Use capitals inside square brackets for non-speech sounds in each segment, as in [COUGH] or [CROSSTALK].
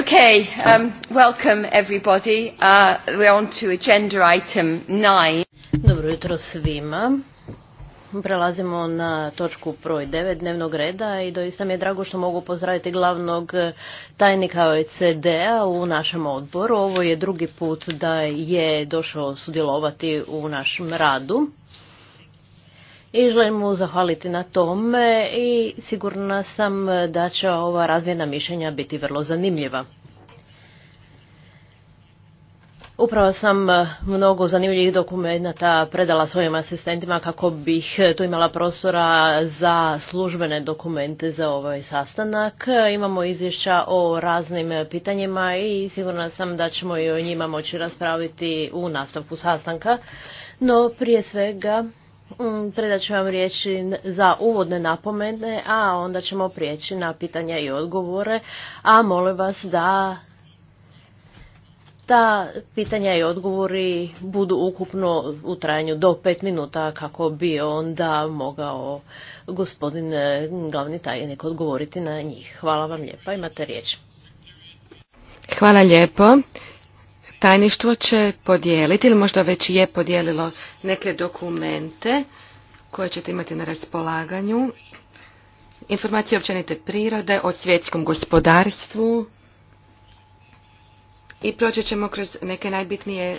Okay, Dobro jutro svima. Prelazimo na točku broj 9 dnevnog reda i doista mi je drago što mogu pozdraviti glavnog tajnika OECD-a u našem odboru. Ovo je drugi put da je došao sudjelovati u našem radu i želim mu zahvaliti na tome i sigurna sam da će ova razmjena mišljenja biti vrlo zanimljiva. Upravo sam mnogo zanimljivih dokumenata predala svojim asistentima kako bih tu imala prostora za službene dokumente za ovaj sastanak. Imamo izvješća o raznim pitanjima i sigurna sam da ćemo i o njima moći raspraviti u nastavku sastanka. No prije svega Mm, predat ću vam riječi za uvodne napomene, a onda ćemo prijeći na pitanja i odgovore. A molim vas da ta pitanja i odgovori budu ukupno u trajanju do pet minuta kako bi onda mogao gospodin e, glavni tajnik odgovoriti na njih. Hvala vam lijepa, imate riječ. Hvala lijepo. Tajništvo će podijeliti ili možda već je podijelilo neke dokumente koje ćete imati na raspolaganju. Informacije općenite prirode o svjetskom gospodarstvu i proći ćemo kroz neke najbitnije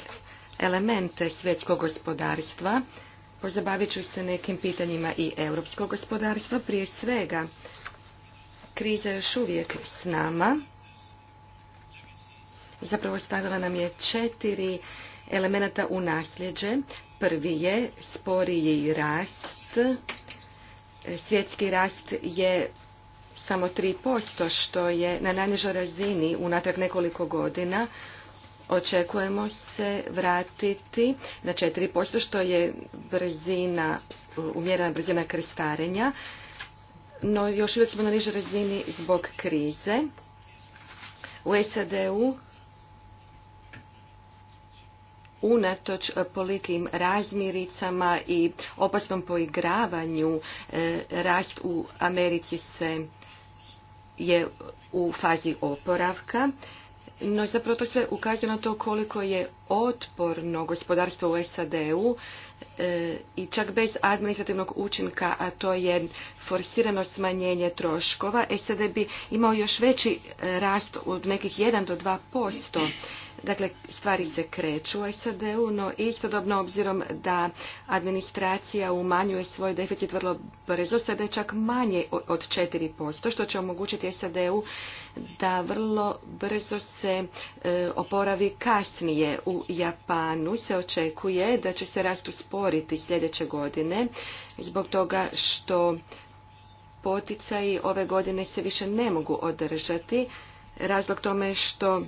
elemente svjetskog gospodarstva. Pozabavit ću se nekim pitanjima i europskog gospodarstva. Prije svega, kriza je još uvijek s nama zapravo stavila nam je četiri elemenata u nasljeđe. Prvi je sporiji rast. Svjetski rast je samo 3%, što je na najnižoj razini unatrag nekoliko godina. Očekujemo se vratiti na 4%, što je brzina, umjerena brzina krestarenja, No još uvijek smo na nižoj razini zbog krize. U SAD-u unatoč e, polikim razmiricama i opasnom poigravanju e, rast u Americi se je u fazi oporavka. No zapravo to sve ukazuje na to koliko je otporno gospodarstvo u SAD-u E, i čak bez administrativnog učinka, a to je forsirano smanjenje troškova, SAD bi imao još veći e, rast od nekih 1 do 2%. Dakle, stvari se kreću u SAD-u, no istodobno obzirom da administracija umanjuje svoj deficit vrlo brzo, sada je čak manje od 4%, što će omogućiti SAD-u da vrlo brzo se e, oporavi kasnije. U Japanu se očekuje da će se rastu usporiti sljedeće godine zbog toga što poticaji ove godine se više ne mogu održati. Razlog tome je što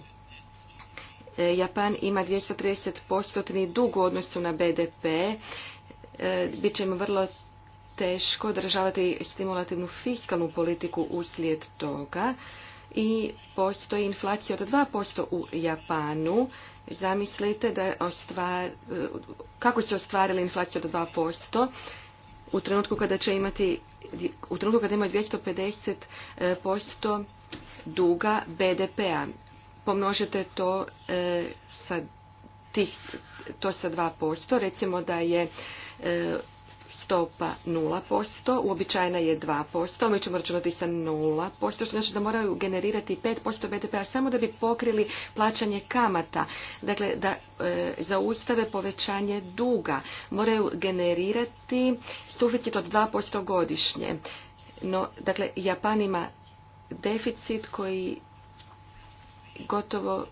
e, Japan ima 230% dug u odnosu na BDP. E, Biće im vrlo teško održavati stimulativnu fiskalnu politiku uslijed toga i postoji inflacija od 2% u Japanu zamislite da je ostvar, kako su ostvarili inflaciju do 2% u trenutku kada će imati u trenutku kada imaju 250% duga BDP-a. Pomnožite to e, sa tih, to sa 2%. Recimo da je e, stopa 0%, uobičajena je 2%, mi ćemo računati sa 0%, što znači da moraju generirati 5% BDP-a samo da bi pokrili plaćanje kamata, dakle da e, zaustave povećanje duga, moraju generirati suficit od 2% godišnje. No, dakle, Japan ima deficit koji gotovo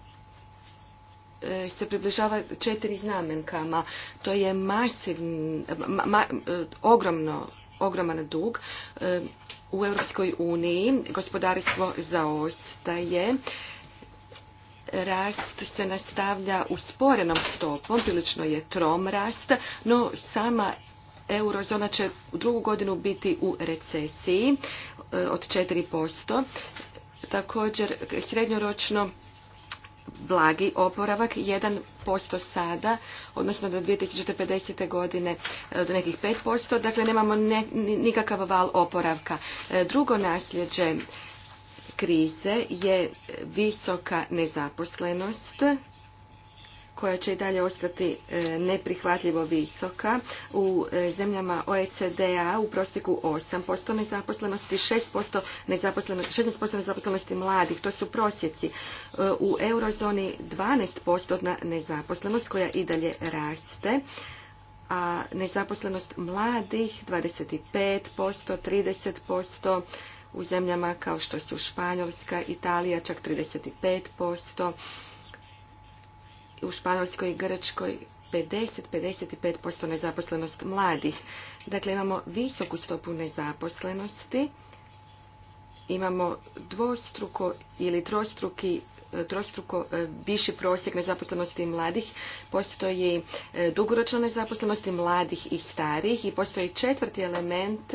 Eh, se približava četiri znamenkama. To je eh, ogromno, ogroman dug. Eh, u Europskoj uniji gospodarstvo zaostaje. Rast se nastavlja usporenom stopom, prilično je trom rast, no sama eurozona će u drugu godinu biti u recesiji od 4%. Također srednjoročno blagi oporavak, 1% sada, odnosno do 2050. godine e, do nekih 5%, dakle nemamo nikakav val oporavka. E, drugo nasljeđe krize je visoka nezaposlenost, koja će i dalje ostati e, neprihvatljivo visoka. U e, zemljama OECD-a u prosjeku 8% nezaposlenosti, 6% nezaposlenosti, 16% nezaposlenosti mladih, to su prosjeci. E, u eurozoni 12% nezaposlenost koja i dalje raste a nezaposlenost mladih 25%, 30% u zemljama kao što su Španjolska, Italija čak 35% u Španjolskoj i Grčkoj 50-55% nezaposlenost mladih. Dakle, imamo visoku stopu nezaposlenosti, imamo dvostruko ili trostruki trostruko e, viši prosjek nezaposlenosti mladih, postoji e, dugoročna nezaposlenosti mladih i starih i postoji četvrti element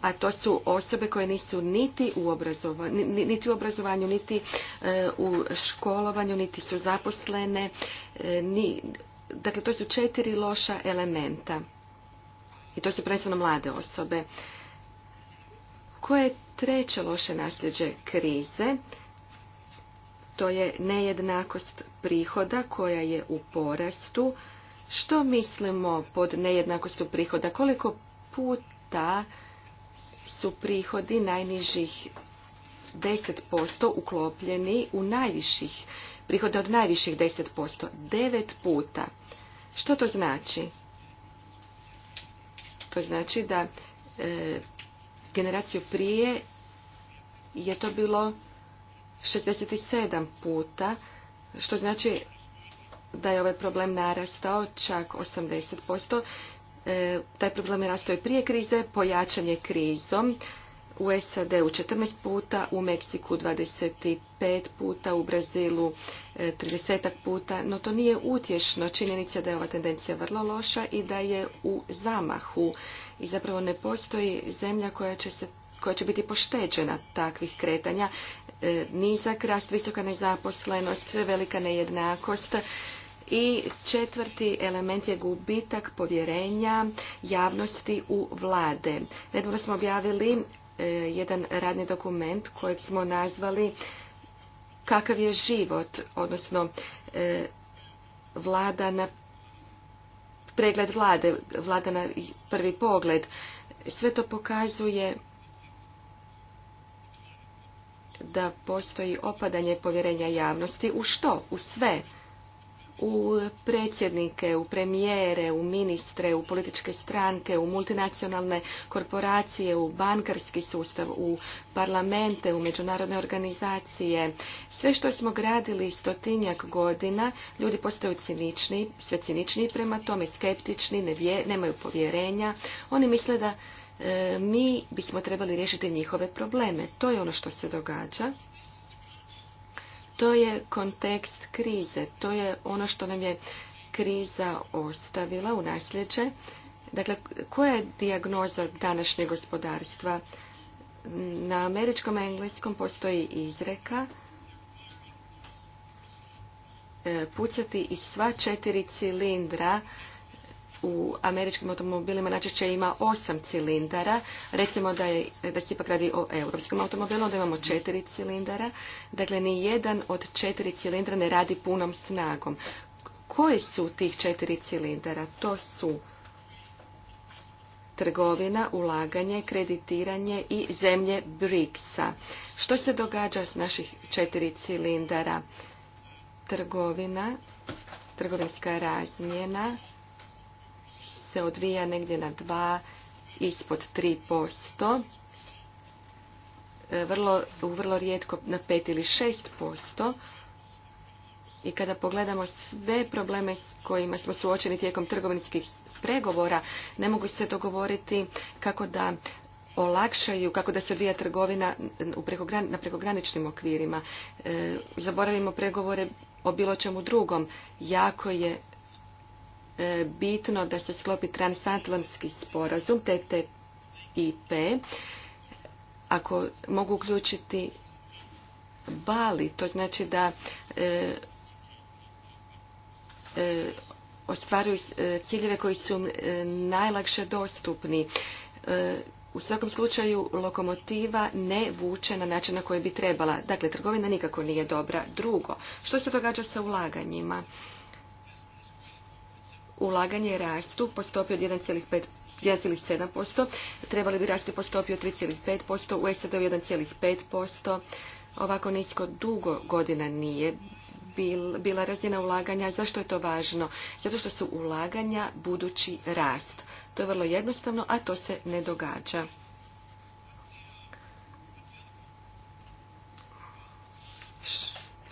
a to su osobe koje nisu niti u obrazovanju, niti, u obrazovanju, niti e, u školovanju, niti su zaposlene. E, ni, dakle, to su četiri loša elementa. I to su prvenstveno mlade osobe. Koje je treće loše nasljeđe krize? To je nejednakost prihoda koja je u porastu. Što mislimo pod nejednakostom prihoda? Koliko puta su prihodi najnižih 10% uklopljeni u najviših, prihode od najviših 10%, devet puta. Što to znači? To znači da e, generaciju prije je to bilo 67 puta, što znači da je ovaj problem narastao čak 80%, E, taj problem je nastao i prije krize, pojačan je krizom. U SAD-u 14 puta, u Meksiku 25 puta, u Brazilu 30 e, puta, no to nije utješno. Činjenica da je ova tendencija vrlo loša i da je u zamahu i zapravo ne postoji zemlja koja će se koja će biti pošteđena takvih kretanja. E, nizak rast, visoka nezaposlenost, velika nejednakost i četvrti element je gubitak povjerenja javnosti u vlade. Nedavno smo objavili e, jedan radni dokument kojeg smo nazvali kakav je život, odnosno e, vlada na pregled vlade, vlada na prvi pogled. Sve to pokazuje da postoji opadanje povjerenja javnosti u što? U sve u predsjednike, u premijere, u ministre, u političke stranke, u multinacionalne korporacije, u bankarski sustav, u parlamente, u međunarodne organizacije. Sve što smo gradili stotinjak godina, ljudi postaju cinični, sve ciničniji prema tome, skeptični, nemaju povjerenja. Oni misle da e, mi bismo trebali riješiti njihove probleme. To je ono što se događa. To je kontekst krize, to je ono što nam je kriza ostavila u nasljeđe. Dakle, koja je dijagnoza današnjeg gospodarstva? Na američkom engleskom postoji izreka e, pucati iz sva četiri cilindra u američkim automobilima najčešće ima osam cilindara. Recimo da, je, da se ipak radi o europskom automobilu, onda imamo četiri cilindara. Dakle, ni jedan od četiri cilindra ne radi punom snagom. Koji su tih četiri cilindara? To su trgovina, ulaganje, kreditiranje i zemlje BRICS-a. Što se događa s naših četiri cilindara? Trgovina, trgovinska razmjena, se odvija negdje na 2 ispod 3%, e, vrlo, vrlo rijetko na 5 ili 6%. I kada pogledamo sve probleme s kojima smo suočeni tijekom trgovinskih pregovora, ne mogu se dogovoriti kako da olakšaju, kako da se odvija trgovina na prekograničnim okvirima. E, zaboravimo pregovore o bilo čemu drugom. Jako je E, bitno da se sklopi transatlantski sporazum TTIP. Ako mogu uključiti Bali, to znači da e, e ostvaruju e, ciljeve koji su najlakše dostupni. U svakom slučaju lokomotiva ne vuče na način na koji bi trebala. Dakle, trgovina nikako nije dobra. Drugo, što se događa sa ulaganjima? ulaganje rastu po stopi od 1,7%, trebali bi rasti po stopi od 3,5%, u SAD-u 1,5%. Ovako nisko dugo godina nije bila razina ulaganja. Zašto je to važno? Zato što su ulaganja budući rast. To je vrlo jednostavno, a to se ne događa.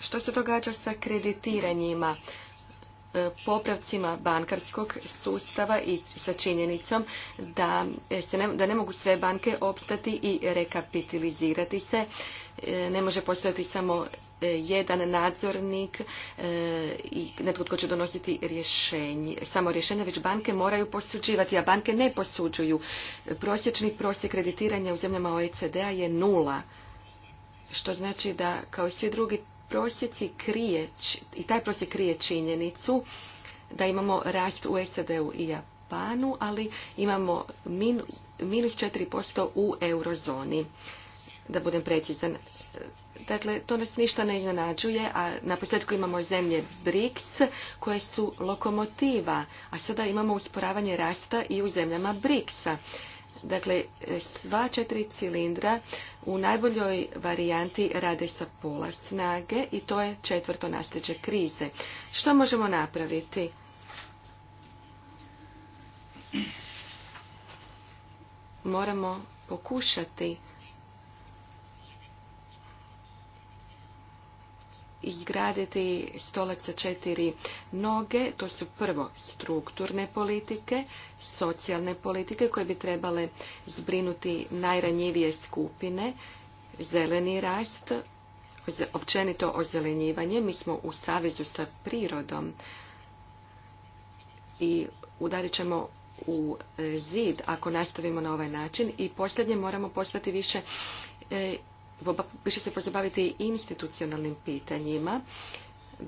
Što se događa sa kreditiranjima? E, popravcima bankarskog sustava i sa činjenicom da, ne, mogu sve banke opstati i rekapitalizirati se. E, ne može postojati samo e, jedan nadzornik i netko tko će donositi rješenje, samo rješenje, već banke moraju posuđivati, a banke ne posuđuju. Prosječni prosjek kreditiranja u zemljama OECD-a je nula, što znači da kao i svi drugi prosjeci krije, i taj prosjek krije činjenicu da imamo rast u SAD-u i Japanu, ali imamo min, minus 4% u eurozoni. Da budem precizan. Dakle, to nas ništa ne iznenađuje, a na posljedku imamo zemlje BRICS koje su lokomotiva, a sada imamo usporavanje rasta i u zemljama BRICS-a. Dakle, sva četiri cilindra u najboljoj varijanti rade sa pola snage i to je četvrto nasljeđe krize. Što možemo napraviti? Moramo pokušati izgraditi stolac sa četiri noge. To su prvo strukturne politike, socijalne politike koje bi trebale zbrinuti najranjivije skupine, zeleni rast, općenito ozelenjivanje. Mi smo u savezu sa prirodom i udarit ćemo u zid ako nastavimo na ovaj način i posljednje moramo postati više e, više se pozabaviti institucionalnim pitanjima.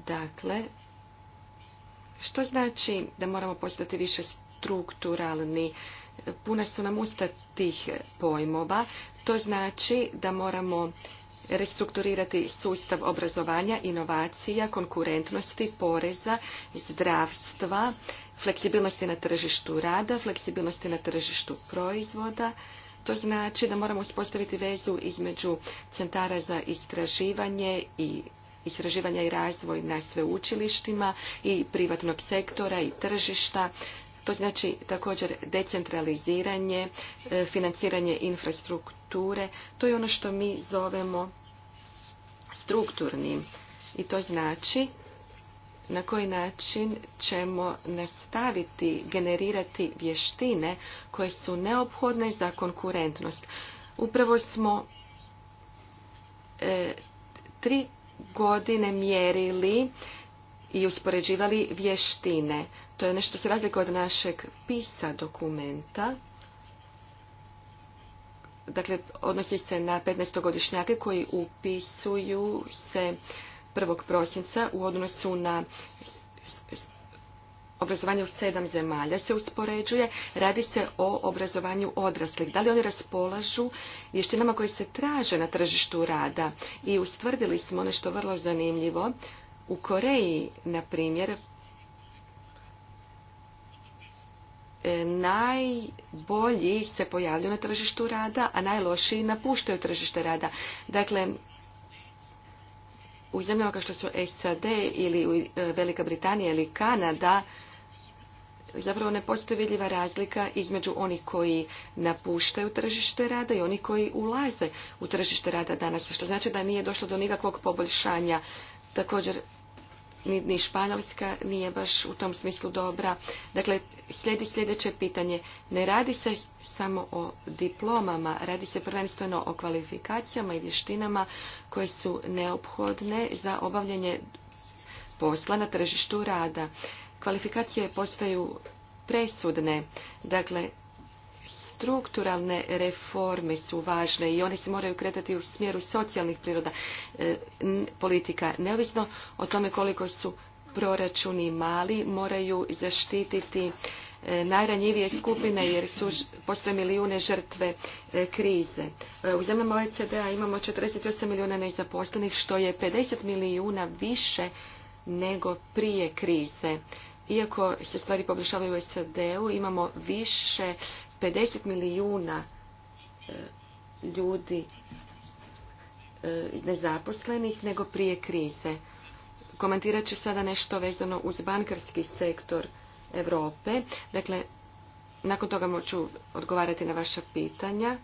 Dakle, što znači da moramo postati više strukturalni? Puna su nam usta tih pojmova. To znači da moramo restrukturirati sustav obrazovanja, inovacija, konkurentnosti, poreza, zdravstva, fleksibilnosti na tržištu rada, fleksibilnosti na tržištu proizvoda, to znači da moramo uspostaviti vezu između centara za istraživanje i istraživanja i razvoj na sveučilištima i privatnog sektora i tržišta. To znači također decentraliziranje, e, financiranje infrastrukture. To je ono što mi zovemo strukturnim. I to znači na koji način ćemo nastaviti generirati vještine koje su neophodne za konkurentnost. Upravo smo e, tri godine mjerili i uspoređivali vještine. To je nešto se razlika od našeg pisa dokumenta. Dakle, odnosi se na 15-godišnjake koji upisuju se 1. prosinca u odnosu na obrazovanje u sedam zemalja se uspoređuje. Radi se o obrazovanju odraslih. Da li oni raspolažu vještinama koje se traže na tržištu rada? I ustvrdili smo nešto vrlo zanimljivo. U Koreji, na primjer, e, najbolji se pojavljuju na tržištu rada, a najlošiji napuštaju tržište rada. Dakle, u zemljama kao što su SAD ili e, Velika Britanija ili Kanada zapravo ne postoji vidljiva razlika između onih koji napuštaju tržište rada i onih koji ulaze u tržište rada danas, što znači da nije došlo do nikakvog poboljšanja. Također ni, Španjolska nije baš u tom smislu dobra. Dakle, slijedi sljedeće pitanje. Ne radi se samo o diplomama, radi se prvenstveno o kvalifikacijama i vještinama koje su neophodne za obavljanje posla na tržištu rada. Kvalifikacije postaju presudne. Dakle, strukturalne reforme su važne i one se moraju kretati u smjeru socijalnih priroda e, politika. Neovisno o tome koliko su proračuni mali, moraju zaštititi e, najranjivije skupine jer su, postoje milijune žrtve e, krize. U zemljama OECD-a imamo 48 milijuna nezaposlenih što je 50 milijuna više nego prije krize. Iako se stvari poboljšavaju u SAD-u, imamo više 50 milijuna e, ljudi e, nezaposlenih nego prije krize. Komentirat ću sada nešto vezano uz bankarski sektor Europe. Dakle, nakon toga moću odgovarati na vaša pitanja.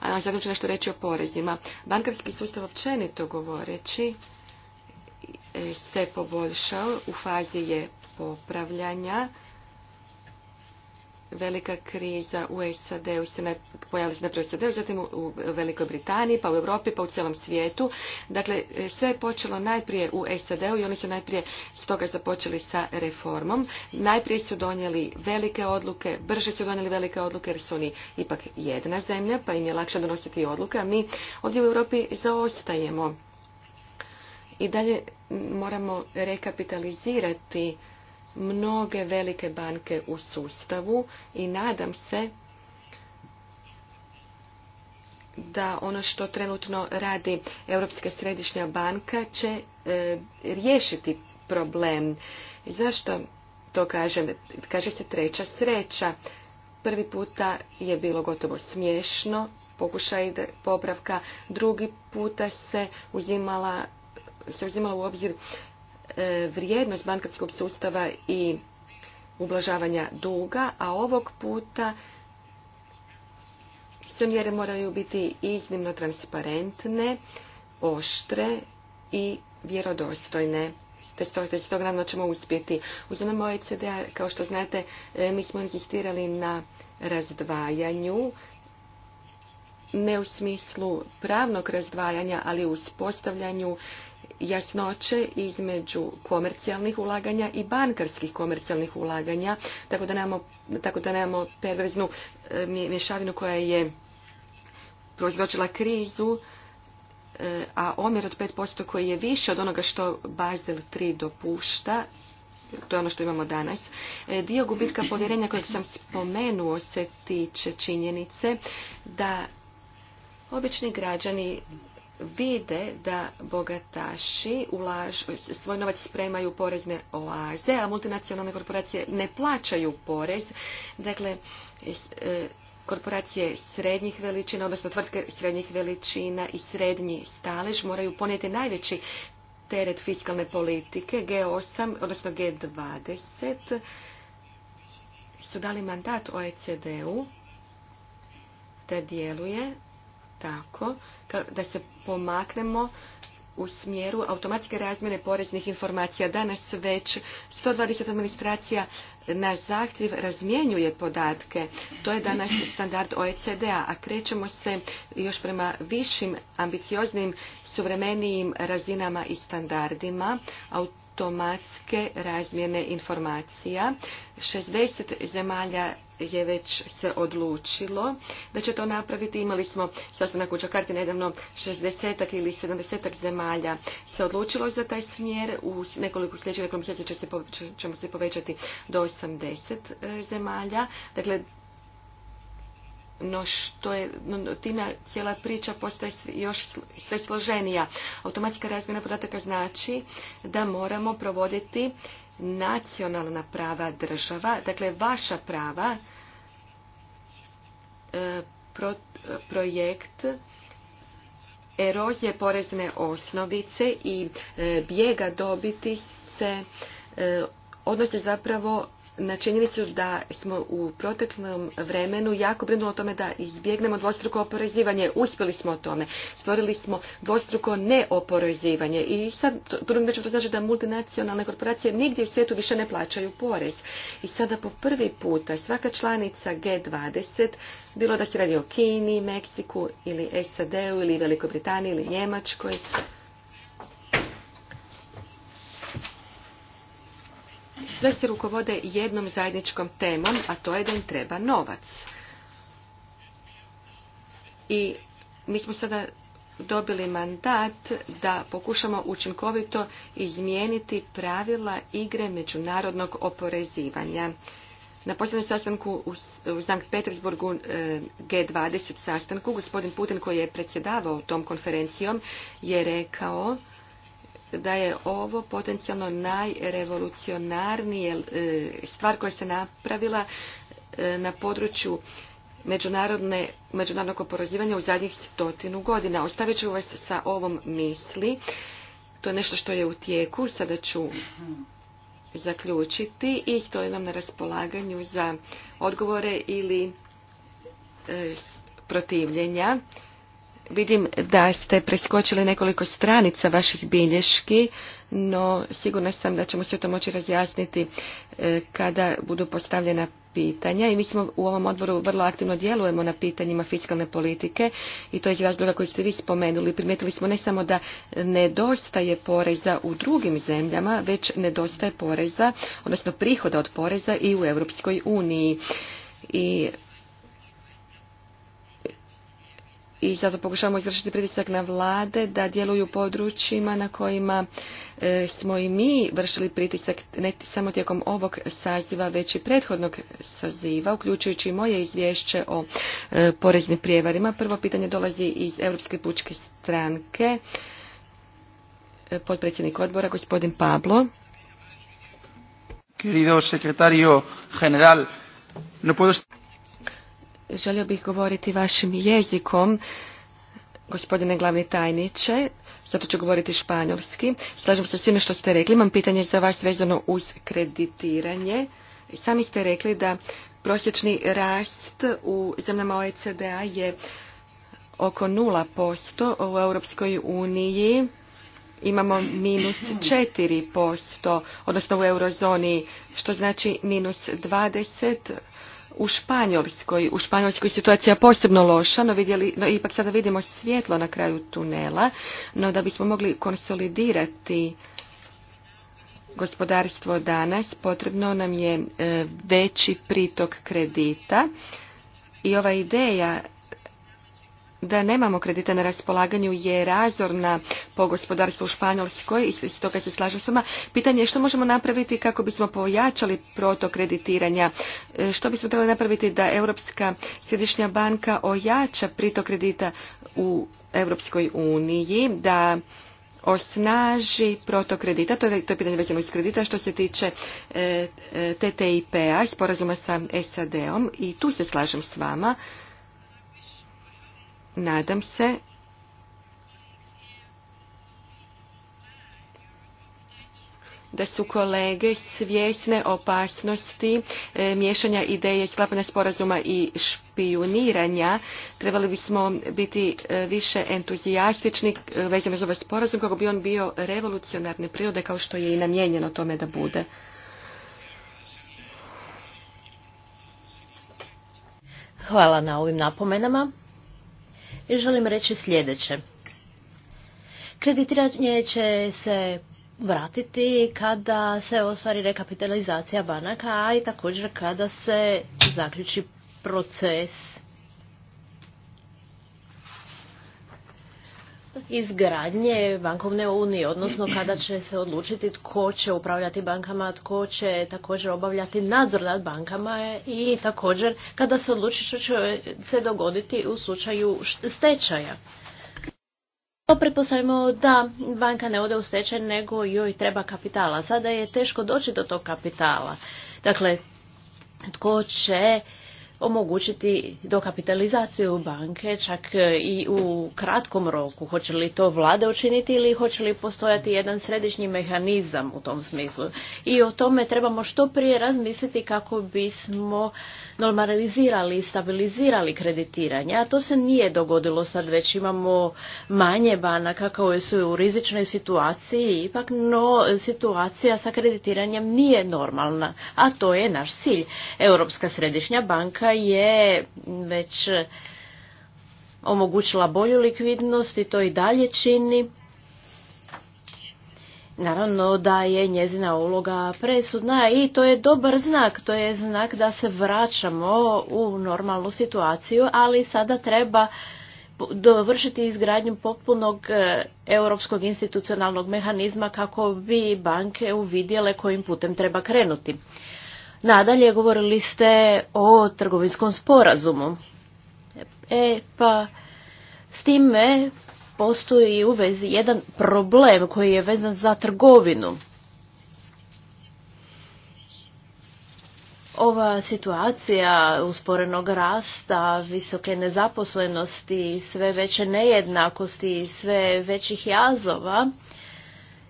A zatim ću nešto reći o porezima. Bankarski sustav općenito govoreći e, se poboljšao, u fazi je popravljanja. Velika kriza u SAD-u se pojavila se u SAD-u, zatim u Velikoj Britaniji, pa u Europi, pa u cijelom svijetu. Dakle, sve je počelo najprije u SAD-u i oni su najprije stoga započeli sa reformom. Najprije su donijeli velike odluke, brže su donijeli velike odluke jer su oni ipak jedna zemlja, pa im je lakše donositi odluke, a mi ovdje u Europi zaostajemo. I dalje moramo rekapitalizirati mnoge velike banke u sustavu i nadam se da ono što trenutno radi Europska središnja banka će e, riješiti problem. zašto to kažem? Kaže se treća sreća. Prvi puta je bilo gotovo smiješno, pokušaj popravka, drugi puta se uzimala se uzimala u obzir E, vrijednost bankarskog sustava i ublažavanja duga, a ovog puta sve mjere moraju biti iznimno transparentne, oštre i vjerodostojne. Te s tog nam ćemo uspjeti. Uz zonama OECD-a, kao što znate, e, mi smo insistirali na razdvajanju, ne u smislu pravnog razdvajanja, ali u uspostavljanju jasnoće između komercijalnih ulaganja i bankarskih komercijalnih ulaganja, tako da nemamo, tako da nemamo perverznu e, mješavinu koja je proizročila krizu, e, a omjer od 5% koji je više od onoga što Basel 3 dopušta, to je ono što imamo danas. E, dio gubitka povjerenja kojeg sam spomenuo se tiče činjenice da obični građani vide da bogataši svoj novac spremaju porezne oaze, a multinacionalne korporacije ne plaćaju porez. Dakle, e, korporacije srednjih veličina, odnosno tvrtke srednjih veličina i srednji stalež moraju ponijeti najveći teret fiskalne politike. G8, odnosno G20 su dali mandat OECD-u da djeluje tako da se pomaknemo u smjeru automatske razmjene poreznih informacija. Danas već 120 administracija na zahtjev razmjenjuje podatke. To je danas standard OECD-a, a krećemo se još prema višim, ambicioznim, suvremenijim razinama i standardima automatske razmjene informacija. 60 zemalja je već se odlučilo da će to napraviti. Imali smo sastanak u Čakarti nedavno 60 ili 70 zemalja se odlučilo za taj smjer. U nekoliko sljedećih nekoliko će ćemo se povećati do 80 e, zemalja. Dakle, no što je, time cijela priča postaje još sve složenija. Automatska razmjena podataka znači da moramo provoditi nacionalna prava država, dakle vaša prava, e, projekt erozije porezne osnovice i e, bijega dobiti se e, odnose zapravo na činjenicu da smo u proteklom vremenu jako brinuli o tome da izbjegnemo dvostruko oporezivanje. Uspjeli smo o tome. Stvorili smo dvostruko neoporezivanje. I sad, drugim rečem, to znači, znači da multinacionalne korporacije nigdje u svijetu više ne plaćaju porez. I sada po prvi puta svaka članica G20, bilo da se radi o Kini, Meksiku ili SAD-u ili Velikoj Britaniji ili Njemačkoj, sve se rukovode jednom zajedničkom temom, a to je da im treba novac. I mi smo sada dobili mandat da pokušamo učinkovito izmijeniti pravila igre međunarodnog oporezivanja. Na posljednjem sastanku u Sankt Petersburgu e, G20 sastanku, gospodin Putin koji je predsjedavao tom konferencijom je rekao da je ovo potencijalno najrevolucionarnije e, stvar koja se napravila e, na području međunarodnog oporezivanja u zadnjih stotinu godina. Ostavit ću vas sa ovom misli. To je nešto što je u tijeku. Sada ću zaključiti i stojim vam na raspolaganju za odgovore ili e, protivljenja. Vidim da ste preskočili nekoliko stranica vaših bilješki, no sigurna sam da ćemo sve to moći razjasniti e, kada budu postavljena pitanja i mi smo u ovom odboru vrlo aktivno djelujemo na pitanjima fiskalne politike i to je iz razloga koji ste vi spomenuli. Primijetili smo ne samo da nedostaje poreza u drugim zemljama, već nedostaje poreza, odnosno prihoda od poreza i u Europskoj uniji. I i zato pokušavamo izvršiti pritisak na vlade da djeluju u područjima na kojima e, smo i mi vršili pritisak ne samo tijekom ovog saziva već i prethodnog saziva, uključujući i moje izvješće o e, poreznim prijevarima. Prvo pitanje dolazi iz Europske pučke stranke, e, potpredsjednik odbora gospodin Pablo. Querido secretario general, no puedo... Želio bih govoriti vašim jezikom, gospodine glavni tajniče, zato ću govoriti španjolski. Slažem se s svime što ste rekli. Imam pitanje za vas vezano uz kreditiranje. Sami ste rekli da prosječni rast u zemljama oecd je oko 0%, u Europskoj uniji imamo minus 4%, odnosno u eurozoni, što znači minus 20% u Španjolskoj. U Španjolskoj situacija posebno loša, no, vidjeli, no ipak sada vidimo svjetlo na kraju tunela, no da bismo mogli konsolidirati gospodarstvo danas, potrebno nam je e, veći pritok kredita i ova ideja da nemamo kredita na raspolaganju je razorna po gospodarstvu u Španjolskoj i stoga se slažem s vama. Pitanje je što možemo napraviti kako bismo pojačali protok kreditiranja, e, što bismo trebali napraviti da Europska središnja banka ojača pritok kredita u Europskoj uniji, da osnaži protok kredita, to je, pitanje vezano iz kredita što se tiče e, e, TTIP-a, sporazuma sa SAD-om i tu se slažem s vama nadam se da su kolege svjesne opasnosti e, miješanja ideje sklapanja sporazuma i špijuniranja. Trebali bismo biti e, više entuzijastični e, vezano uz ovaj sporazum kako bi on bio revolucionarne prirode kao što je i namijenjeno tome da bude. Hvala na ovim napomenama. I želim reći sljedeće. Kreditiranje će se vratiti kada se ostvari rekapitalizacija banaka, a i također kada se zaključi proces izgradnje bankovne unije, odnosno kada će se odlučiti tko će upravljati bankama, tko će također obavljati nadzor nad bankama i također kada se odluči što će se dogoditi u slučaju stečaja. To pretpostavimo da banka ne ode u stečaj nego joj treba kapitala. Sada je teško doći do tog kapitala. Dakle, tko će omogućiti dokapitalizaciju banke čak e, i u kratkom roku. Hoće li to vlada učiniti ili hoće li postojati jedan središnji mehanizam u tom smislu? I o tome trebamo što prije razmisliti kako bismo normalizirali i stabilizirali kreditiranje. A to se nije dogodilo sad, već imamo manje banaka koje su u rizičnoj situaciji, ipak no situacija sa kreditiranjem nije normalna, a to je naš cilj. Europska središnja banka banka je već omogućila bolju likvidnost i to i dalje čini. Naravno da je njezina uloga presudna i to je dobar znak, to je znak da se vraćamo u normalnu situaciju, ali sada treba dovršiti izgradnju potpunog e, europskog institucionalnog mehanizma kako bi banke uvidjele kojim putem treba krenuti. Nadalje, govorili ste o trgovinskom sporazumu. E, pa, s time postoji u vezi jedan problem koji je vezan za trgovinu. Ova situacija usporenog rasta, visoke nezaposlenosti, sve veće nejednakosti, sve većih jazova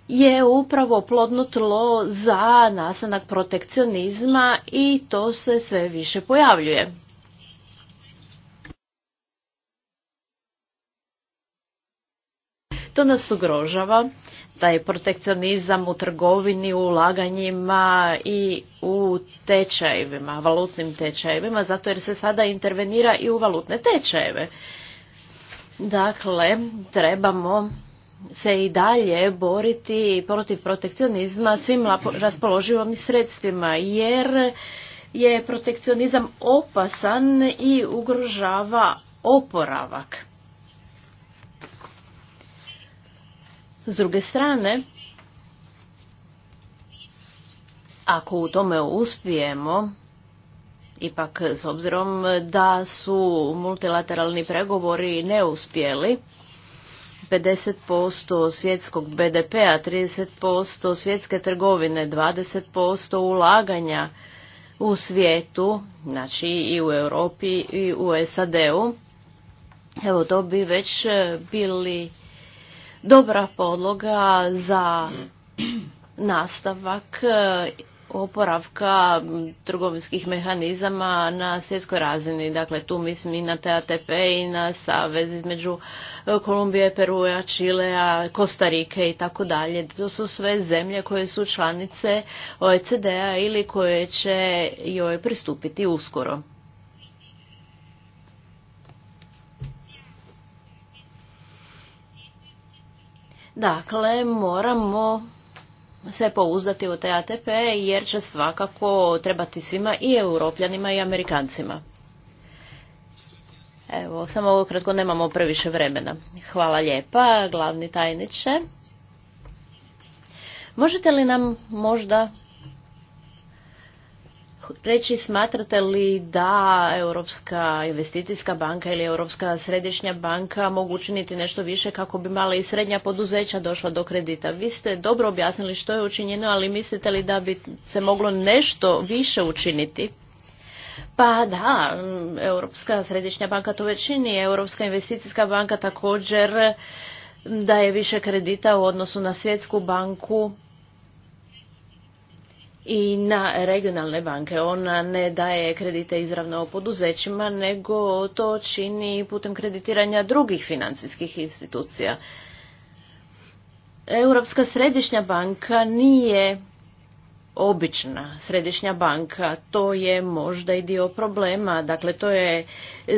je upravo plodno tlo za nasanak protekcionizma i to se sve više pojavljuje. To nas ugrožava, taj protekcionizam u trgovini, u ulaganjima i u tečajevima, valutnim tečajevima, zato jer se sada intervenira i u valutne tečajeve. Dakle, trebamo se i dalje boriti protiv protekcionizma svim raspoloživom sredstvima jer je protekcionizam opasan i ugrožava oporavak. S druge strane, ako u tome uspijemo, ipak s obzirom da su multilateralni pregovori neuspjeli, 50% svjetskog BDP-a, 30% svjetske trgovine, 20% ulaganja u svijetu, znači i u Europi i u SAD-u. Evo to bi već e, bili dobra podloga za nastavak e, oporavka trgovinskih mehanizama na svjetskoj razini. Dakle, tu mislim i na TATP i na savez između e, Kolumbije, Peruja, Čilea, Kostarike i tako dalje. To su sve zemlje koje su članice OECD-a ili koje će joj pristupiti uskoro. Dakle, moramo se pouzdati u ATP, jer će svakako trebati svima i europljanima i amerikancima. Evo, samo ovo kratko nemamo previše vremena. Hvala lijepa, glavni tajniče. Možete li nam možda reći smatrate li da Europska investicijska banka ili Europska središnja banka mogu učiniti nešto više kako bi mala i srednja poduzeća došla do kredita? Vi ste dobro objasnili što je učinjeno, ali mislite li da bi se moglo nešto više učiniti? Pa da, Europska središnja banka to već čini, Europska investicijska banka također daje više kredita u odnosu na svjetsku banku i na regionalne banke. Ona ne daje kredite izravno poduzećima, nego to čini putem kreditiranja drugih financijskih institucija. Europska središnja banka nije obična središnja banka. To je možda i dio problema. Dakle, to je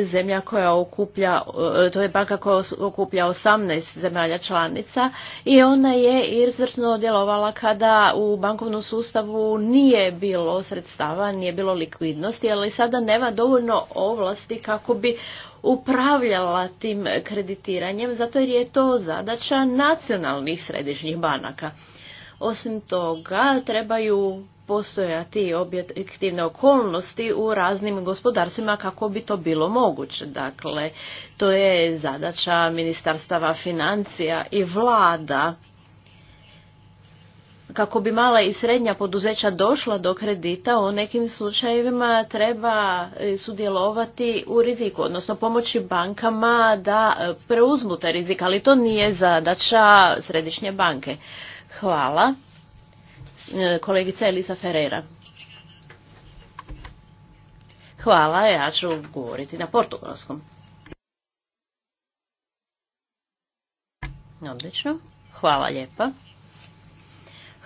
zemlja koja okuplja, e, to je banka koja okuplja 18 zemalja članica i ona je izvrsno djelovala kada u bankovnom sustavu nije bilo sredstava, nije bilo likvidnosti, ali sada nema dovoljno ovlasti kako bi upravljala tim kreditiranjem, zato jer je to zadaća nacionalnih središnjih banaka. Osim toga, trebaju postojati objektivne okolnosti u raznim gospodarstvima kako bi to bilo moguće. Dakle, to je zadaća ministarstava financija i vlada kako bi mala i srednja poduzeća došla do kredita, u nekim slučajevima treba e, sudjelovati u riziku, odnosno pomoći bankama da e, preuzmu taj rizik, ali to nije zadaća središnje banke. Hvala. E, kolegica Elisa Ferreira. Hvala, ja ću govoriti na portugalskom. Odlično, hvala lijepa.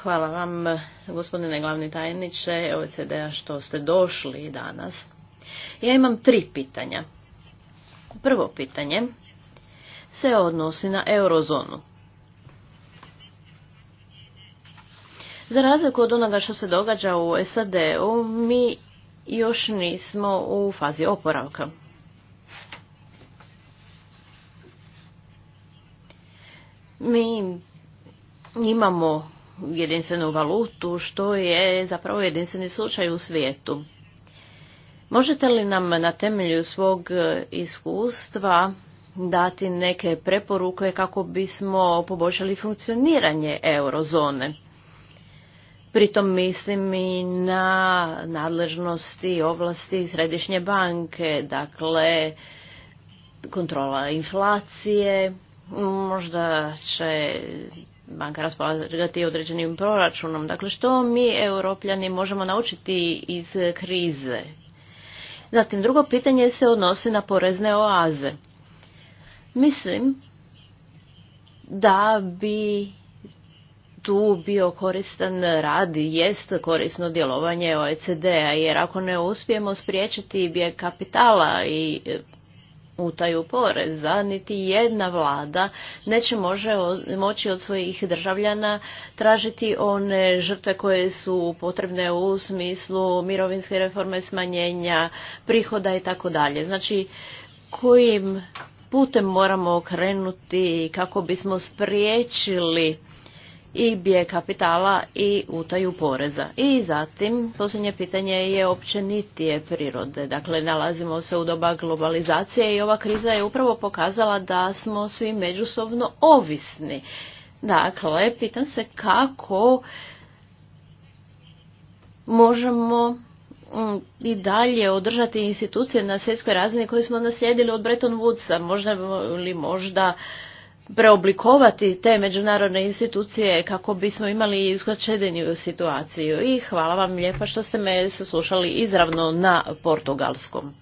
Hvala vam, gospodine glavni tajniče OECD-a, što ste došli danas. Ja imam tri pitanja. Prvo pitanje se odnosi na eurozonu. Za razliku od onoga što se događa u SAD-u, mi još nismo u fazi oporavka. Mi imamo jedinstvenu valutu, što je zapravo jedinstveni slučaj u svijetu. Možete li nam na temelju svog iskustva dati neke preporuke kako bismo poboljšali funkcioniranje eurozone? Pritom mislim i na nadležnosti i ovlasti Središnje banke, dakle kontrola inflacije, možda će banka raspolagati određenim proračunom. Dakle, što mi, europljani, možemo naučiti iz krize? Zatim, drugo pitanje se odnosi na porezne oaze. Mislim da bi tu bio koristan rad i jest korisno djelovanje OECD-a, jer ako ne uspijemo spriječiti bijeg kapitala i e, utaju poreza, niti jedna vlada neće može, moći od svojih državljana tražiti one žrtve koje su potrebne u smislu mirovinske reforme, smanjenja prihoda i tako dalje. Znači, kojim putem moramo okrenuti kako bismo spriječili i bije kapitala i utaju poreza. I zatim, posljednje pitanje je općenitije prirode. Dakle, nalazimo se u doba globalizacije i ova kriza je upravo pokazala da smo svi međusobno ovisni. Dakle, pitan se kako možemo mm, i dalje održati institucije na svjetskoj razini koje smo naslijedili od Bretton Woodsa. Možda li možda preoblikovati te međunarodne institucije kako bismo imali izglačedeniju situaciju. I hvala vam lijepa što ste me saslušali izravno na portugalskom.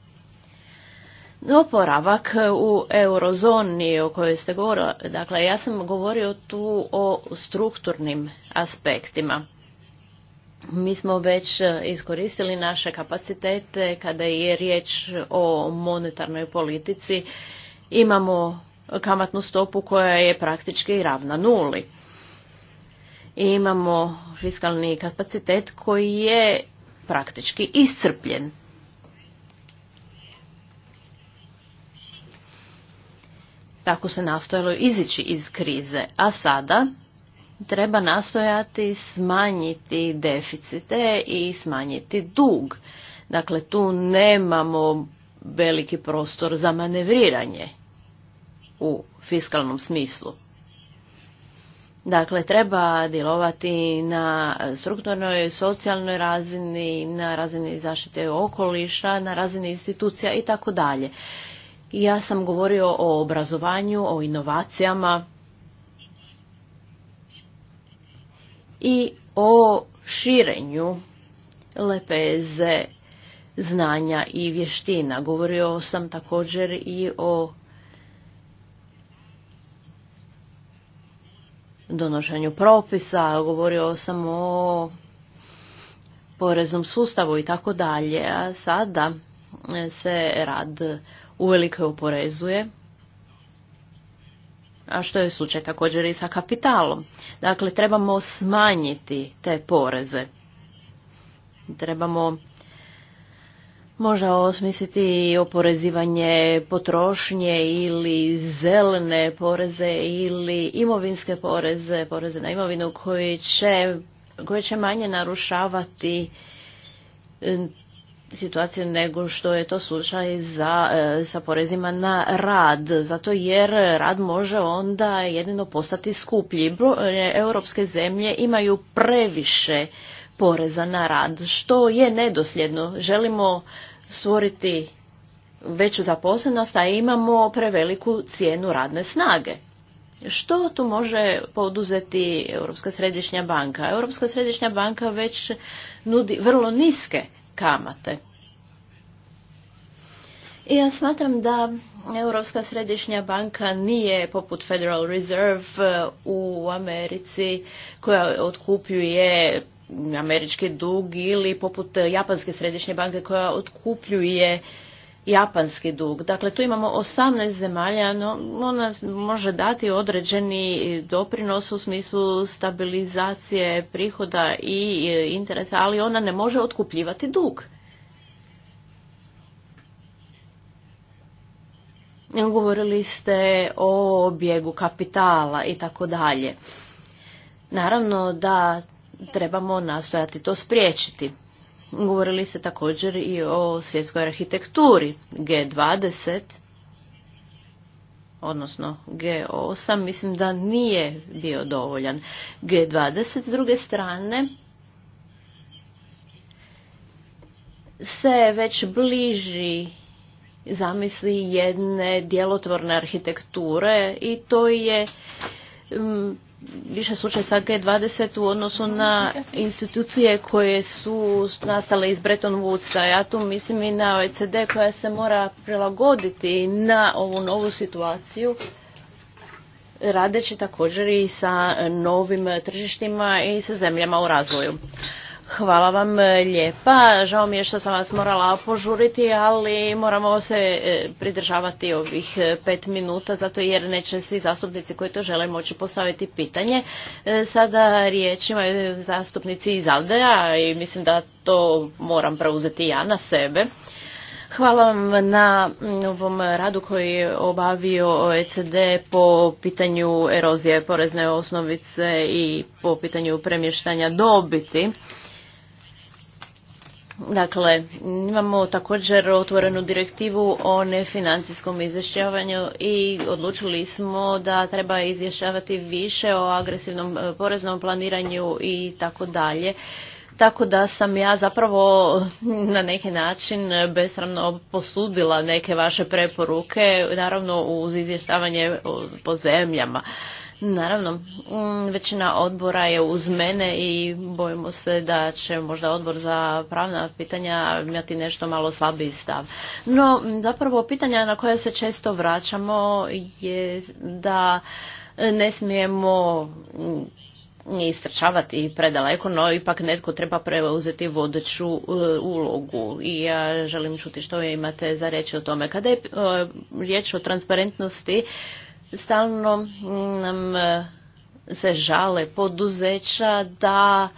Oporavak u eurozoni o kojoj ste govorili, dakle ja sam govorio tu o strukturnim aspektima. Mi smo već iskoristili naše kapacitete kada je riječ o monetarnoj politici. Imamo kamatnu stopu koja je praktički ravna nuli. I imamo fiskalni kapacitet koji je praktički iscrpljen. Tako se nastojalo izići iz krize, a sada treba nastojati smanjiti deficite i smanjiti dug. Dakle, tu nemamo veliki prostor za manevriranje u fiskalnom smislu. Dakle, treba djelovati na strukturnoj, socijalnoj razini, na razini zaštite okoliša, na razini institucija i tako dalje. Ja sam govorio o obrazovanju, o inovacijama i o širenju lepeze znanja i vještina. Govorio sam također i o donošenju propisa, govorio sam o poreznom sustavu i tako dalje. A sada se rad uvelike oporezuje, a što je slučaj također i sa kapitalom. Dakle, trebamo smanjiti te poreze. Trebamo možda osmisliti oporezivanje potrošnje ili zelene poreze ili imovinske poreze, poreze na imovinu koji će, koje će manje narušavati situaciju nego što je to slučaj za, e, sa porezima na rad, zato jer rad može onda jedino postati skuplji. E, europske zemlje imaju previše poreza na rad, što je nedosljedno. Želimo stvoriti veću zaposlenost, a imamo preveliku cijenu radne snage. Što tu može poduzeti Europska središnja banka? Europska središnja banka već nudi vrlo niske kamate. I ja smatram da Europska središnja banka nije poput Federal Reserve uh, u Americi koja otkupljuje američki dug ili poput Japanske središnje banke koja otkupljuje japanski dug. Dakle, tu imamo 18 zemalja, no ona može dati određeni doprinos u smislu stabilizacije prihoda i e, interesa, ali ona ne može otkupljivati dug. Govorili ste o objegu kapitala i tako dalje. Naravno da trebamo nastojati to spriječiti. Govorili se također i o svjetskoj arhitekturi G20, odnosno G8, mislim da nije bio dovoljan. G20, s druge strane, se već bliži zamisli jedne djelotvorne arhitekture i to je mm, više slučaj sa G20 u odnosu na institucije koje su nastale iz Bretton Woodsa. Ja tu mislim i na OECD koja se mora prilagoditi na ovu novu situaciju radeći također i sa novim tržištima i sa zemljama u razvoju. Hvala vam e, lijepa. Žao mi je što sam vas morala požuriti, ali moramo se e, pridržavati ovih e, pet minuta, zato jer neće svi zastupnici koji to žele moći postaviti pitanje. Sada riječ imaju zastupnici iz Aldeja i mislim da to moram preuzeti ja na sebe. Hvala vam na mm, ovom radu koji je obavio OECD po pitanju erozije porezne osnovice i po pitanju premještanja dobiti. Dakle, imamo također otvorenu direktivu o nefinancijskom izvješćavanju i odlučili smo da treba izvješćavati više o agresivnom e, poreznom planiranju i tako dalje. Tako da sam ja zapravo na neki način besramno posudila neke vaše preporuke, naravno uz izvještavanje po zemljama. Naravno, mm, većina odbora je uz mene i bojimo se da će možda odbor za pravna pitanja imati nešto malo slabiji stav. No, zapravo pitanja na koja se često vraćamo je da ne smijemo mm, istrčavati predaleko, no ipak netko treba preuzeti vodeću e, ulogu i ja želim čuti što imate za reći o tome. Kada je e, riječ o transparentnosti, Stalno mm, nam e, se žale poduzeća da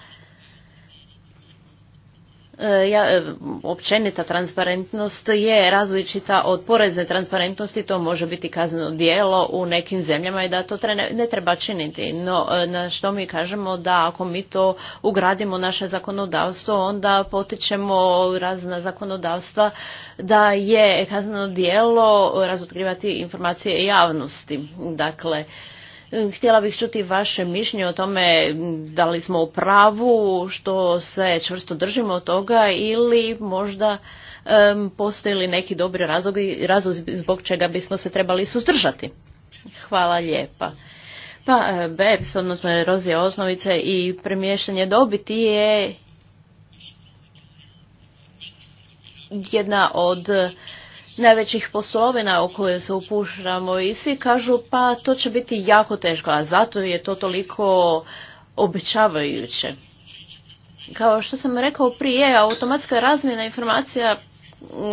E, ja, e, općenita transparentnost je različita od porezne transparentnosti, to može biti kazneno djelo u nekim zemljama i da to ne treba činiti. No, e, na što mi kažemo da ako mi to ugradimo naše zakonodavstvo, onda potičemo razna zakonodavstva da je kazneno djelo razotkrivati informacije javnosti. Dakle, Htjela bih čuti vaše mišljenje o tome da li smo u pravu, što se čvrsto držimo od toga ili možda um, postoji li neki dobri razlozi razlog zbog čega bismo se trebali suzdržati. Hvala lijepa. Pa e, BEPS, odnosno erozija osnovice i premještanje dobiti je jedna od najvećih poslovina u koje se upušamo i svi kažu pa to će biti jako teško, a zato je to toliko obećavajuće. Kao što sam rekao prije, automatska razmjena informacija,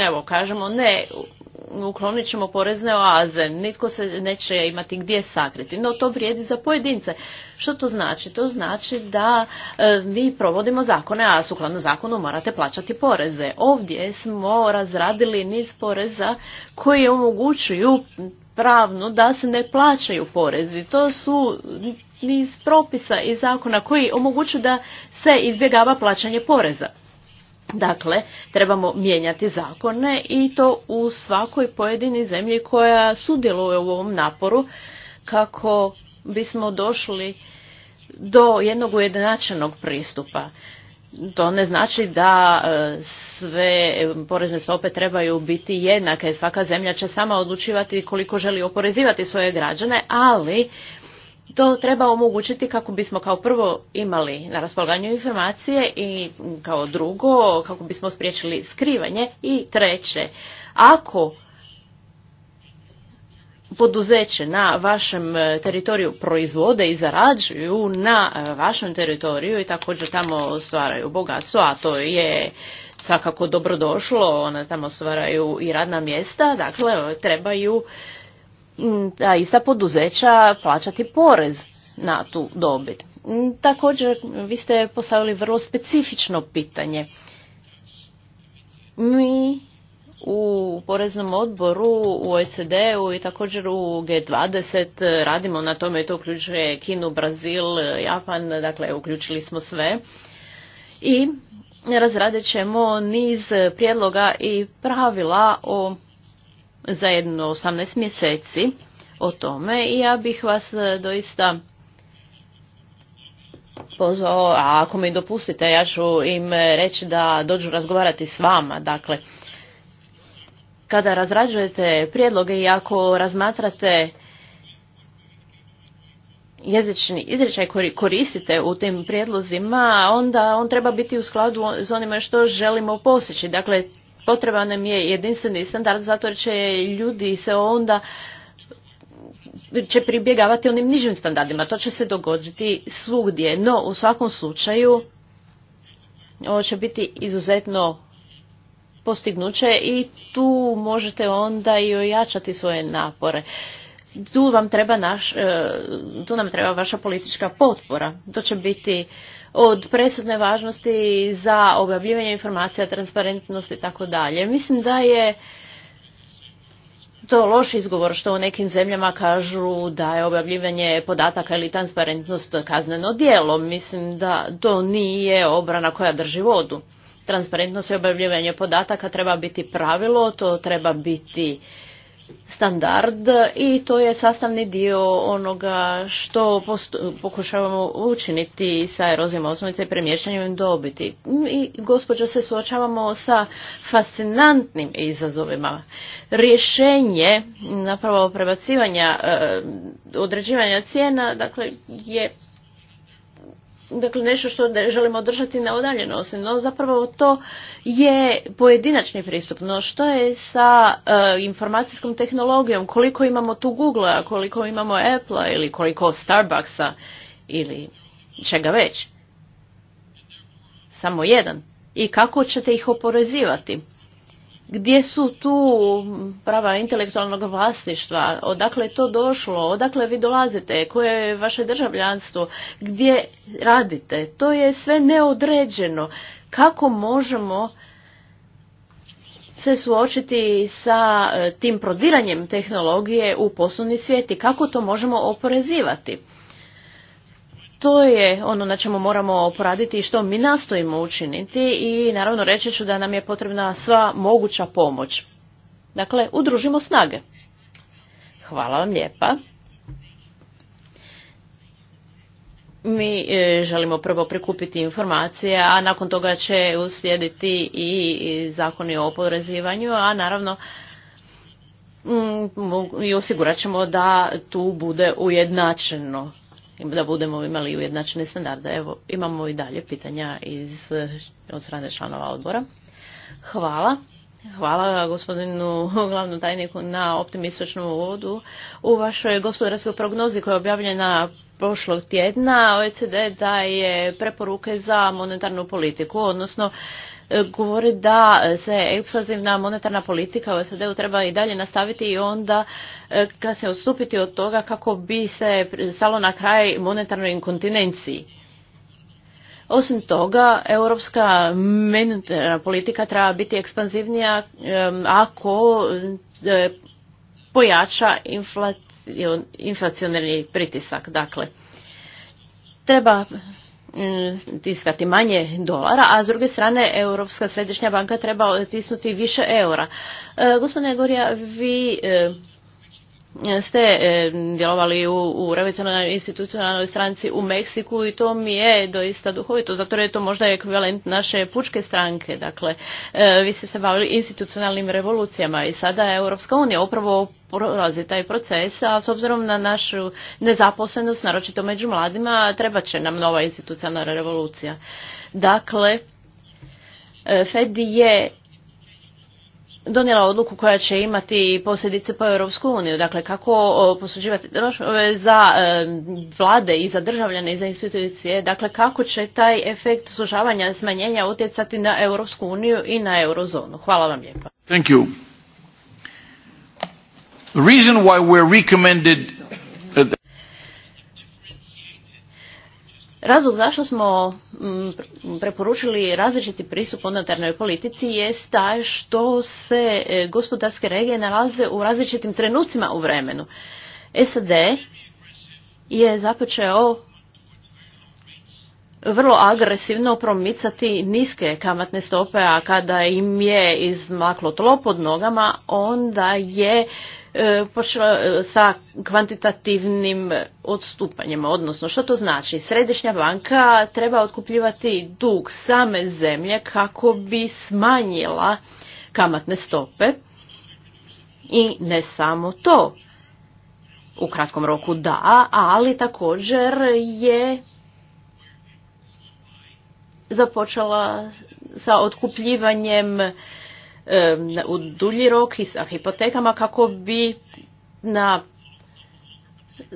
evo kažemo ne uklonit ćemo porezne oaze, nitko se neće imati gdje sakriti. No to vrijedi za pojedince. Što to znači? To znači da e, mi provodimo zakone, a sukladno zakonu morate plaćati poreze. Ovdje smo razradili niz poreza koji omogućuju pravno da se ne plaćaju porezi. To su niz propisa i zakona koji omogućuju da se izbjegava plaćanje poreza. Dakle, trebamo mijenjati zakone i to u svakoj pojedini zemlji koja sudjeluje u ovom naporu kako bismo došli do jednog ujednačenog pristupa. To ne znači da e, sve porezne stope trebaju biti jednake. Svaka zemlja će sama odlučivati koliko želi oporezivati svoje građane, ali to treba omogućiti kako bismo kao prvo imali na raspolaganju informacije i kao drugo kako bismo spriječili skrivanje i treće, ako poduzeće na vašem e, teritoriju proizvode i zarađuju na e, vašem teritoriju i također tamo stvaraju bogatstvo, a to je svakako dobrodošlo, one tamo stvaraju i radna mjesta, dakle e, trebaju ta mm, ista poduzeća plaćati porez na tu dobit. Mm, također, vi ste postavili vrlo specifično pitanje. Mi u poreznom odboru, u OECD-u i također u G20 radimo na tome, to uključuje Kinu, Brazil, Japan, dakle uključili smo sve. I razradit ćemo niz prijedloga i pravila o za jedno 18 mjeseci o tome i ja bih vas e, doista pozvao, a ako mi dopustite ja ću im e, reći da dođu razgovarati s vama. Dakle, kada razrađujete prijedloge i ako razmatrate jezični izričaj koji koristite u tim prijedlozima, onda on treba biti u skladu s onime što želimo posjeći. Dakle, Potreban nam je jedinstveni standard zato jer će ljudi se onda će pribjegavati onim nižim standardima. To će se dogoditi svugdje, no u svakom slučaju ovo će biti izuzetno postignuće i tu možete onda i ojačati svoje napore. Tu, vam treba naš, eh, tu nam treba vaša politička potpora. To će biti od presudne važnosti za objavljivanje informacija, transparentnost i tako dalje. Mislim da je to loš izgovor što u nekim zemljama kažu da je objavljivanje podataka ili transparentnost kazneno djelo. Mislim da to nije obrana koja drži vodu. Transparentnost i objavljivanje podataka treba biti pravilo, to treba biti standard i to je sastavni dio onoga što pokušavamo učiniti sa erozijom osnovice i premještanjem dobiti. I gospođo se suočavamo sa fascinantnim izazovima. Rješenje, napravo prebacivanja, e, određivanja cijena, dakle je dakle nešto što želimo održati na udaljenosti, no zapravo to je pojedinačni pristup. No što je sa e, informacijskom tehnologijom, koliko imamo tu Google-a, koliko imamo Apple-a ili koliko Starbucks-a ili čega već? Samo jedan. I kako ćete ih oporezivati? Gdje su tu prava intelektualnog vlasništva? Odakle je to došlo? Odakle vi dolazite? Koje je vaše državljanstvo? Gdje radite? To je sve neodređeno. Kako možemo se suočiti sa e, tim prodiranjem tehnologije u poslovni svijet kako to možemo oporezivati? to je ono na čemu moramo poraditi i što mi nastojimo učiniti i naravno reći ću da nam je potrebna sva moguća pomoć. Dakle, udružimo snage. Hvala vam lijepa. Mi e, želimo prvo prikupiti informacije, a nakon toga će uslijediti i zakoni o oporezivanju, a naravno mm, i osigurat ćemo da tu bude ujednačeno da budemo imali ujednačene standarde. Evo, imamo i dalje pitanja iz, od strane članova odbora. Hvala. Hvala gospodinu glavnom tajniku na optimističnom uvodu. U vašoj gospodarskoj prognozi koja je objavljena prošlog tjedna OECD daje preporuke za monetarnu politiku, odnosno govori da se eksplozivna monetarna politika u SAD-u treba i dalje nastaviti i onda e, kad se odstupiti od toga kako bi se stalo na kraj monetarnoj inkontinenciji. Osim toga, europska monetarna politika treba biti ekspanzivnija ako e, pojača inflacionarni pritisak. Dakle, treba Mm, tiskati manje dolara, a s druge strane Europska središnja banka treba tisnuti više eura. E, gospodine Gorija, vi e, ste e, djelovali u, u institucionalnoj stranci u Meksiku i to mi je doista duhovito, zato je to možda ekvivalent naše pučke stranke. Dakle, vi ste se bavili institucionalnim revolucijama i sada je Europska unija upravo prolazi taj proces, a s obzirom na našu nezaposlenost, naročito među mladima, treba će nam nova institucionalna revolucija. Dakle, e, Fed je donijela odluku koja će imati posljedice po Europsku uniju. Dakle, kako posuđivati za e, vlade i za državljane i za institucije. Dakle, kako će taj efekt sužavanja smanjenja utjecati na Europsku uniju i na eurozonu. Hvala vam lijepa. The reason why we're recommended uh, Razlog zašto smo mm, preporučili različiti pristup monetarnoj politici je taj što se e, gospodarske regije nalaze u različitim trenucima u vremenu. SAD je započeo vrlo agresivno promicati niske kamatne stope, a kada im je izmaklo tlo pod nogama, onda je E, počela e, sa kvantitativnim odstupanjima, odnosno što to znači? Središnja banka treba otkupljivati dug same zemlje kako bi smanjila kamatne stope i ne samo to. U kratkom roku da, ali također je započela sa otkupljivanjem u dulji rok i sa hipotekama kako bi na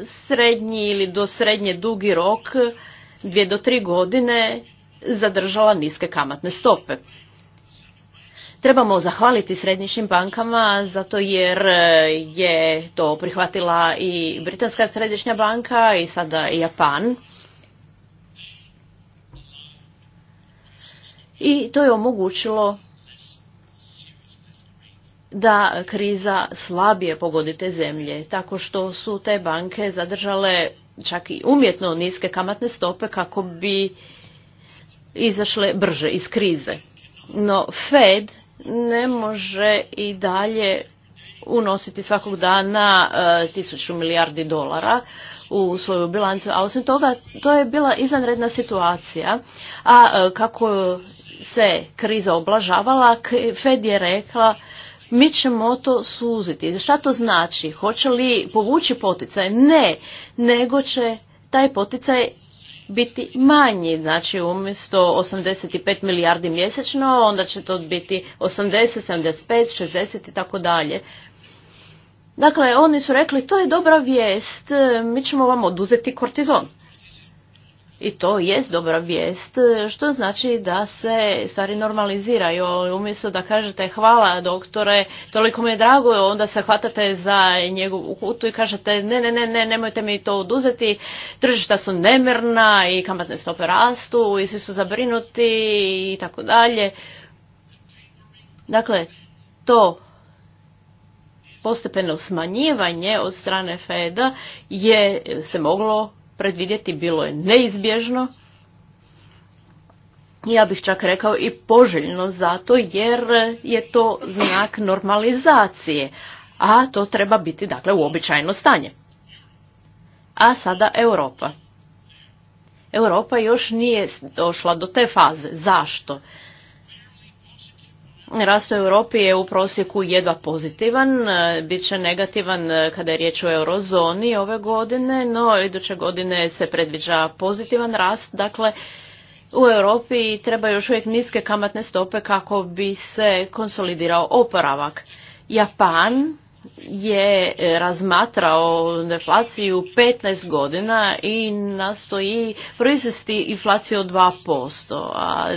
srednji ili do srednje dugi rok, dvije do tri godine, zadržala niske kamatne stope. Trebamo zahvaliti središnjim bankama zato jer eh, je to prihvatila i Britanska središnja banka i sada i Japan. I to je omogućilo da kriza slabije pogodite zemlje, tako što su te banke zadržale čak i umjetno niske kamatne stope kako bi izašle brže iz krize. No Fed ne može i dalje unositi svakog dana e, tisuću milijardi dolara u svoju bilancu, a osim toga to je bila izanredna situacija, a e, kako se kriza oblažavala, Fed je rekla mi ćemo to suziti. Šta to znači? Hoće li povući poticaj? Ne, nego će taj poticaj biti manji, znači umjesto 85 milijardi mjesečno, onda će to biti 80, 75, 60 i tako dalje. Dakle, oni su rekli, to je dobra vijest, mi ćemo vam oduzeti kortizon. I to jest dobra vijest, što znači da se stvari normaliziraju. Umjesto da kažete hvala doktore, toliko mi je drago, onda se hvatate za njegovu kutu i kažete ne, ne, ne, ne, nemojte mi to oduzeti, tržišta su nemirna i kamatne stope rastu i svi su zabrinuti i tako dalje. Dakle, to postepeno smanjivanje od strane Feda je se moglo predvidjeti, bilo je neizbježno. Ja bih čak rekao i poželjno zato jer je to znak normalizacije, a to treba biti dakle uobičajeno stanje. A sada Europa. Europa još nije došla do te faze. Zašto? rast u Europi je u prosjeku jedva pozitivan, e, bit će negativan e, kada je riječ o eurozoni ove godine, no iduće godine se predviđa pozitivan rast, dakle u Europi treba još uvijek niske kamatne stope kako bi se konsolidirao oporavak. Japan je e, razmatrao deflaciju 15 godina i nastoji proizvesti inflaciju od 2%. A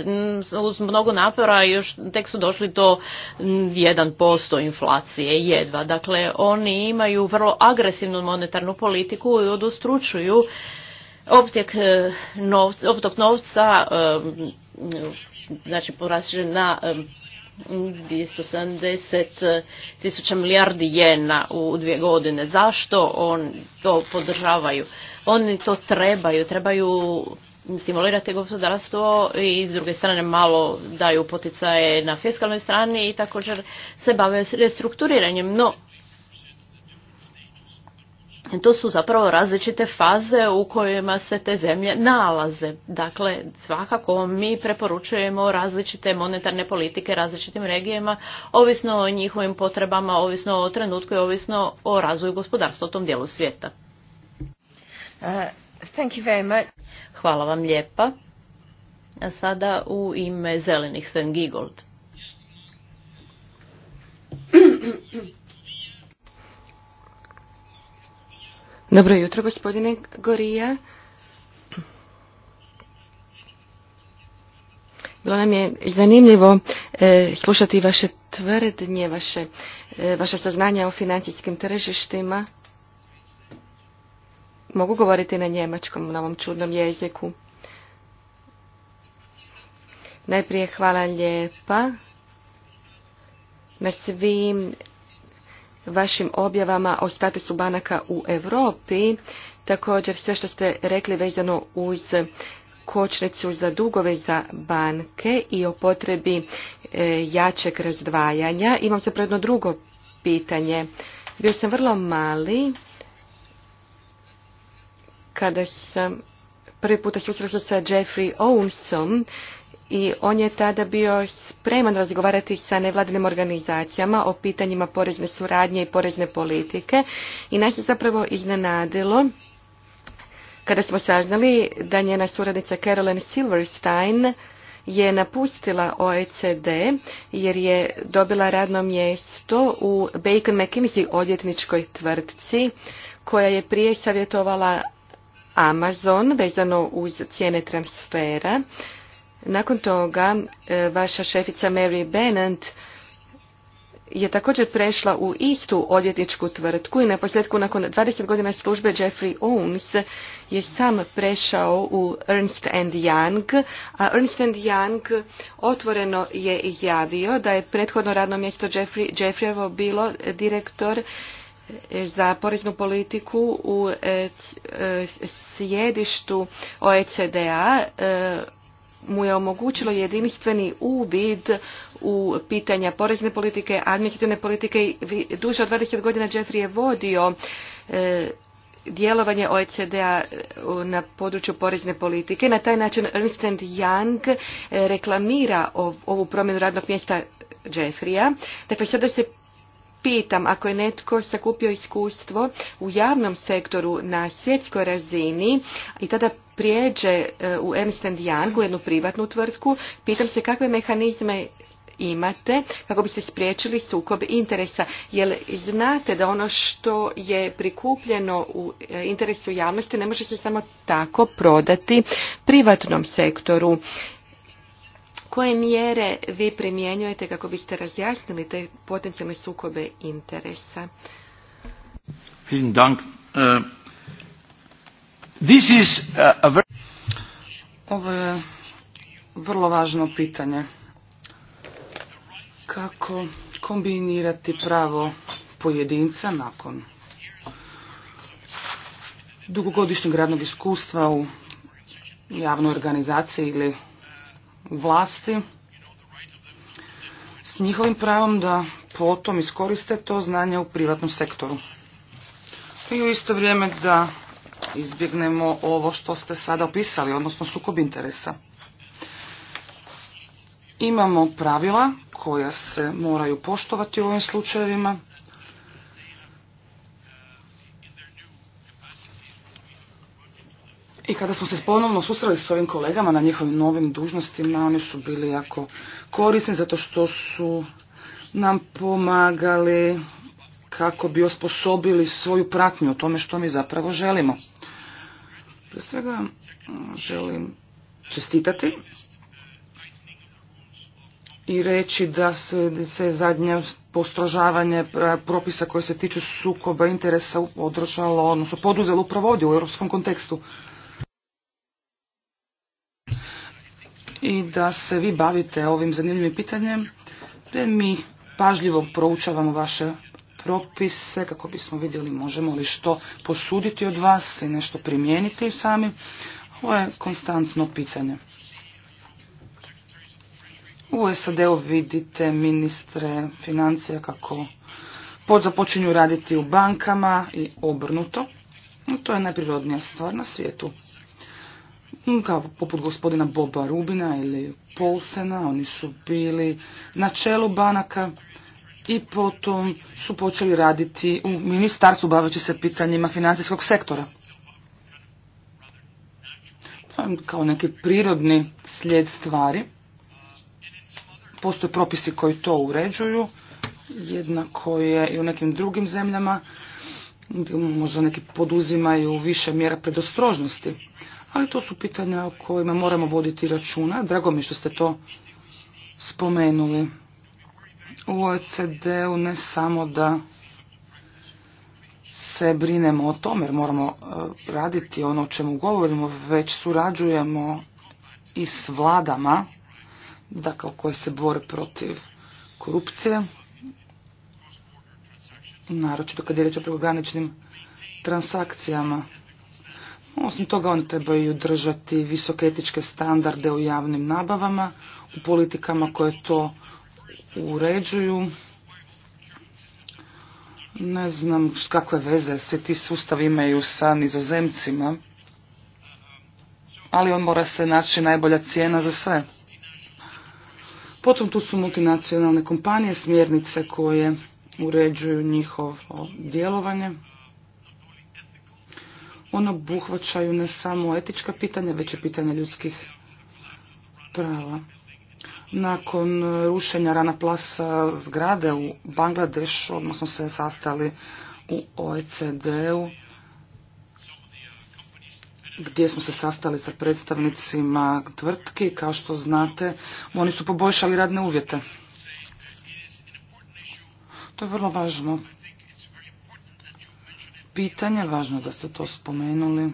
uz mnogo napora još tek su došli do 1% inflacije jedva. Dakle, oni imaju vrlo agresivnu monetarnu politiku i odostručuju optek e, novca, optok novca e, znači, na 270 tisuća milijardi jena u dvije godine. Zašto on to podržavaju? Oni to trebaju, trebaju stimulirati gospodarstvo i s druge strane malo daju poticaje na fiskalnoj strani i također se bave restrukturiranjem. No, to su zapravo različite faze u kojima se te zemlje nalaze. Dakle, svakako mi preporučujemo različite monetarne politike različitim regijama, ovisno o njihovim potrebama, ovisno o trenutku i ovisno o razvoju gospodarstva u tom dijelu svijeta. Uh, Hvala vam lijepa. A sada u ime zelenih Sven [CLEARS THROAT] Dobro jutro, gospodine Gorija. Bilo nam je zanimljivo e, slušati vaše tvrdnje, vaše, e, vaše saznanja o financijskim tržištima. Mogu govoriti na njemačkom, na ovom čudnom jeziku. Najprije hvala lijepa na svim vašim objavama o statusu banaka u Europi, također sve što ste rekli vezano uz kočnicu za dugove za banke i o potrebi e, jačeg razdvajanja. Imam se predno drugo pitanje. Bio sam vrlo mali kada sam prvi puta susrela sa Jeffrey Owensom, i on je tada bio spreman razgovarati sa nevladinim organizacijama o pitanjima porezne suradnje i porezne politike i nas je zapravo iznenadilo kada smo saznali da njena suradnica Carolyn Silverstein je napustila OECD jer je dobila radno mjesto u Bacon McKinsey odvjetničkoj tvrtci koja je prije savjetovala Amazon vezano uz cijene transfera nakon toga e, vaša šefica Mary Bennett je također prešla u istu odvjetničku tvrtku i na posljedku nakon 20 godina službe Jeffrey Owens je sam prešao u Ernst Young, a Ernst Young otvoreno je javio da je prethodno radno mjesto Jeffrey, bilo direktor e, za poreznu politiku u e, sjedištu OECD-a mu je omogućilo jedinstveni uvid u pitanja porezne politike, administrativne politike. Duže od 20 godina Jeffrey je vodio e, djelovanje OECD-a e, na području porezne politike. Na taj način Ernst Young e, reklamira ovu promjenu radnog mjesta Jeffrey-a. Dakle, sada se pitam, ako je netko sakupio iskustvo u javnom sektoru na svjetskoj razini i tada prijeđe e, u Ernst Young, u jednu privatnu tvrtku, pitam se kakve mehanizme imate kako biste spriječili sukob interesa jer znate da ono što je prikupljeno u e, interesu javnosti ne može se samo tako prodati privatnom sektoru koje mjere vi primjenjujete kako biste razjasnili te potencijalne sukobe interesa? Äh, Ovo je vrlo važno pitanje. Kako kombinirati pravo pojedinca nakon dugogodišnjeg radnog iskustva u javnoj organizaciji ili vlasti s njihovim pravom da potom iskoriste to znanje u privatnom sektoru. I u isto vrijeme da izbjegnemo ovo što ste sada opisali, odnosno sukob interesa. Imamo pravila koja se moraju poštovati u ovim slučajevima I kada smo se ponovno susreli s ovim kolegama na njihovim novim dužnostima, oni su bili jako korisni zato što su nam pomagali kako bi osposobili svoju pratnju o tome što mi zapravo želimo. Prije svega želim čestitati i reći da se, se zadnje postrožavanje propisa koje se tiču sukoba interesa održalo, odnosno poduzelo upravo ovdje u europskom kontekstu. i da se vi bavite ovim zanimljivim pitanjem, da mi pažljivo proučavamo vaše propise kako bismo vidjeli možemo li što posuditi od vas i nešto primijeniti sami. Ovo je konstantno pitanje. U SAD-u vidite ministre financija kako podzapočinju raditi u bankama i obrnuto. No, to je najprirodnija stvar na svijetu. Hmm, kao poput gospodina Boba Rubina ili Polsena, oni su bili na čelu banaka i potom su počeli raditi u ministarstvu baveći se pitanjima financijskog sektora. Kao neki prirodni slijed stvari. Postoje propisi koji to uređuju, jednako je i u nekim drugim zemljama, možda neki poduzimaju više mjera predostrožnosti ali to su pitanja o kojima moramo voditi računa. Drago mi što ste to spomenuli. U OECD-u ne samo da se brinemo o tome, jer moramo e, raditi ono o čemu govorimo, već surađujemo i s vladama, dakle, koje se bore protiv korupcije, naročito kad je reč o prekograničnim transakcijama. Osim toga, oni trebaju držati visoke etičke standarde u javnim nabavama, u politikama koje to uređuju. Ne znam kakve veze se ti sustavi imaju sa nizozemcima, ali on mora se naći najbolja cijena za sve. Potom tu su multinacionalne kompanije, smjernice koje uređuju njihovo djelovanje. Ono obuhvaćaju ne samo etička pitanja, već i pitanja ljudskih prava. Nakon rušenja Rana Plasa zgrade u Bangladešu, odnosno se sastali u OECD-u, gdje smo se sastali sa predstavnicima tvrtki. Kao što znate, oni su poboljšali radne uvjete. To je vrlo važno pitanje, važno da ste to spomenuli.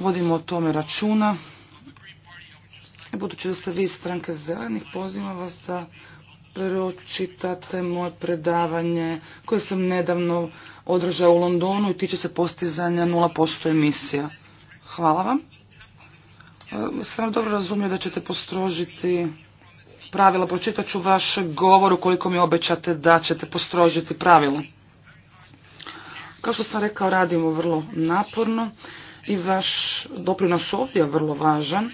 Vodimo o tome računa. Budući da ste vi stranke zelenih, pozivam vas da pročitate moje predavanje koje sam nedavno održao u Londonu i tiče se postizanja 0% emisija. Hvala vam. E, sam dobro razumio da ćete postrožiti pravila. Pročitaću ću vaš govor ukoliko mi obećate da ćete postrožiti pravila. Kao što sam rekao, radimo vrlo naporno i vaš doprinos ovdje je vrlo važan,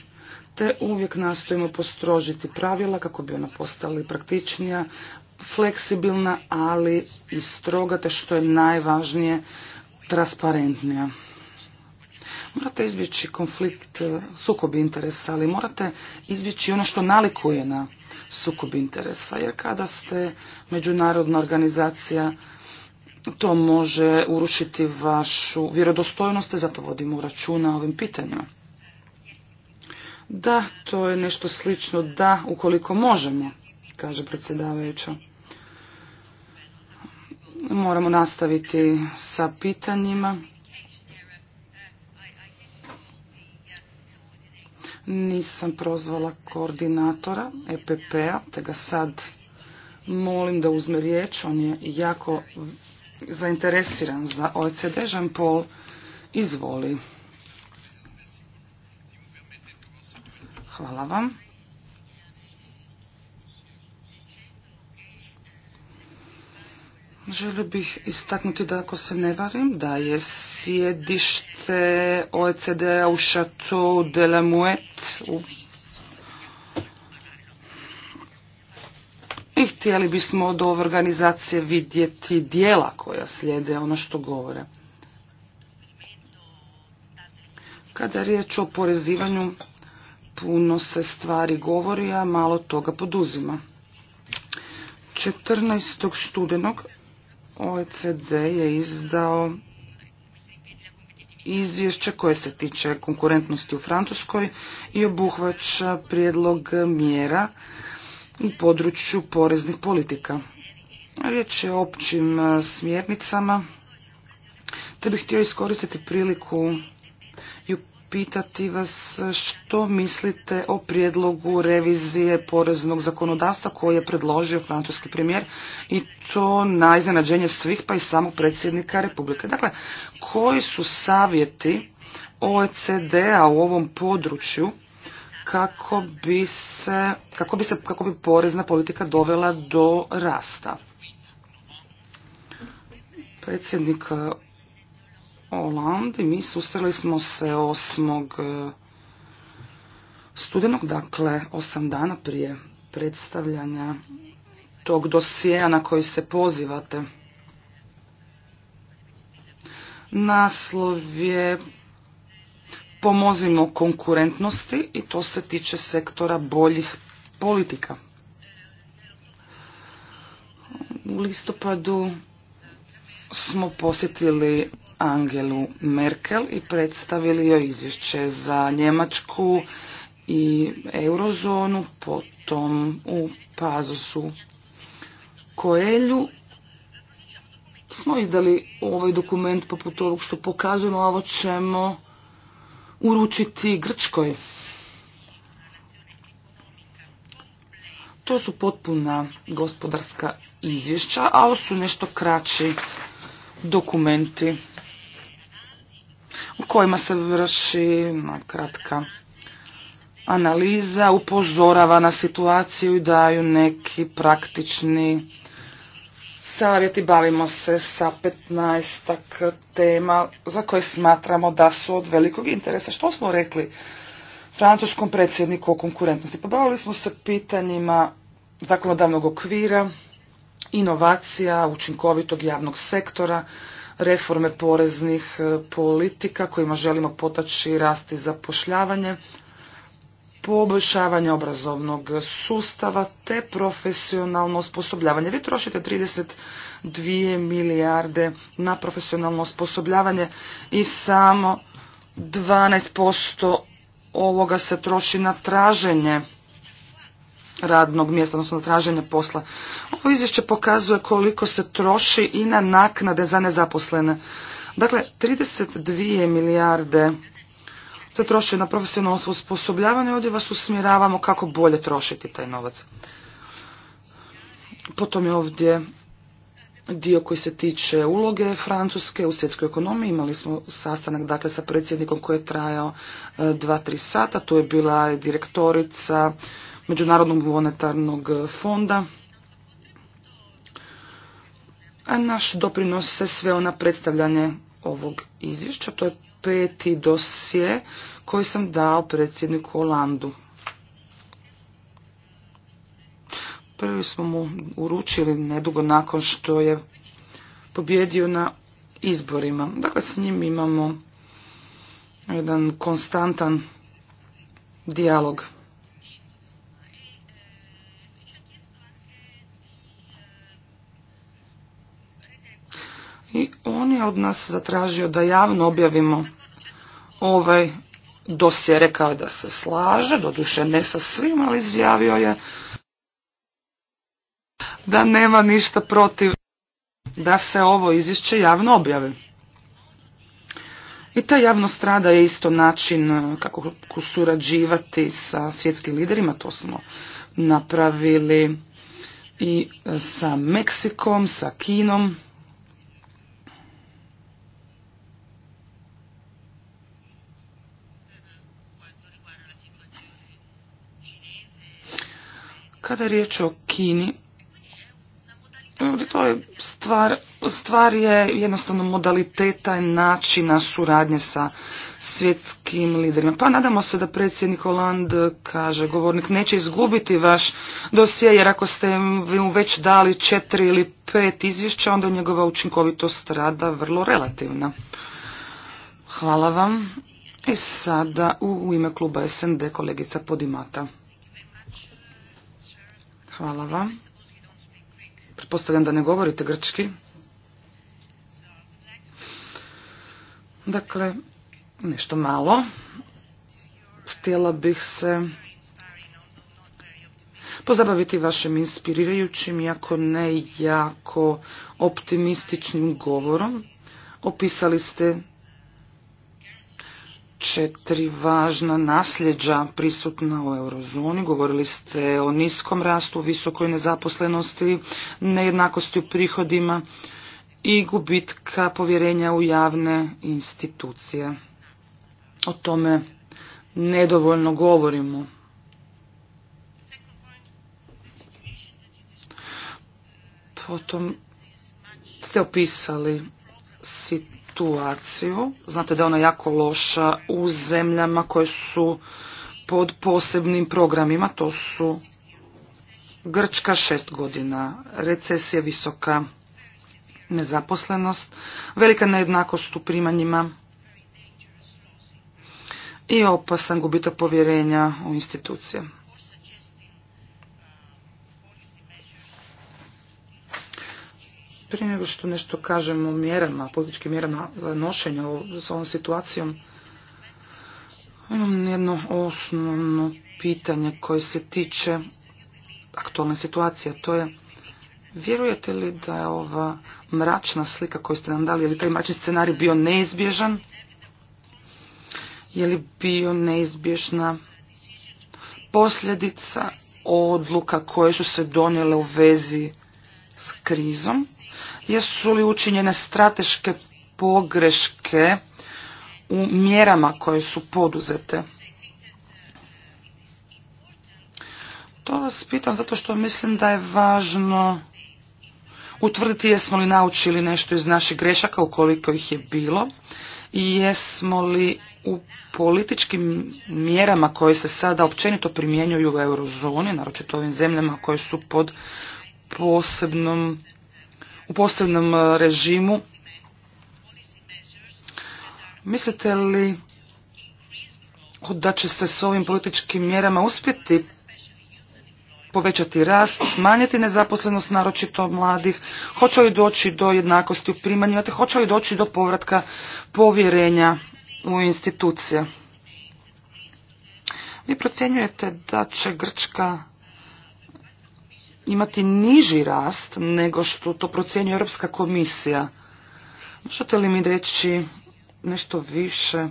te uvijek nastojimo postrožiti pravila kako bi ona postali praktičnija, fleksibilna, ali i stroga, te što je najvažnije, transparentnija. Morate izbjeći konflikt, e, sukobi interesa, ali morate izbjeći ono što nalikuje na sukob interesa, jer kada ste međunarodna organizacija, to može urušiti vašu vjerodostojnost i zato vodimo računa o ovim pitanjima. Da, to je nešto slično da, ukoliko možemo, kaže predsjedavajuća. Moramo nastaviti sa pitanjima. Nisam prozvala koordinatora EPP-a, te ga sad molim da uzme riječ. On je jako zainteresiran za OECD. Jean-Paul, izvoli. Hvala vam. Želio bih istaknuti da ako se ne varim, da je sjedište oecd u Chateau de la Mouette u htjeli bismo od ove organizacije vidjeti dijela koja slijede ono što govore. Kada je riječ o porezivanju, puno se stvari govori, a malo toga poduzima. 14. studenog OECD je izdao izvješće koje se tiče konkurentnosti u Francuskoj i obuhvaća prijedlog mjera u području poreznih politika. Riječ je o općim e, smjernicama, te bih htio iskoristiti priliku i upitati vas e, što mislite o prijedlogu revizije poreznog zakonodavstva koji je predložio francuski premijer i to na iznenađenje svih pa i samog predsjednika Republike. Dakle, koji su savjeti OECD-a u ovom području kako bi se, kako bi, se, kako bi porezna politika dovela do rasta. Predsjednik eh, Hollande i mi susreli smo se 8. Eh, studenog, dakle 8 dana prije predstavljanja tog dosijeja na koji se pozivate. Naslov je pomozimo konkurentnosti i to se tiče sektora boljih politika. U listopadu smo posjetili Angelu Merkel i predstavili joj izvješće za Njemačku i Eurozonu, potom u Pazosu Koelju. Smo izdali ovaj dokument poput ovog što pokazujemo, ovo ćemo uručiti Grčkoj. To su potpuna gospodarska izvješća, a ovo su nešto kraći dokumenti u kojima se vrši kratka analiza, upozorava na situaciju i daju neki praktični savjeti, bavimo se sa 15 tema za koje smatramo da su od velikog interesa. Što smo rekli francuskom predsjedniku o konkurentnosti? Pa smo se pitanjima zakonodavnog okvira, inovacija, učinkovitog javnog sektora, reforme poreznih politika kojima želimo potaći rasti i zapošljavanje, poboljšavanje obrazovnog sustava te profesionalno osposobljavanje. Vi trošite 32 milijarde na profesionalno osposobljavanje i samo 12% ovoga se troši na traženje radnog mjesta, odnosno na traženje posla. Ovo izvješće pokazuje koliko se troši i na naknade za nezaposlene. Dakle, 32 milijarde se troši na profesionalno osposobljavanje, ovdje vas usmjeravamo kako bolje trošiti taj novac. Potom je ovdje dio koji se tiče uloge Francuske u svjetskoj ekonomiji. Imali smo sastanak dakle, sa predsjednikom koji je trajao 2-3 e, sata. Tu je bila direktorica Međunarodnog monetarnog fonda. A naš doprinos se sveo na predstavljanje ovog izvješća. To je peti dosje koji sam dao predsjedniku Holandu. Prvi smo mu uručili nedugo nakon što je pobjedio na izborima. Dakle, s njim imamo jedan konstantan dijalog. je od nas zatražio da javno objavimo ovaj dosje. Rekao da se slaže, doduše ne sa svim, ali izjavio je da nema ništa protiv da se ovo izvješće javno objavi. I ta javnost strada je isto način eh, kako surađivati sa svjetskim liderima, to smo napravili i eh, sa Meksikom, sa Kinom. Kada je riječ o Kini, to je stvar, stvar je jednostavno modaliteta i načina suradnje sa svjetskim liderima. Pa nadamo se da predsjednik Holand kaže, govornik neće izgubiti vaš dosje, jer ako ste mu već dali četiri ili pet izvješća, onda njegova učinkovitost rada vrlo relativna. Hvala vam. I e sada u ime kluba SND kolegica Podimata. Hvala vam. Pretpostavljam da ne govorite grčki. Dakle, nešto malo. Htjela bih se pozabaviti vašim inspirirajućim, iako ne jako optimističnim govorom. Opisali ste četiri važna nasljeđa prisutna u eurozoni. Govorili ste o niskom rastu, visokoj nezaposlenosti, nejednakosti u prihodima i gubitka povjerenja u javne institucije. O tome nedovoljno govorimo. Potom ste opisali situaciju situaciju. Znate da je ona jako loša u zemljama koje su pod posebnim programima. To su Grčka šest godina, recesija visoka, nezaposlenost, velika nejednakost u primanjima i opasan gubitak povjerenja u institucije. Prije nego što nešto kažem o mjerama, političkim mjerama za nošenje s ovom situacijom, imam jedno osnovno pitanje koje se tiče aktualne situacije. To je, vjerujete li da je ova mračna slika koju ste nam dali, je li taj mračni scenarij bio neizbježan? Je li bio neizbježna posljedica odluka koje su se donijele u vezi s krizom? jesu li učinjene strateške pogreške u mjerama koje su poduzete. To vas pitam zato što mislim da je važno utvrditi jesmo li naučili nešto iz naših grešaka ukoliko ih je bilo i jesmo li u političkim mjerama koje se sada općenito primjenjuju u eurozoni, naročito ovim zemljama koje su pod posebnom u posebnom e, režimu. Mislite li da će se s ovim političkim mjerama uspjeti povećati rast, smanjiti nezaposlenost, naročito mladih, hoće li doći do jednakosti u primanjima, hoće li doći do povratka povjerenja u institucije. Vi procjenjujete da će Grčka imati niži rast nego što to procjenjuje Europska komisija. Možete li mi reći nešto više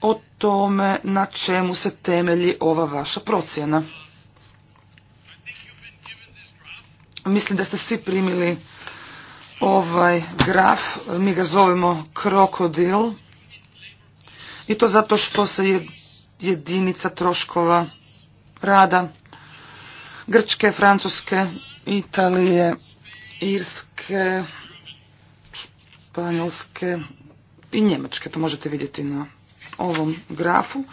o tome na čemu se temelji ova vaša procjena? Mislim da ste svi primili ovaj graf, mi ga zovemo krokodil i to zato što se jedinica troškova rada Grčke, Francuske, Italije, Irske, Španjolske i Njemačke. To možete vidjeti na ovom grafu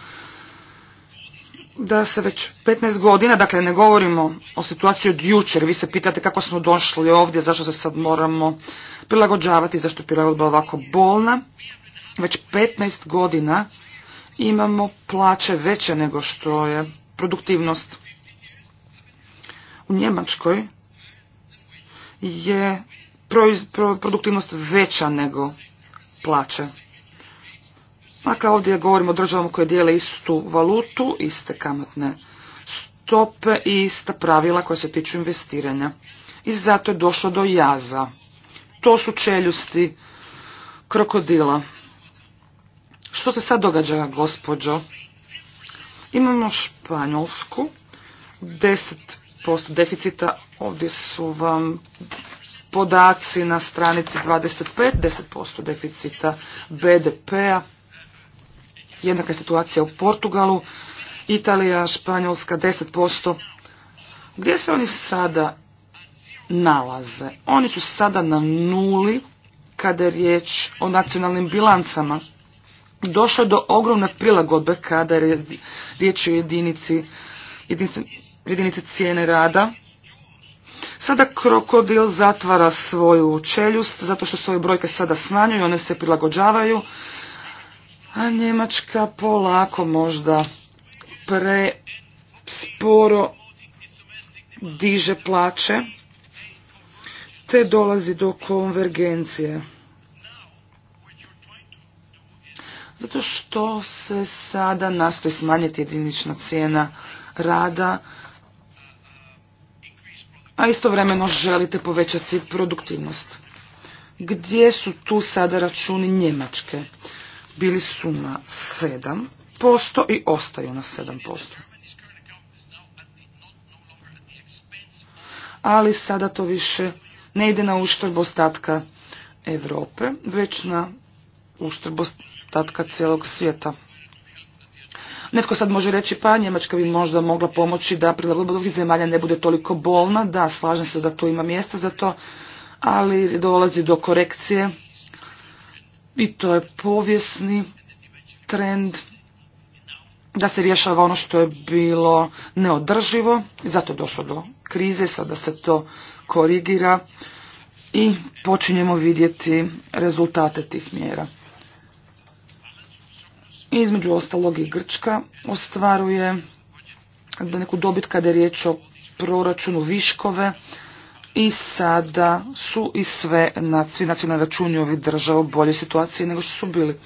da se već 15 godina, dakle ne govorimo o situaciji od jučer, vi se pitate kako smo došli ovdje, zašto se sad moramo prilagođavati, zašto je prilagodba ovako bolna. Već 15 godina imamo plaće veće nego što je produktivnost. U Njemačkoj je produktivnost veća nego plaće. Dakle, ovdje govorimo o državama koje dijele istu valutu, iste kamatne stope i ista pravila koja se tiču investiranja. I zato je došlo do jaza. To su čeljusti krokodila. Što se sad događa, gospođo? Imamo Španjolsku, deset posto deficita. Ovdje su vam podaci na stranici 25, 10% deficita BDP-a. Jednaka je situacija u Portugalu, Italija, Španjolska 10%. Gdje se oni sada nalaze? Oni su sada na nuli kada je riječ o nacionalnim bilancama. Došlo je do ogromne prilagodbe kada je riječ o jedinici, jedinici jedinice cijene rada. Sada krokodil zatvara svoju čeljust zato što svoje brojke sada smanjuju, one se prilagođavaju, a Njemačka polako možda pre sporo diže plaće te dolazi do konvergencije. Zato što se sada nastoji smanjiti jedinična cijena rada a istovremeno želite povećati produktivnost. Gdje su tu sada računi Njemačke? Bili su na 7% i ostaju na 7%. Ali sada to više ne ide na uštrb ostatka Europe, već na uštrb ostatka cijelog svijeta. Netko sad može reći pa Njemačka bi možda mogla pomoći da prilagodba drugih zemalja ne bude toliko bolna, da slažem se da to ima mjesta za to, ali dolazi do korekcije i to je povijesni trend da se rješava ono što je bilo neodrživo i zato je došlo do krize, sada se to korigira i počinjemo vidjeti rezultate tih mjera. Između ostalog i Grčka ostvaruje neku dobit kada je riječ o proračunu viškove i sada su i sve svi nacionalni računi ovih država u boljoj situaciji nego što su bili.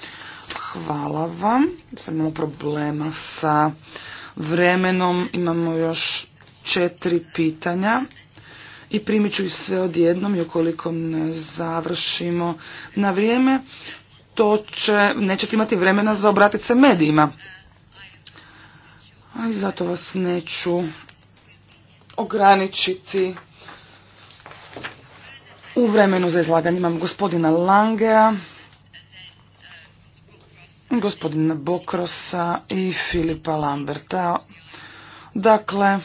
Hvala vam. Sad imamo problema sa vremenom. Imamo još četiri pitanja i primit ću ih sve odjednom i ukoliko ne završimo na vrijeme, to će, nećete imati vremena za obratiti se medijima. i zato vas neću ograničiti u vremenu za izlaganje. Imam gospodina Langea, gospodina Bokrosa i Filipa Lamberta. Dakle,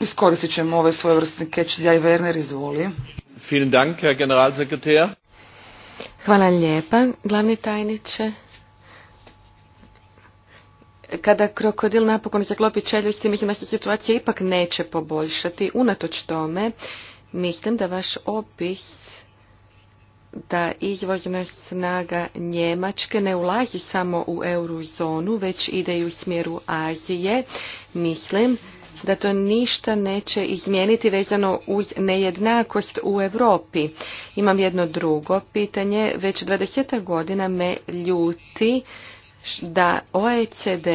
iskoristit ćemo ove svoje catch. Ja i Werner, izvoli. Vielen Dank, Hvala lijepa, glavni tajniče. Kada krokodil napokon zaklopi čeljusti, mislim da se situacija ipak neće poboljšati. Unatoč tome, mislim da vaš opis da izvozna snaga Njemačke ne ulazi samo u eurozonu, već ide i u smjeru Azije. Mislim da to ništa neće izmijeniti vezano uz nejednakost u Europi. Imam jedno drugo pitanje. Već 20 godina me ljuti da OECD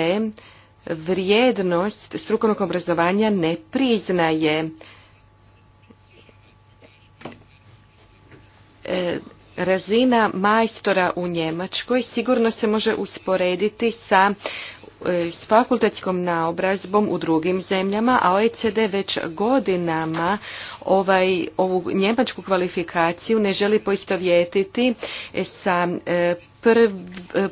vrijednost strukovnog obrazovanja ne priznaje. E, razina majstora u Njemačkoj sigurno se može usporediti sa E, s fakultetskom naobrazbom u drugim zemljama, a OECD već godinama ovaj, ovu njemačku kvalifikaciju ne želi poistovjetiti sa e, prv, e,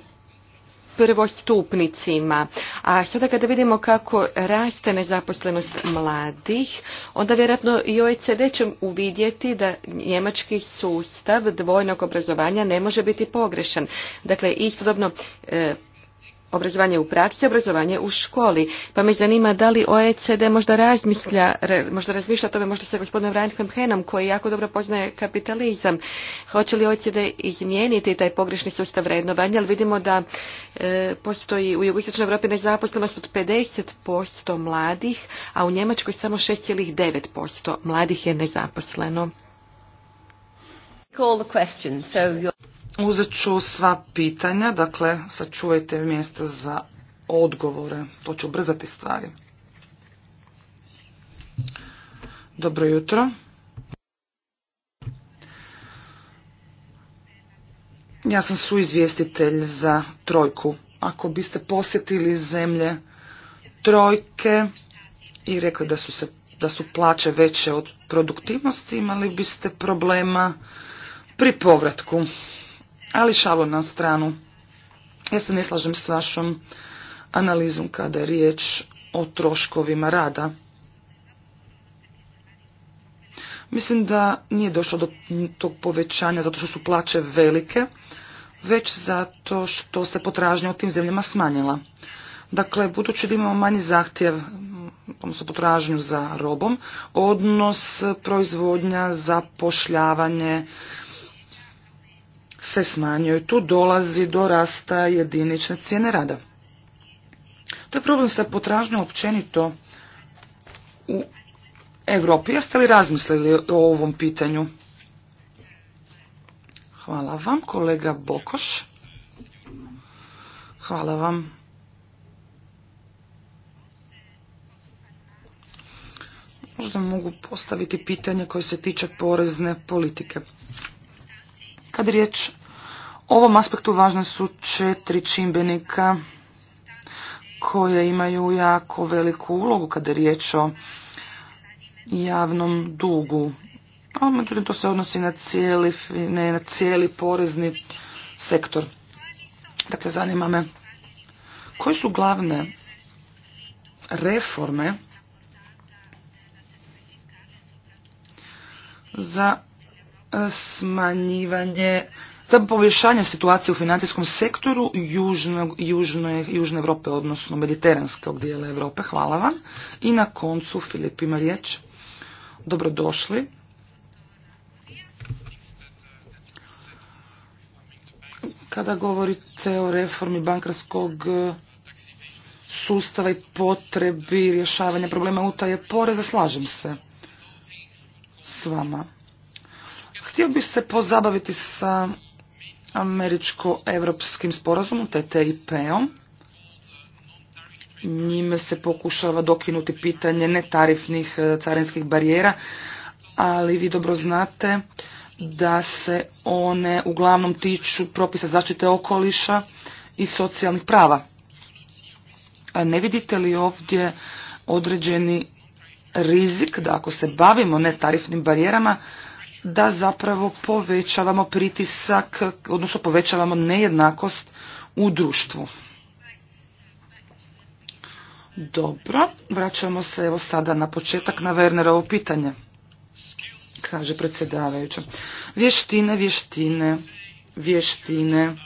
prvostupnicima. A sada kada vidimo kako raste nezaposlenost mladih, onda vjerojatno i OECD će uvidjeti da njemački sustav dvojnog obrazovanja ne može biti pogrešan. Dakle, istodobno obrazovanje u praksi, obrazovanje u školi. Pa me zanima da li OECD možda razmišlja, možda razmišlja o tome, možda sa gospodinom vranjkom Henom koji jako dobro poznaje kapitalizam. Hoće li OECD izmijeniti taj pogrešni sustav vrednovanja, ali vidimo da e, postoji u jugoistočnoj Europi nezaposlenost od 50% mladih, a u Njemačkoj samo 6,9% mladih je nezaposleno. Uzet ću sva pitanja, dakle sačuvajte mjesta za odgovore, to ću ubrzati stvari. Dobro jutro. Ja sam suizvjestitelj za trojku. Ako biste posjetili zemlje trojke i rekli da su, se, da su plaće veće od produktivnosti, imali biste problema pri povratku. Ali šalo na stranu. Ja se ne slažem s vašom analizom kada je riječ o troškovima rada. Mislim da nije došlo do tog povećanja zato što su plaće velike, već zato što se potražnja u tim zemljama smanjila. Dakle, budući da imamo manji zahtjev, odnosno potražnju za robom, odnos proizvodnja, za zapošljavanje, se smanjuje. Tu dolazi do rasta jedinične cijene rada. To je problem sa potražnjom općenito u Europi. Jeste li razmislili o ovom pitanju? Hvala vam, kolega Bokoš. Hvala vam. Možda mogu postaviti pitanje koje se tiče porezne politike. Kad je riječ o ovom aspektu važne su četiri čimbenika koje imaju jako veliku ulogu kada je riječ o javnom dugu. A međutim to se odnosi na cijeli, ne, na cijeli porezni sektor. Dakle, zanima me koje su glavne reforme za smanjivanje, za poboljšanje situacije u financijskom sektoru južnog, južne, južne Europe, odnosno mediteranskog dijela Europe. Hvala vam. I na koncu, Filip ima riječ. Dobrodošli. Kada govorite o reformi bankarskog e, sustava i potrebi rješavanja problema utaje poreza, slažem se s vama. Htio bih se pozabaviti sa američko-evropskim sporazumom, TTIP-om. Njime se pokušava dokinuti pitanje netarifnih e, carinskih barijera, ali vi dobro znate da se one uglavnom tiču propisa zaštite okoliša i socijalnih prava. E, ne vidite li ovdje određeni rizik da ako se bavimo netarifnim barijerama, da zapravo povećavamo pritisak, odnosno povećavamo nejednakost u društvu. Dobro, vraćamo se evo sada na početak na Wernerovo pitanje, kaže predsjedavajuća. Vještine, vještine, vještine.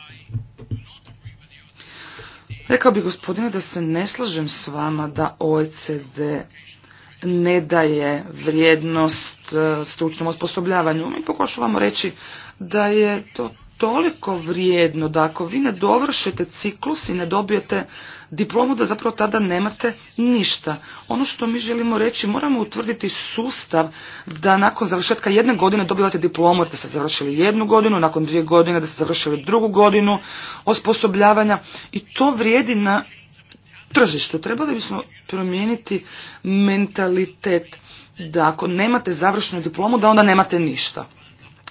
Rekao bih, gospodine da se ne slažem s vama da OECD ne daje vrijednost e, stručnom osposobljavanju. Mi pokušavamo reći da je to toliko vrijedno da ako vi ne dovršite ciklus i ne dobijete diplomu da zapravo tada nemate ništa. Ono što mi želimo reći, moramo utvrditi sustav da nakon završetka jedne godine dobivate diplomu da ste završili jednu godinu, nakon dvije godine da ste završili drugu godinu osposobljavanja i to vrijedi na tržištu. Trebali bismo promijeniti mentalitet da ako nemate završnu diplomu, da onda nemate ništa.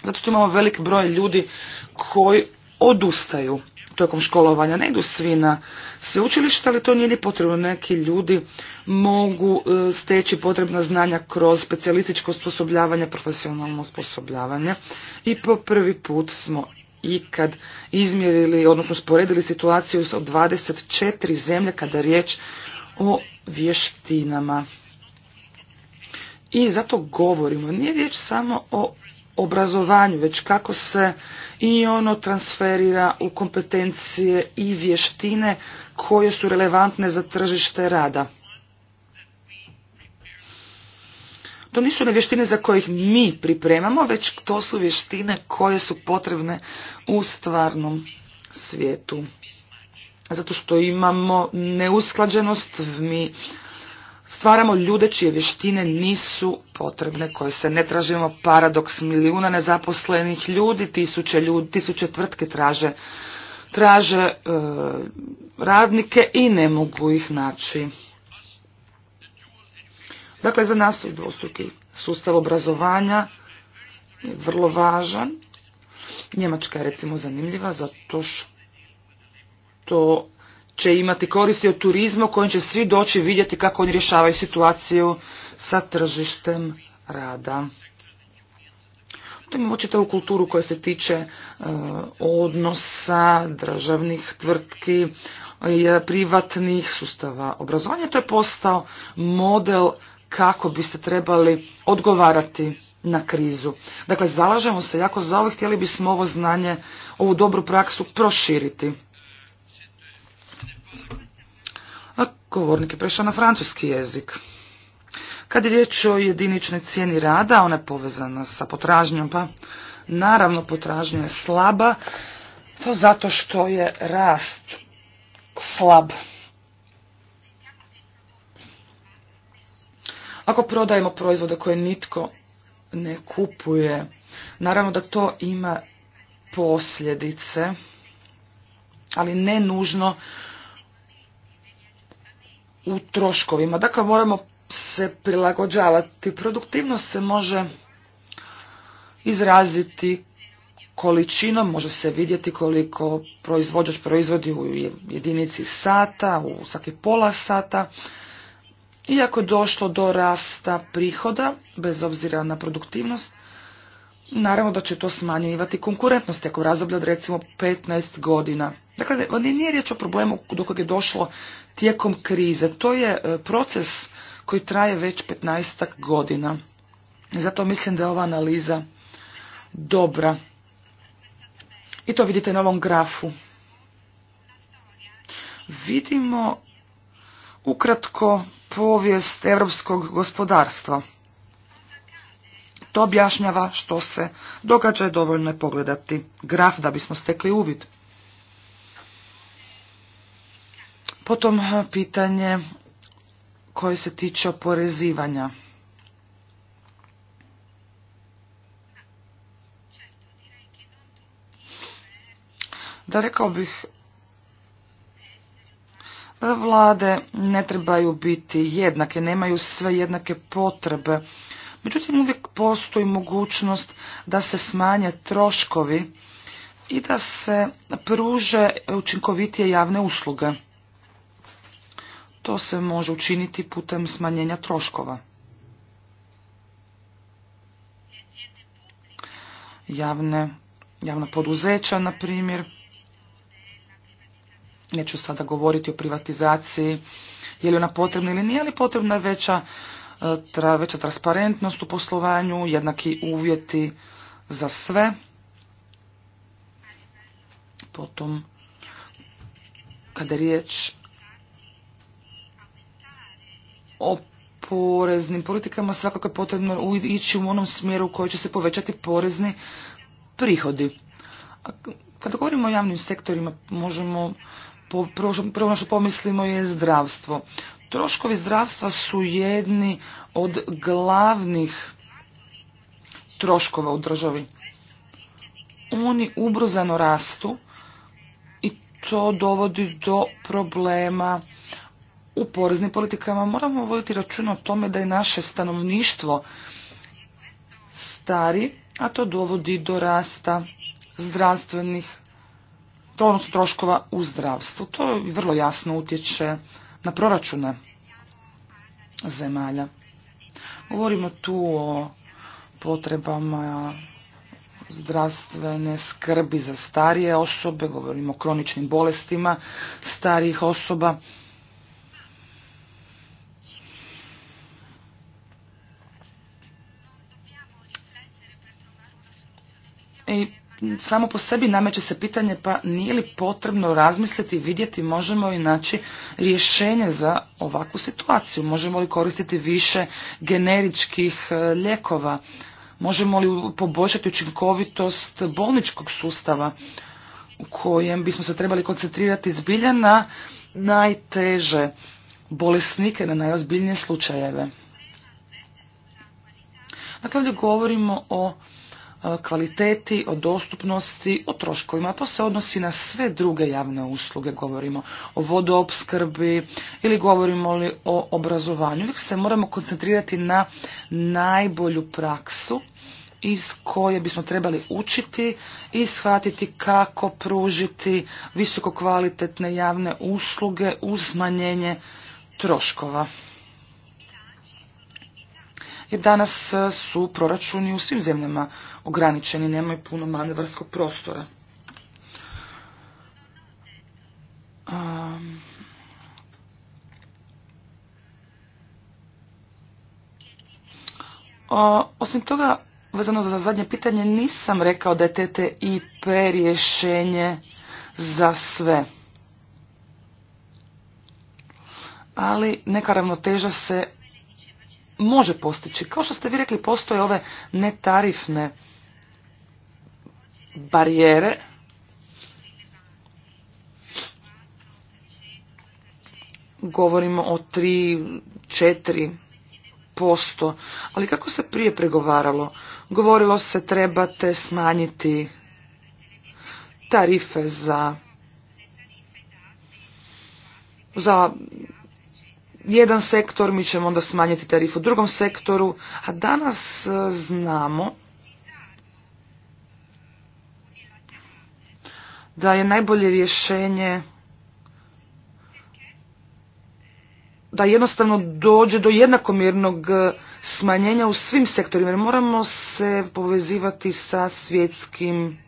Zato što imamo velik broj ljudi koji odustaju tokom školovanja. Ne idu svi na sveučilište, ali to nije ni potrebno. Neki ljudi mogu e, steći potrebna znanja kroz specijalističko osposobljavanje, profesionalno osposobljavanje. I po prvi put smo ikad izmjerili, odnosno sporedili situaciju sa 24 zemlje kada je riječ o vještinama. I zato govorimo, nije riječ samo o obrazovanju, već kako se i ono transferira u kompetencije i vještine koje su relevantne za tržište rada. To nisu ne vještine za kojih mi pripremamo, već to su vještine koje su potrebne u stvarnom svijetu. Zato što imamo neusklađenost, mi stvaramo ljude čije vještine nisu potrebne, koje se ne tražimo paradoks milijuna nezaposlenih ljudi, tisuće, ljudi, tisuće tvrtke traže, traže e, radnike i ne mogu ih naći. Dakle, za nas je dvostruki sustav obrazovanja vrlo važan. Njemačka je recimo zanimljiva zato što će imati koristi od turizma kojim će svi doći vidjeti kako oni rješavaju situaciju sa tržištem rada. To imamo čitavu kulturu koja se tiče e, odnosa državnih tvrtki, e, privatnih sustava obrazovanja. To je postao model kako biste trebali odgovarati na krizu. Dakle, zalažemo se jako za ovo, htjeli bismo ovo znanje, ovu dobru praksu proširiti. A govornik je prešao na francuski jezik. Kad je riječ o jediničnoj cijeni rada, ona je povezana sa potražnjom, pa naravno potražnja je slaba, to zato što je rast slab. ako prodajemo proizvode koje nitko ne kupuje, naravno da to ima posljedice, ali ne nužno u troškovima. Dakle, moramo se prilagođavati. Produktivnost se može izraziti količinom, može se vidjeti koliko proizvođač proizvodi u jedinici sata, u svaki pola sata. Iako je došlo do rasta prihoda, bez obzira na produktivnost, naravno da će to smanjivati konkurentnost tijekom razdoblja od recimo 15 godina. Dakle, nije riječ o problemu do kojeg je došlo tijekom krize. To je e, proces koji traje već 15 godina. Zato mislim da je ova analiza dobra. I to vidite na ovom grafu. Vidimo Ukratko, povijest europskog gospodarstva. To objašnjava što se događa, dovoljno je pogledati graf da bismo stekli uvid. Potom eh, pitanje koje se tiče oporezivanja. Da rekao bih Vlade ne trebaju biti jednake, nemaju sve jednake potrebe. Međutim, uvijek postoji mogućnost da se smanje troškovi i da se pruže učinkovitije javne usluge. To se može učiniti putem smanjenja troškova. Javne, javna poduzeća, na primjer, Neću sada govoriti o privatizaciji, je li ona potrebna ili nije, ali potrebna je veća, e, tra, veća transparentnost u poslovanju, jednaki uvjeti za sve. Potom, kada je riječ o poreznim politikama, svakako je potrebno ići u onom smjeru u kojoj će se povećati porezni prihodi. Kada govorimo o javnim sektorima, možemo prvo što pomislimo je zdravstvo. Troškovi zdravstva su jedni od glavnih troškova u državi. Oni ubrzano rastu i to dovodi do problema u poreznim politikama. Moramo voditi računa o tome da je naše stanovništvo stari, a to dovodi do rasta zdravstvenih to ono troškova u zdravstvu. To vrlo jasno utječe na proračune zemalja. Govorimo tu o potrebama zdravstvene skrbi za starije osobe, govorimo o kroničnim bolestima starijih osoba. I samo po sebi nameće se pitanje pa nije li potrebno razmisliti i vidjeti možemo li naći rješenje za ovakvu situaciju, možemo li koristiti više generičkih e, lijekova, možemo li poboljšati učinkovitost bolničkog sustava u kojem bismo se trebali koncentrirati zbilja na najteže bolesnike, na najozbiljnije slučajeve. Dakle, ovdje govorimo o E, kvaliteti, o dostupnosti, o troškovima. To se odnosi na sve druge javne usluge. Govorimo o vodoopskrbi ili govorimo li o obrazovanju. Uvijek se moramo koncentrirati na najbolju praksu iz koje bismo trebali učiti i shvatiti kako pružiti visokokvalitetne javne usluge uz smanjenje troškova danas e, su proračuni u svim zemljama ograničeni, nemaju puno manevarskog prostora. osim toga, vezano za zadnje pitanje, nisam rekao da je TTIP rješenje za sve. Ali neka ravnoteža se može postići. Kao što ste vi rekli, postoje ove netarifne barijere govorimo o 3, 4 posto. Ali kako se prije pregovaralo? Govorilo se trebate smanjiti tarife za za jedan sektor, mi ćemo onda smanjiti tarifu u drugom sektoru, a danas e, znamo da je najbolje rješenje da jednostavno dođe do jednakomjernog e, smanjenja u svim sektorima jer moramo se povezivati sa svjetskim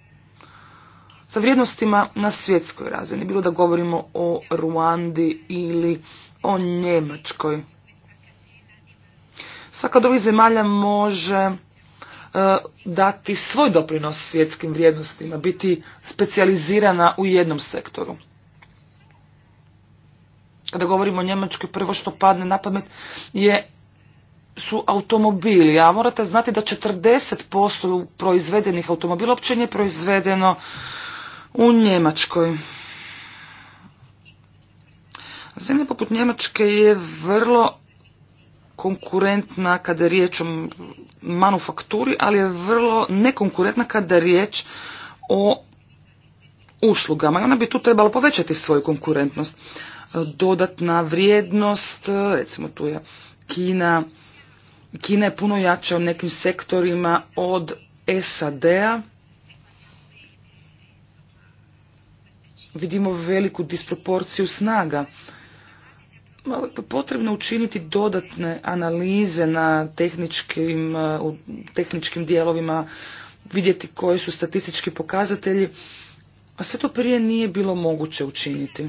sa vrijednostima na svjetskoj razini bilo da govorimo o Ruandi ili o Njemačkoj. Svaka od ovih zemalja može e, dati svoj doprinos svjetskim vrijednostima, biti specijalizirana u jednom sektoru. Kada govorimo o Njemačkoj, prvo što padne na pamet je su automobili, a morate znati da 40% proizvedenih automobila uopće nije proizvedeno u Njemačkoj. Zemlja poput Njemačke je vrlo konkurentna kada je riječ o manufakturi, ali je vrlo nekonkurentna kada je riječ o uslugama. I ona bi tu trebala povećati svoju konkurentnost. Dodatna vrijednost, recimo tu je Kina, Kina je puno jača u nekim sektorima od SAD-a. Vidimo veliku disproporciju snaga potrebno učiniti dodatne analize na tehničkim, e, tehničkim dijelovima, vidjeti koji su statistički pokazatelji, a sve to prije nije bilo moguće učiniti.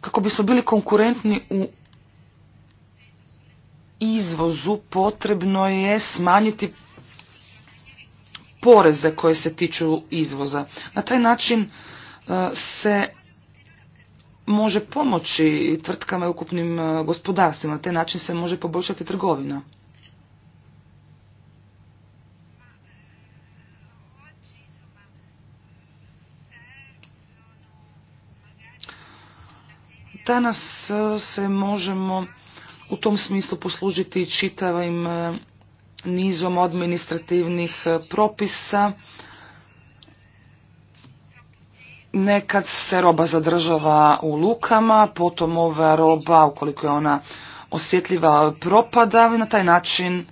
Kako bismo bili konkurentni u izvozu potrebno je smanjiti poreze koje se tiču izvoza. Na taj način e, se može pomoći tvrtkama i ukupnim e, gospodarstvima. Na taj način se može poboljšati trgovina. Danas e, se možemo u tom smislu poslužiti čitavim nizom administrativnih e, propisa. Nekad se roba zadržava u lukama, potom ova roba, ukoliko je ona osjetljiva, propada i na taj način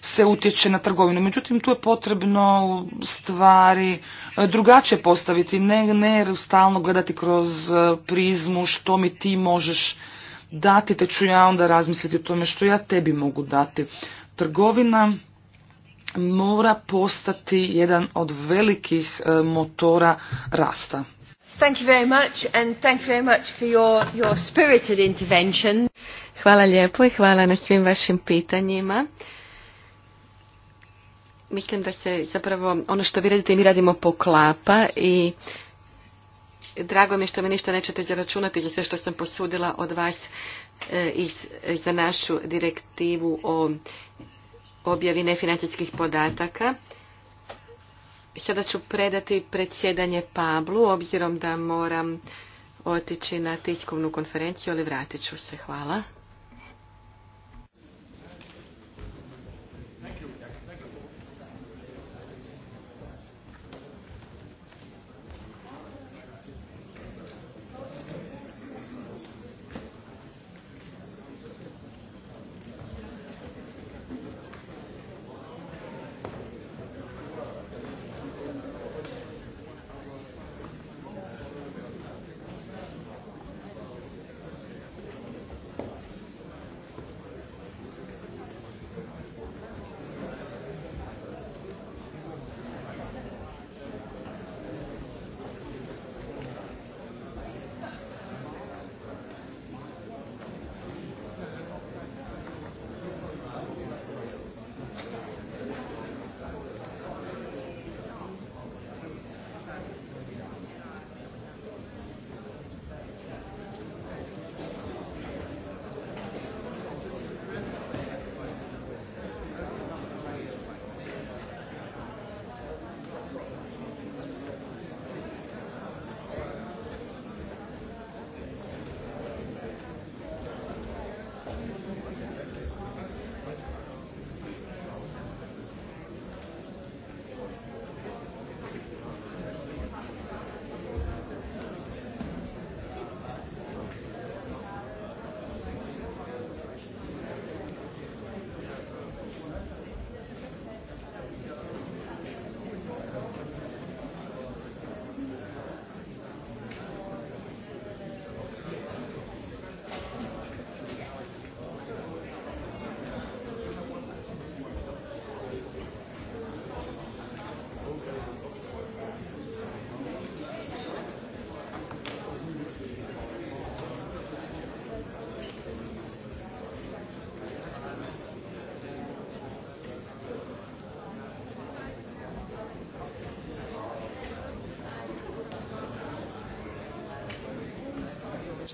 se utječe na trgovinu. Međutim, tu je potrebno stvari e, drugačije postaviti, ne, ne stalno gledati kroz e, prizmu što mi ti možeš dati, te ću ja onda razmisliti o tome što ja tebi mogu dati. Trgovina mora postati jedan od velikih e, motora rasta. Thank you very much and thank you very much for your, your spirited intervention. Hvala lijepo i hvala na svim vašim pitanjima. Mislim da se zapravo ono što vi radite i mi radimo poklapa i Drago mi je što mi ništa nećete zaračunati za sve što sam posudila od vas e, za našu direktivu o objavi nefinancijskih podataka. Sada ću predati predsjedanje Pablu, obzirom da moram otići na tiskovnu konferenciju, ali vratit ću se. Hvala.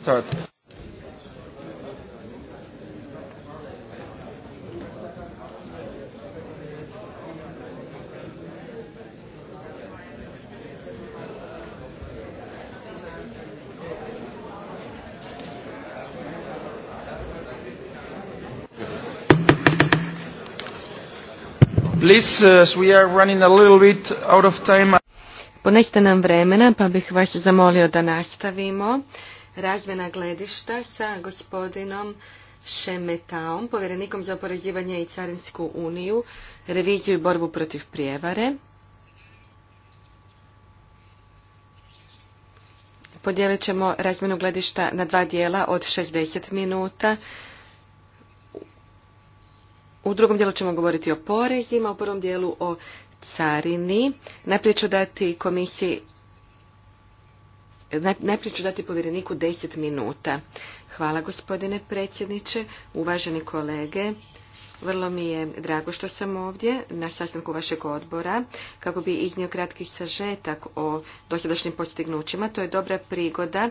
start. Please, uh, as we are running a little bit out of time. Poneste nam vremena, pa bih vas zamolio da nastavimo razmjena gledišta sa gospodinom Šemetaom, povjerenikom za oporezivanje i carinsku uniju, reviziju i borbu protiv prijevare. Podijelit ćemo razmjenu gledišta na dva dijela od 60 minuta. U drugom dijelu ćemo govoriti o porezima, u prvom dijelu o carini. Najprije ću dati komisiji Najprije ću dati povjereniku deset minuta. Hvala gospodine predsjedniče, uvaženi kolege. Vrlo mi je drago što sam ovdje na sastanku vašeg odbora kako bi iznio kratki sažetak o dosadašnjim postignućima. To je dobra prigoda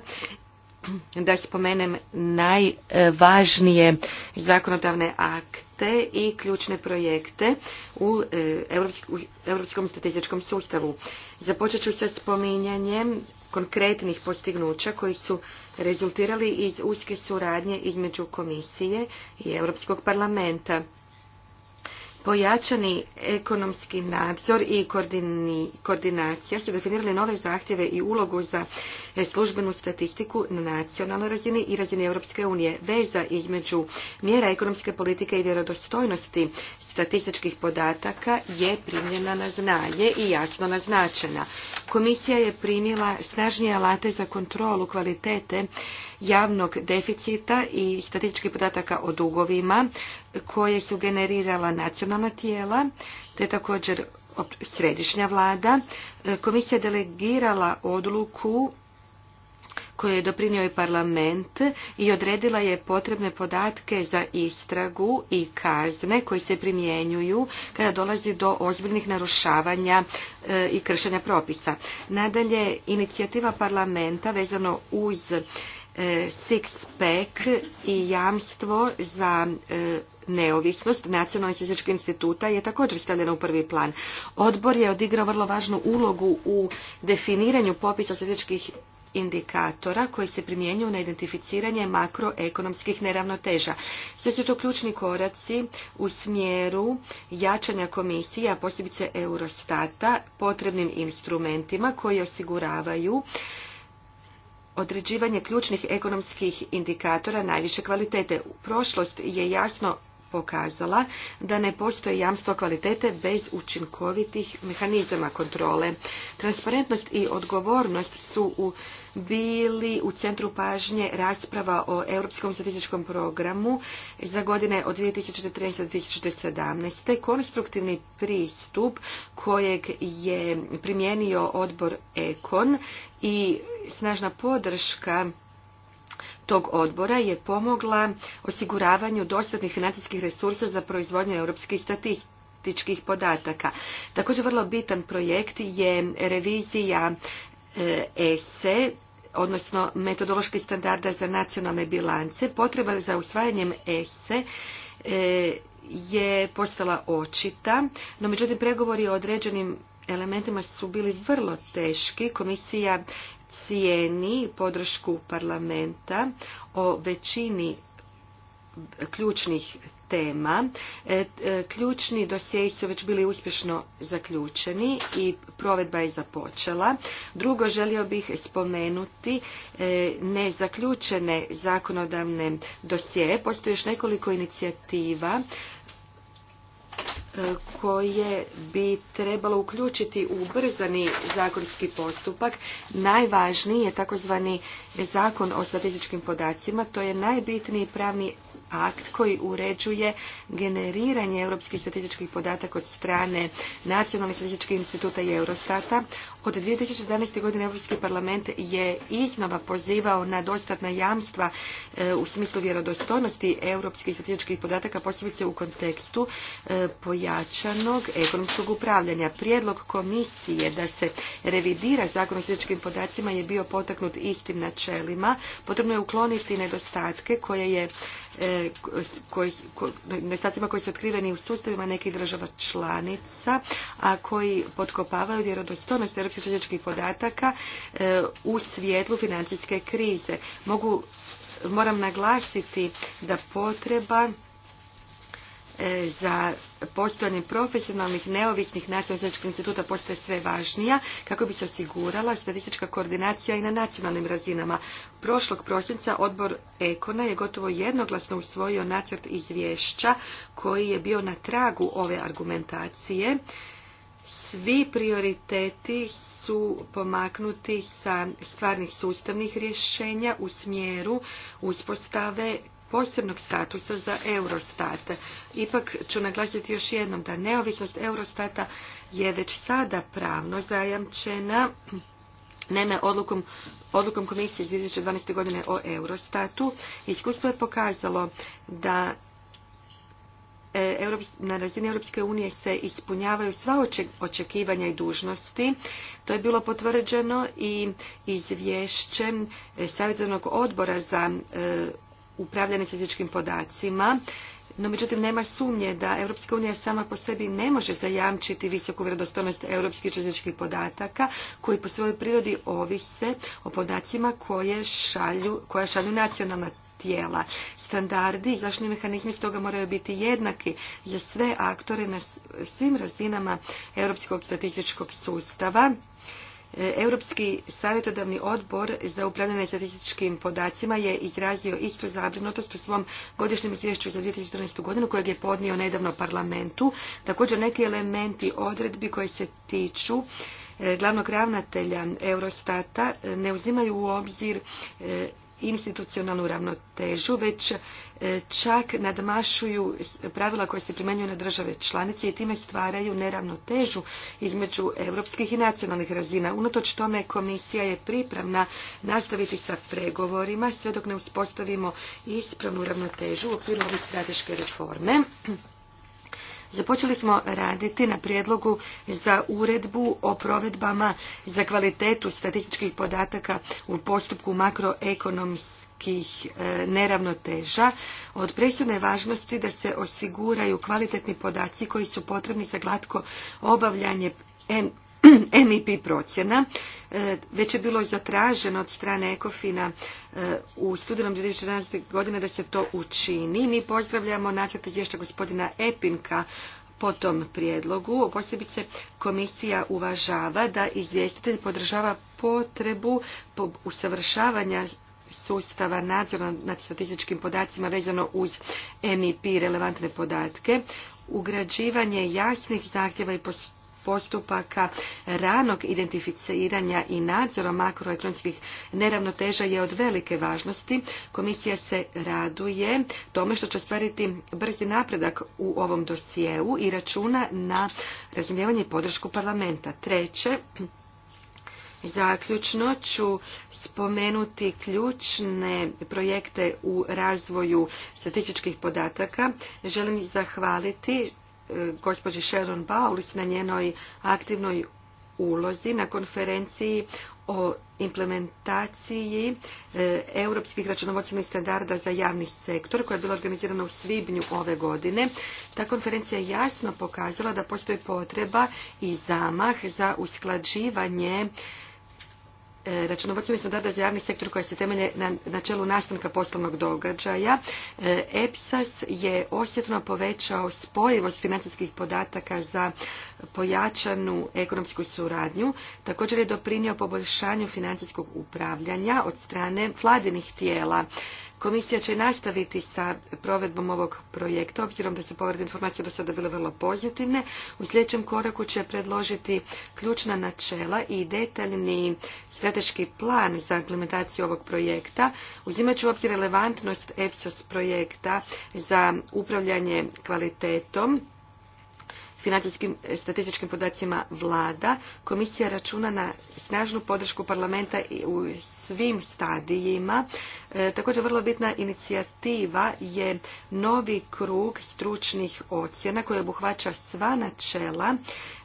da spomenem najvažnije zakonodavne akte i ključne projekte u Europskom statističkom sustavu. Započet ću sa spominjanjem konkretnih postignuća koji su rezultirali iz uske suradnje između komisije i Europskog parlamenta. Pojačani ekonomski nadzor i koordinacija su definirali nove zahtjeve i ulogu za e, službenu statistiku na nacionalnoj razini i razini Europske unije. Veza između mjera ekonomske politike i vjerodostojnosti statističkih podataka je primljena na znanje i jasno naznačena. Komisija je primjela snažnije alate za kontrolu kvalitete javnog deficita i statističkih podataka o dugovima koje su generirala nacionalna tijela te također središnja vlada. E, komisija je delegirala odluku koju je doprinio i parlament i odredila je potrebne podatke za istragu i kazne koji se primjenjuju kada dolazi do ozbiljnih narušavanja e, i kršenja propisa. Nadalje, inicijativa parlamenta vezano uz E, six pack i jamstvo za e, neovisnost Nacionalnog statističkog instituta je također stavljeno u prvi plan. Odbor je odigrao vrlo važnu ulogu u definiranju popisa statističkih indikatora koji se primjenjuju na identificiranje makroekonomskih neravnoteža. Sve su to ključni koraci u smjeru jačanja komisije, a posebice Eurostata, potrebnim instrumentima koji osiguravaju određivanje ključnih ekonomskih indikatora najviše kvalitete. U Prošlost je jasno pokazala da ne postoji jamstvo kvalitete bez učinkovitih mehanizama kontrole. Transparentnost i odgovornost su bili u centru pažnje rasprava o Europskom statističkom programu za godine od 2013. do 2017. Konstruktivni pristup kojeg je primijenio odbor Ekon i snažna podrška tog odbora je pomogla osiguravanju dostatnih financijskih resursa za proizvodnju europskih statistika statističkih podataka. Također vrlo bitan projekt je revizija e, ESE, odnosno metodološki standarda za nacionalne bilance. Potreba za usvajanjem ESE e, je postala očita, no međutim pregovori o određenim elementima su bili vrlo teški. Komisija cijeni podršku parlamenta o većini ključnih tema. E, e, ključni dosjeji su već bili uspješno zaključeni i provedba je započela. Drugo, želio bih spomenuti e, nezaključene zakonodavne dosjeje. Postoji još nekoliko inicijativa koje bi trebalo uključiti u ubrzani zakonski postupak. Najvažniji je takozvani zakon o statističkim podacima. To je najbitniji pravni akt koji uređuje generiranje europskih statističkih podataka od strane nacionalnih statističkih instituta i Eurostata. Od 2011. godine Europski parlament je iznova pozivao na dostatna jamstva e, u smislu vjerodostojnosti europskih statističkih podataka, posebice u kontekstu e, pojačanog ekonomskog upravljanja. Prijedlog komisije da se revidira zakon o statističkim podacima je bio potaknut istim načelima. Potrebno je ukloniti nedostatke koje je E, koji, nedostacima koji su otkriveni u sustavima nekih država članica, a koji potkopavaju vjerodostojnost europskih željezničkih podataka e, u svijetlu financijske krize. Mogu, moram naglasiti da potreba E, za postojanje profesionalnih neovisnih nacionalnih instituta postaje sve važnija kako bi se osigurala statistička koordinacija i na nacionalnim razinama. Prošlog prosinca odbor Ekona je gotovo jednoglasno usvojio nacrt izvješća koji je bio na tragu ove argumentacije. Svi prioriteti su pomaknuti sa stvarnih sustavnih rješenja u smjeru uspostave posebnog statusa za Eurostat. Ipak ću naglasiti još jednom da neovisnost Eurostata je već sada pravno zajamčena Naime, odlukom, komisije iz 2012. godine o Eurostatu iskustvo je pokazalo da e, na razini Europske unije se ispunjavaju sva očekivanja i dužnosti. To je bilo potvrđeno i izvješćem e, Savjetovnog odbora za e, upravljanje fizičkim podacima, no međutim nema sumnje da Europska unija sama po sebi ne može zajamčiti visoku vjerodostojnost europskih željezničkih podataka koji po svojoj prirodi ovise o podacima koje šalju, koja šalju nacionalna tijela. Standardi i zaštitni mehanizmi stoga moraju biti jednaki za sve aktore na svim razinama europskog statističkog sustava E, Europski savjetodavni odbor za upravljanje statističkim podacima je izrazio istu zabrinutost u svom godišnjem izvješću za 2014. godinu kojeg je podnio nedavno parlamentu. Također neki elementi odredbi koji se tiču e, glavnog ravnatelja Eurostata e, ne uzimaju u obzir institucionalnu ravnotežu, već e, čak nadmašuju pravila koje se primenjuju na države članice i time stvaraju neravnotežu između europskih i nacionalnih razina. Unatoč tome komisija je pripravna nastaviti sa pregovorima sve dok ne uspostavimo ispravnu ravnotežu u okviru ove strateške reforme. Započeli smo raditi na prijedlogu za uredbu o provedbama za kvalitetu statističkih podataka u postupku makroekonomskih e, neravnoteža od presudne važnosti da se osiguraju kvalitetni podaci koji su potrebni za glatko obavljanje [CLEARS THROAT] MIP procjena. E, već je bilo zatraženo od strane Ekofina e, u studenom 2014. godine da se to učini. Mi pozdravljamo nacrt izvješća gospodina Epinka po tom prijedlogu. Posebice komisija uvažava da izvjestitelj podržava potrebu usavršavanja sustava nadzora nad statističkim podacima vezano uz MIP relevantne podatke, ugrađivanje jasnih zahtjeva i postupaka ranog identificiranja i nadzora makroekonomskih neravnoteža je od velike važnosti. Komisija se raduje tome što će ostvariti brzi napredak u ovom dosjeu i računa na razumijevanje i podršku parlamenta. Treće, Zaključno ću spomenuti ključne projekte u razvoju statističkih podataka. Želim zahvaliti gospođi Sharon Bowles na njenoj aktivnoj ulozi na konferenciji o implementaciji e, europskih računovodstvenih standarda za javni sektor koja je bila organizirana u svibnju ove godine. Ta konferencija je jasno pokazala da postoji potreba i zamah za usklađivanje E, računovodstveni standarda za javni sektor koji se temelje na načelu nastanka poslovnog događaja. E, EPSAS je osjetno povećao spojivost financijskih podataka za pojačanu ekonomsku suradnju. Također je doprinio poboljšanju financijskog upravljanja od strane vladinih tijela. Komisija će nastaviti sa provedbom ovog projekta, obzirom da su povratne informacije do sada bile vrlo pozitivne. U sljedećem koraku će predložiti ključna načela i detaljni strateški plan za implementaciju ovog projekta, uzimajući u obzir relevantnost EFSOS projekta za upravljanje kvalitetom financijskim statističkim podacima vlada, komisija računa na snažnu podršku parlamenta u svim stadijima. E, također vrlo bitna inicijativa je novi krug stručnih ocjena koji obuhvaća sva načela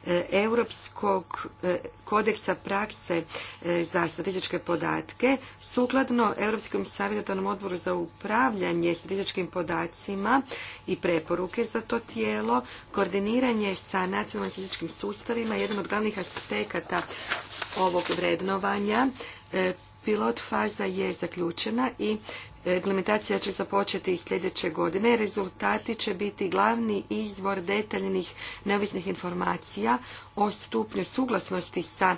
e, Europskog e, kodeksa prakse za statističke podatke. Sukladno Europskom savjetovnom odboru za upravljanje statističkim podacima i preporuke za to tijelo, koordiniranje sa nacionalnim statističkim sustavima, jedan od glavnih aspekata ovog vrednovanja Pilot faza je zaključena i e, implementacija će započeti i sljedeće godine. Rezultati će biti glavni izvor detaljnih neovisnih informacija o stupnju suglasnosti sa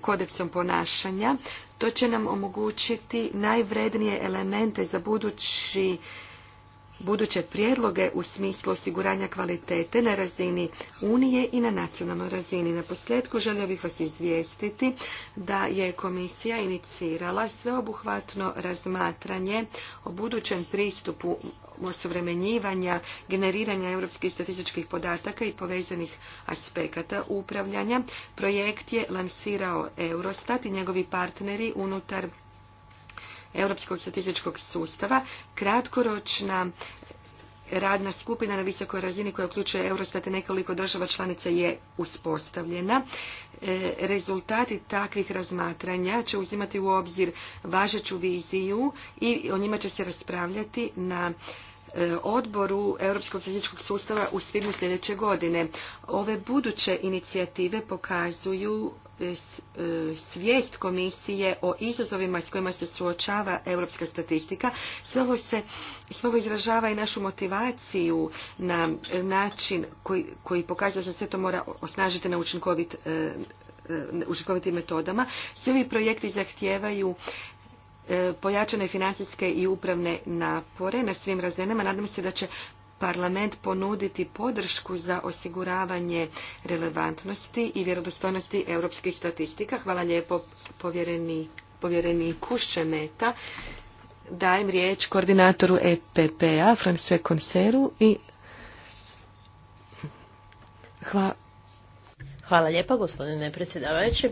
kodeksom ponašanja. To će nam omogućiti najvrednije elemente za budući buduće prijedloge u smislu osiguranja kvalitete na razini Unije i na nacionalnoj razini. Na posljedku želio bih vas izvijestiti da je komisija inicirala sveobuhvatno razmatranje o budućem pristupu osuvremenjivanja, generiranja europskih statističkih podataka i povezanih aspekata upravljanja. Projekt je lansirao Eurostat i njegovi partneri unutar europskog statističkog sustava, kratkoročna radna skupina na visokoj razini koja uključuje Eurostat i nekoliko država članica je uspostavljena. E, rezultati takvih razmatranja će uzimati u obzir važeću viziju i o njima će se raspravljati na E, odboru Europskog statističkog sustava u svibnju sljedeće godine. Ove buduće inicijative pokazuju e, e, svijest komisije o izazovima s kojima se suočava europska statistika. Sve ovo, se, izražava i našu motivaciju na način koji, pokazuje da se sve to mora osnažiti na učinkovitim metodama. Svi ovi projekti zahtijevaju E, pojačane financijske i upravne napore na svim razinama. Nadam se da će parlament ponuditi podršku za osiguravanje relevantnosti i vjerodostojnosti europskih statistika. Hvala lijepo povjereni, povjereniku Meta. Dajem riječ koordinatoru EPP-a, Franse Konseru i Hvala. Hvala gospodine predsjedavajući.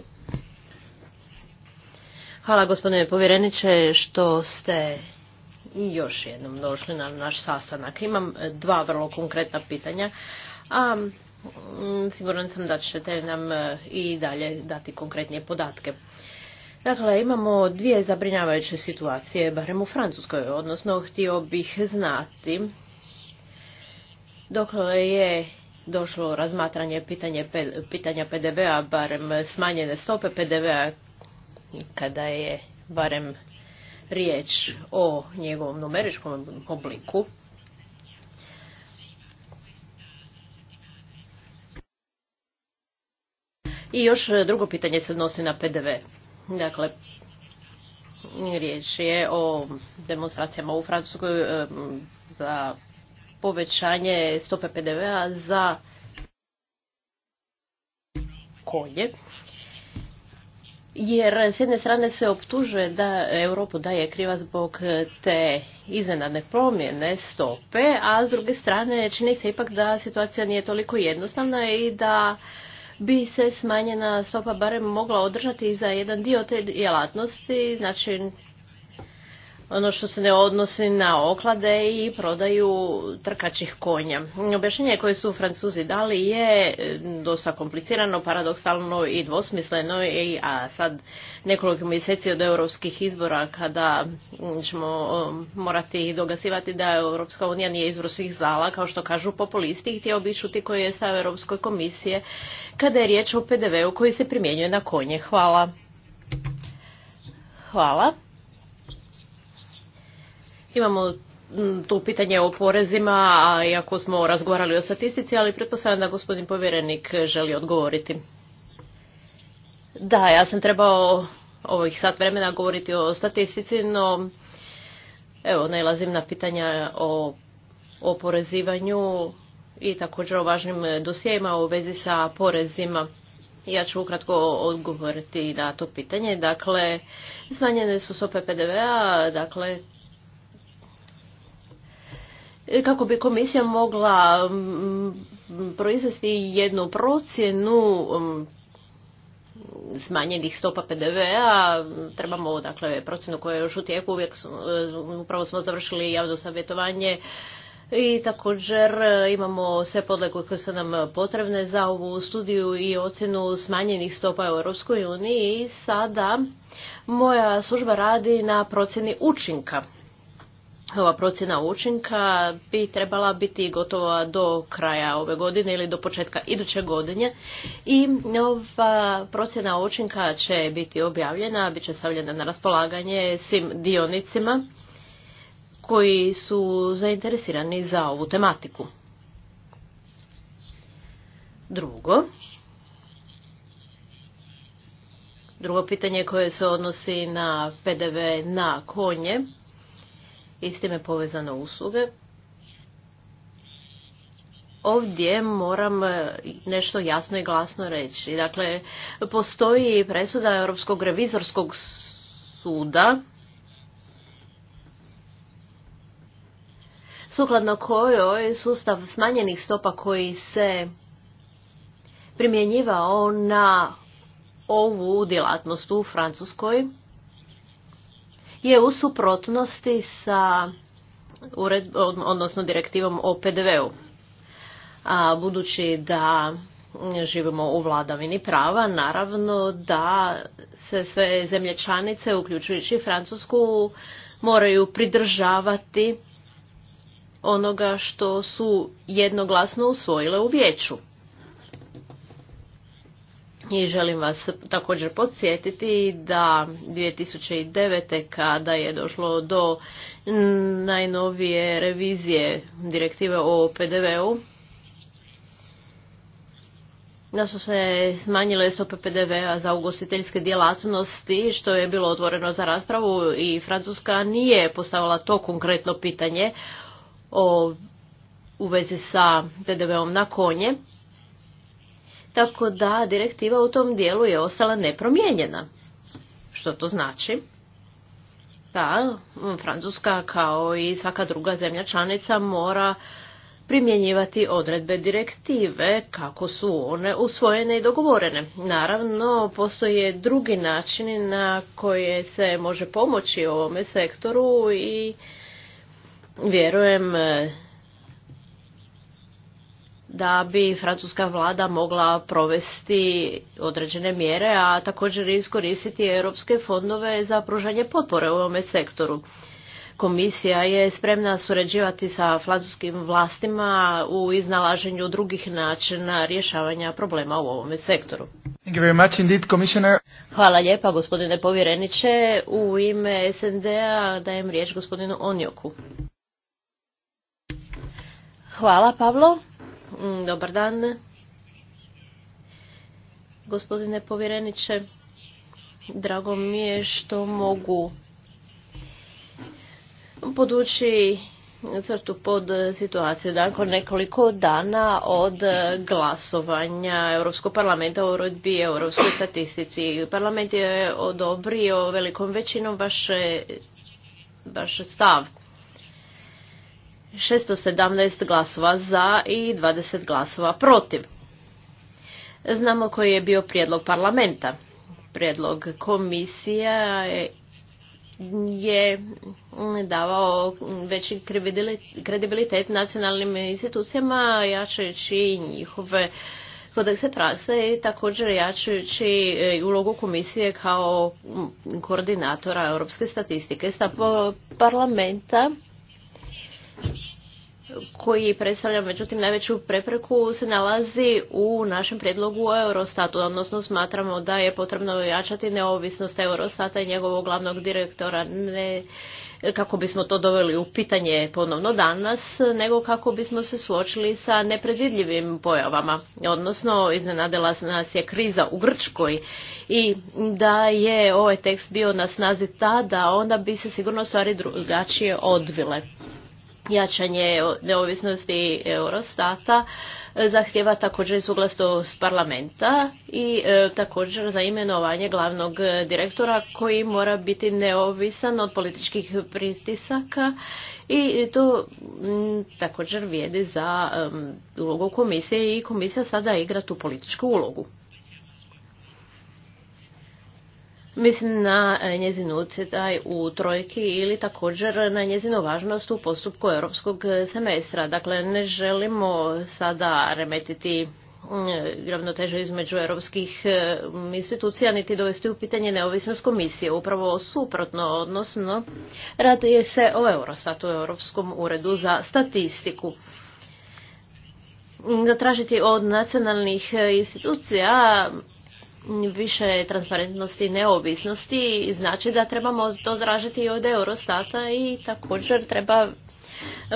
Hvala gospodine povjereniče što ste još jednom došli na naš sastanak. Imam e, dva vrlo konkretna pitanja, a mm, siguran sam da ćete nam e, i dalje dati konkretnije podatke. Dakle, imamo dvije zabrinjavajuće situacije, barem u Francuskoj, odnosno htio bih znati dokle je došlo razmatranje pitanje, pitanja PDV-a, barem smanjene stope PDV-a kada je barem riječ o njegovom numeričkom obliku. I još drugo pitanje se odnosi na PDV. Dakle, riječ je o demonstracijama u Francuskoj za povećanje stope PDV-a za kolje jer s jedne strane se optužuje da Europu daje kriva zbog te iznenadne promjene stope, a s druge strane čini se ipak da situacija nije toliko jednostavna i da bi se smanjena stopa barem mogla održati za jedan dio te djelatnosti, znači ono što se ne odnosi na oklade i prodaju trkačih konja. Objašnjenje koje su Francuzi dali je e, dosta komplicirano, paradoksalno i dvosmisleno, a sad nekoliko mjeseci od europskih izbora kada ćemo morati dogasivati da Europska unija nije izvor svih zala, kao što kažu populisti, htio bi čuti koji je sa Europskoj komisije kada je riječ o PDV-u koji se primjenjuje na konje. Hvala. Hvala. Imamo mm, tu pitanje o porezima, a iako smo razgovarali o statistici, ali pretpostavljam da gospodin povjerenik želi odgovoriti. Da, ja sam trebao ovih sat vremena govoriti o statistici, no evo, nailazim na pitanja o oporezivanju i također o važnim dosijema u vezi sa porezima. Ja ću ukratko odgovoriti na to pitanje. Dakle, smanjene su sope PDV-a, dakle, kako bi komisija mogla mm, mm, proizvesti jednu procjenu mm, smanjenih stopa PDV-a, trebamo dakle procjenu koja je još u tijeku, uvijek e, upravo smo završili javno savjetovanje i također e, imamo sve podlegu koje su nam potrebne za ovu studiju i ocjenu smanjenih stopa u Europskoj uniji i sada moja služba radi na procjeni učinka ova procjena učinka bi trebala biti gotova do kraja ove godine ili do početka iduće godine i ova procjena učinka će biti objavljena, bit će stavljena na raspolaganje svim dionicima koji su zainteresirani za ovu tematiku. Drugo, drugo pitanje koje se odnosi na PDV na konje i s time povezane usluge. Ovdje moram e, nešto jasno i glasno reći. Dakle, postoji presuda Europskog revizorskog suda sukladno kojoj sustav smanjenih stopa koji se primjenjivao na ovu djelatnost u Francuskoj je u suprotnosti sa ured, odnosno direktivom o PDV-u. A budući da živimo u vladavini prava, naravno da se sve zemlje članice, uključujući Francusku, moraju pridržavati onoga što su jednoglasno usvojile u vijeću. I želim vas također podsjetiti da 2009. kada je došlo do najnovije revizije direktive o PDV-u, da su se smanjile stope PDV-a za ugostiteljske djelatnosti, što je bilo otvoreno za raspravu i Francuska nije postavila to konkretno pitanje o, u vezi sa PDV-om na konje tako da direktiva u tom dijelu je ostala nepromijenjena. Što to znači? Da, pa, Francuska kao i svaka druga zemlja članica mora primjenjivati odredbe direktive kako su one usvojene i dogovorene. Naravno, postoje drugi načini na koje se može pomoći ovome sektoru i vjerujem da bi francuska vlada mogla provesti određene mjere, a također iskoristiti europske fondove za pružanje potpore u ovome sektoru. Komisija je spremna surađivati sa francuskim vlastima u iznalaženju drugih načina rješavanja problema u ovome sektoru. Hvala lijepa gospodine povjereniče. U ime SND-a dajem riječ gospodinu Onjoku. Hvala Pavlo. Mm, dobar dan. Gospodine povjereniče, drago mi je što mogu podući crtu pod situaciju. Nakon nekoliko dana od glasovanja Europskog parlamenta o urodbi Europskoj statistici, parlament je odobrio velikom većinom vaše, vaše 617 glasova za i 20 glasova protiv. Znamo koji je bio prijedlog parlamenta. Prijedlog komisija je davao veći kredibilitet nacionalnim institucijama jačajući njihove kodekse prakse i također jačajući e, ulogu komisije kao koordinatora europske statistike. Stav parlamenta koji predstavlja međutim najveću prepreku se nalazi u našem prijedlogu o Eurostatu, odnosno smatramo da je potrebno ojačati neovisnost Eurostata i njegovog glavnog direktora ne kako bismo to doveli u pitanje ponovno danas, nego kako bismo se suočili sa nepredvidljivim pojavama. Odnosno, iznenadila nas je kriza u Grčkoj i da je ovaj tekst bio na snazi tada, onda bi se sigurno stvari drugačije odvile jačanje neovisnosti Eurostata e, zahtjeva također suglasnost parlamenta i e, također za imenovanje glavnog direktora koji mora biti neovisan od političkih pristisaka i to također vrijedi za ulogu komisije i komisija sada igra tu političku ulogu. Mislim na e, njezin utjecaj u trojki ili također na njezinu važnost u postupku europskog e, semestra. Dakle, ne želimo sada remetiti e, ravnotežu između europskih institucija niti dovesti u pitanje neovisnost komisije. Upravo suprotno, odnosno radi se o Eurostatu, Europskom uredu za statistiku zatražiti od nacionalnih institucija više transparentnosti i neovisnosti znači da trebamo to zražiti i od Eurostata i također treba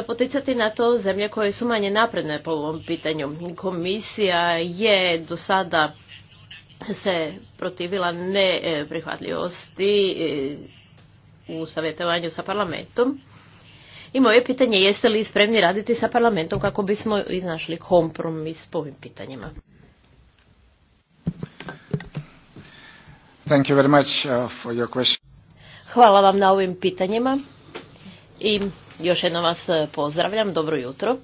poticati na to zemlje koje su manje napredne po ovom pitanju. Komisija je do sada se protivila neprihvatljivosti e, u savjetovanju sa parlamentom. I moje pitanje jeste li spremni raditi sa parlamentom kako bismo iznašli kompromis po ovim pitanjima. Uh, Hvala vam na ovim pitanjima i još jednom vas e, pozdravljam. Dobro jutro.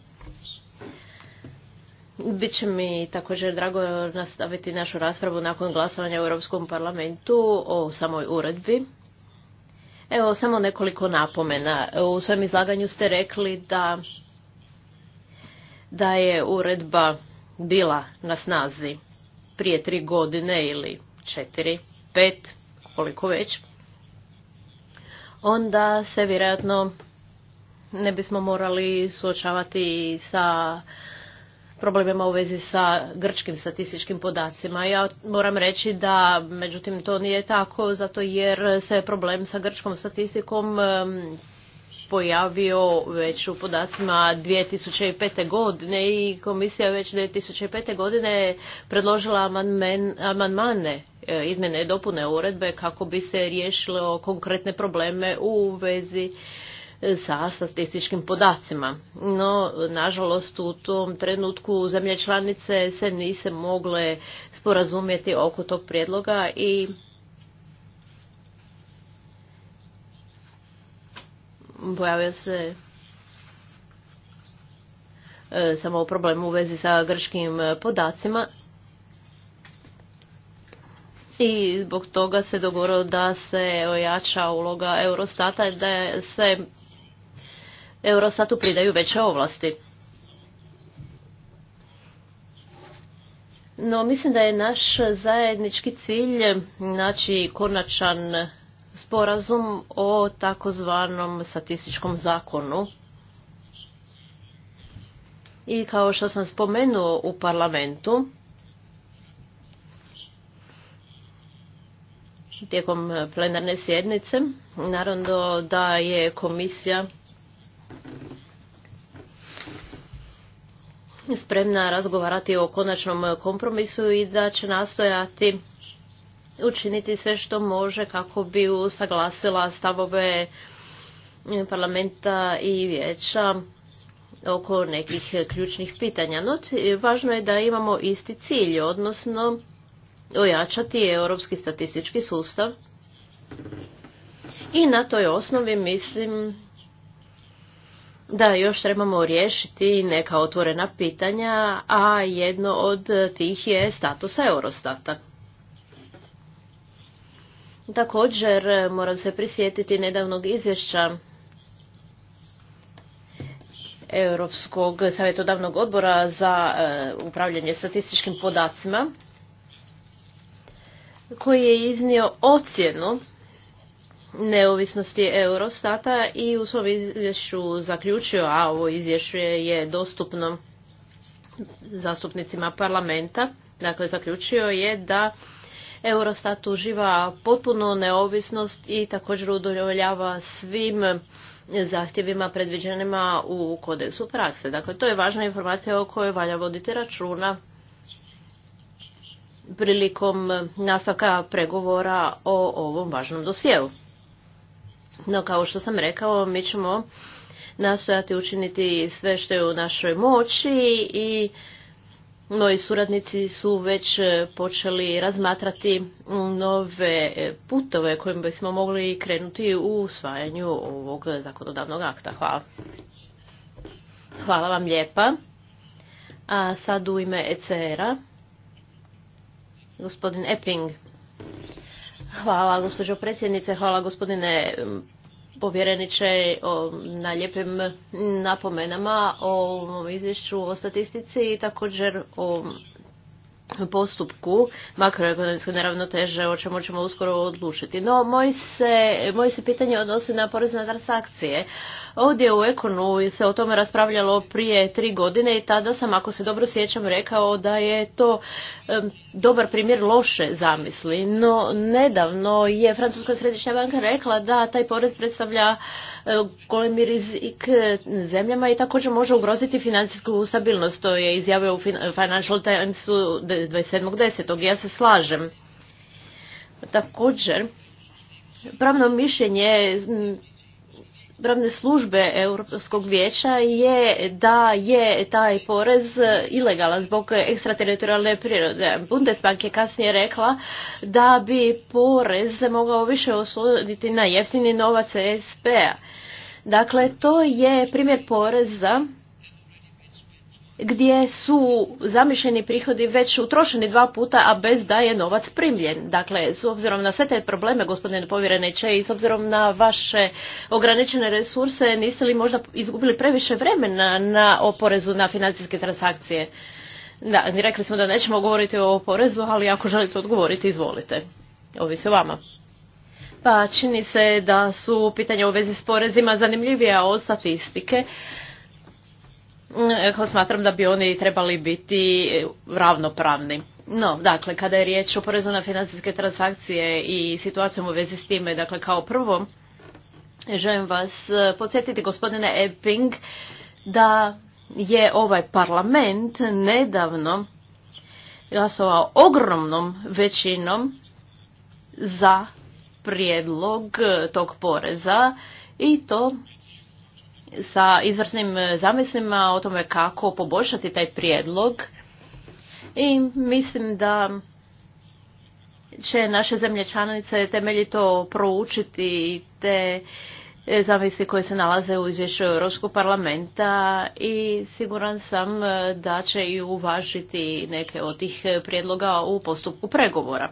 Biće mi također drago nastaviti našu raspravu nakon glasovanja u Europskom parlamentu o samoj uredbi. Evo samo nekoliko napomena. U svojem izlaganju ste rekli da, da je uredba bila na snazi prije tri godine ili četiri pet, koliko već, onda se vjerojatno ne bismo morali suočavati sa problemima u vezi sa grčkim statističkim podacima. Ja moram reći da, međutim, to nije tako, zato jer se problem sa grčkom statistikom pojavio već u podacima 2005. godine i komisija već 2005. godine predložila amandmane e, izmjene i dopune uredbe kako bi se riješilo konkretne probleme u vezi e, sa statističkim podacima. No, nažalost, u tom trenutku zemlje članice se nise mogle sporazumjeti oko tog prijedloga i pojavio se e, samo problem u vezi sa grčkim e, podacima. I zbog toga se dogovorilo da se ojača uloga Eurostata da se Eurostatu pridaju veće ovlasti. No, mislim da je naš zajednički cilj znači konačan sporazum o takozvanom statističkom zakonu. I kao što sam spomenuo u parlamentu, tijekom plenarne sjednice, naravno da je komisija spremna razgovarati o konačnom kompromisu i da će nastojati učiniti sve što može kako bi usaglasila stavove e, parlamenta i vijeća oko nekih ključnih pitanja. No, važno je da imamo isti cilj, odnosno ojačati europski statistički sustav. I na toj osnovi mislim da još trebamo riješiti neka otvorena pitanja, a jedno od tih je statusa Eurostata. Također e, moram se prisjetiti nedavnog izvješća Europskog savjetodavnog odbora za e, upravljanje statističkim podacima koji je iznio ocjenu neovisnosti Eurostata i u svom izvješću zaključio, a ovo izvješće je dostupno zastupnicima parlamenta, dakle zaključio je da Eurostat uživa potpuno neovisnost i također udovoljava svim zahtjevima predviđenima u kodeksu prakse. Dakle, to je važna informacija o kojoj valja voditi računa prilikom nastavka pregovora o ovom važnom dosjeu. No, kao što sam rekao, mi ćemo nastojati učiniti sve što je u našoj moći i Moji suradnici su već e, počeli razmatrati mm, nove e, putove kojim bismo mogli krenuti u usvajanju ovog zakonodavnog akta. Hvala. Hvala vam lijepa. A sad u ime ECR-a, gospodin Epping. Hvala gospođo predsjednice, hvala gospodine povjereniče na lijepim napomenama o ovom izvješću o statistici i također o postupku makroekonomijske neravnoteže o čemu ćemo uskoro odlučiti. No, moje se, pitanje odnosi na porezne transakcije. Ovdje u Ekonu se o tome raspravljalo prije tri godine i tada sam, ako se dobro sjećam, rekao da je to dobar primjer loše zamisli. No, nedavno je Francuska središnja banka rekla da taj porez predstavlja e, golemi rizik e, zemljama i također može ugroziti financijsku stabilnost. To je izjavio u Financial Timesu 27.10. Ja se slažem. Također, pravno mišljenje pravne službe Europskog vijeća je da je taj porez ilegalan zbog ekstrateritorijalne prirode. Bundesbank je kasnije rekla da bi porez mogao više osuditi na jeftini novac SP-a. Dakle, to je primjer poreza gdje su zamišljeni prihodi već utrošeni dva puta, a bez da je novac primljen. Dakle, s obzirom na sve te probleme, gospodine povjereniče, i s obzirom na vaše ograničene resurse, niste li možda izgubili previše vremena na oporezu na financijske transakcije? Da, rekli smo da nećemo govoriti o oporezu, ali ako želite odgovoriti, izvolite. Ovisi o vama. Pa čini se da su pitanja u vezi s porezima zanimljivija od statistike, Mm, smatram da bi oni trebali biti ravnopravni. No, dakle, kada je riječ o porezu na financijske transakcije i situacijom u vezi s time, dakle, kao prvo, želim vas e, podsjetiti, gospodine Epping, da je ovaj parlament nedavno glasovao ogromnom većinom za prijedlog e, tog poreza i to sa izvrsnim e, zamislima o tome kako poboljšati taj prijedlog i mislim da će naše zemlje članice temeljito proučiti te e, zamisli koje se nalaze u izvješću Europskog parlamenta i siguran sam e, da će i uvažiti neke od tih prijedloga u postupku pregovora.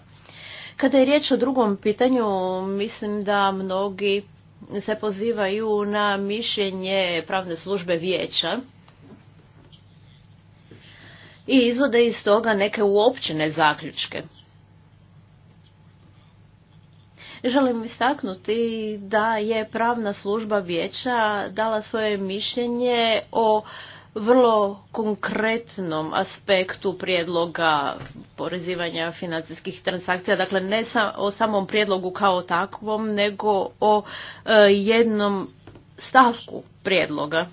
Kada je riječ o drugom pitanju, mislim da mnogi se pozivaju na mišljenje pravne službe vijeća i izvode iz toga neke uopćene zaključke. Želim istaknuti da je pravna služba vijeća dala svoje mišljenje o vrlo konkretnom aspektu prijedloga porezivanja financijskih transakcija, dakle ne sa, o samom prijedlogu kao takvom, nego o e, jednom stavku prijedloga.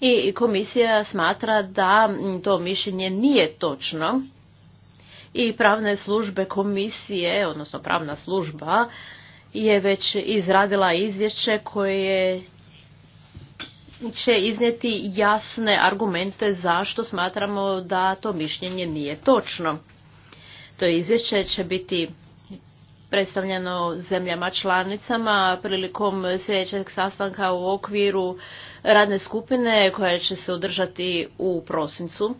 I komisija smatra da to mišljenje nije točno i pravne službe komisije, odnosno pravna služba, je već izradila izvješće koje će iznijeti jasne argumente zašto smatramo da to mišljenje nije točno. To izvješće će biti predstavljeno zemljama članicama prilikom sljedećeg sastanka u okviru radne skupine koja će se održati u prosincu.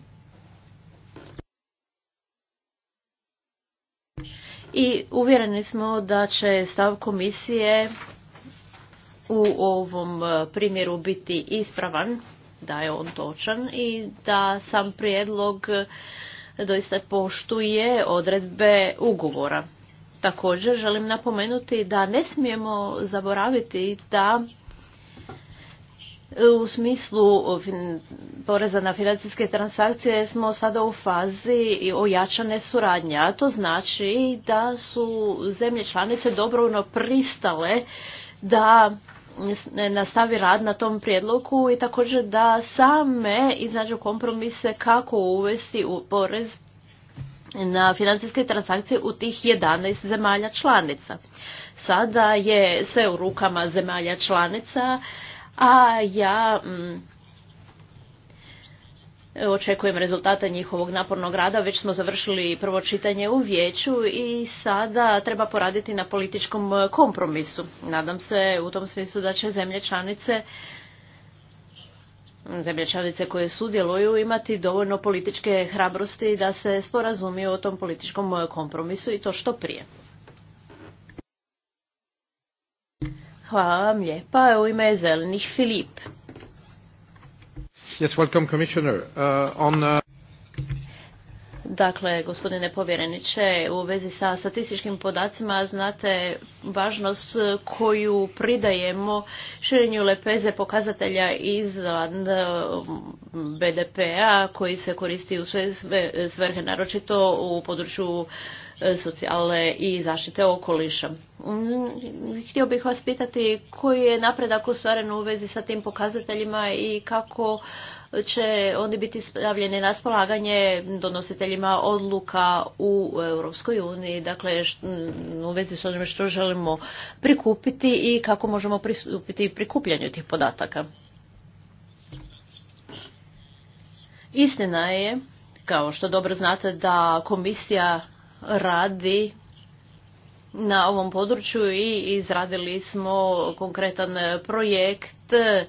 I uvjereni smo da će stav komisije u ovom e, primjeru biti ispravan, da je on točan i da sam prijedlog e, doista poštuje odredbe ugovora. Također želim napomenuti da ne smijemo zaboraviti da u smislu poreza na financijske transakcije smo sada u fazi ojačane suradnje, a to znači da su zemlje članice dobrovno pristale da nastavi rad na tom prijedlogu i također da same iznađu kompromise kako uvesti u porez na financijske transakcije u tih 11 zemalja članica. Sada je sve u rukama zemalja članica, a ja mm, očekujem rezultate njihovog napornog rada. Već smo završili prvo čitanje u vijeću i sada treba poraditi na političkom kompromisu. Nadam se u tom smislu da će zemlje članice članice koje sudjeluju imati dovoljno političke hrabrosti da se sporazumiju o tom političkom kompromisu i to što prije. Hvala vam lijepa. U ime je zelenih Filip. Yes, welcome, Commissioner. Uh, on, uh, Dakle, gospodine povjereniče, u vezi sa statističkim podacima znate važnost koju pridajemo širenju lepeze pokazatelja iz um, BDP-a koji se koristi u sve svrhe, naročito u području E, socijale i zaštite okoliša. Mm, htio bih vas pitati koji je napredak ostvaren u vezi sa tim pokazateljima i kako će oni biti stavljeni na raspolaganje donositeljima odluka u Europskoj uniji, dakle mm, u vezi s onim što želimo prikupiti i kako možemo pristupiti prikupljanju tih podataka. Istina je, kao što dobro znate, da komisija radi na ovom području i izradili smo konkretan projekt e,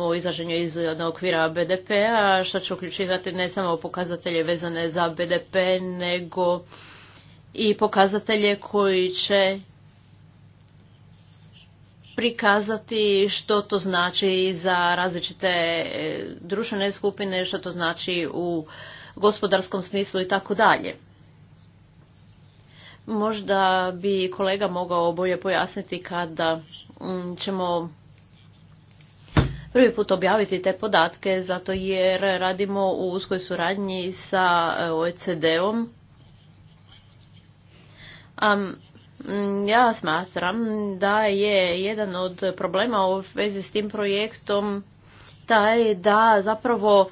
o izraženju iz okvira BDP-a, što će uključivati ne samo pokazatelje vezane za BDP, nego i pokazatelje koji će prikazati što to znači za različite e, društvene skupine, što to znači u gospodarskom smislu i tako dalje. Možda bi kolega mogao bolje pojasniti kada mm, ćemo prvi put objaviti te podatke, zato jer radimo u uskoj suradnji sa e, OECD-om. Mm, ja smatram da je jedan od problema u vezi s tim projektom taj da zapravo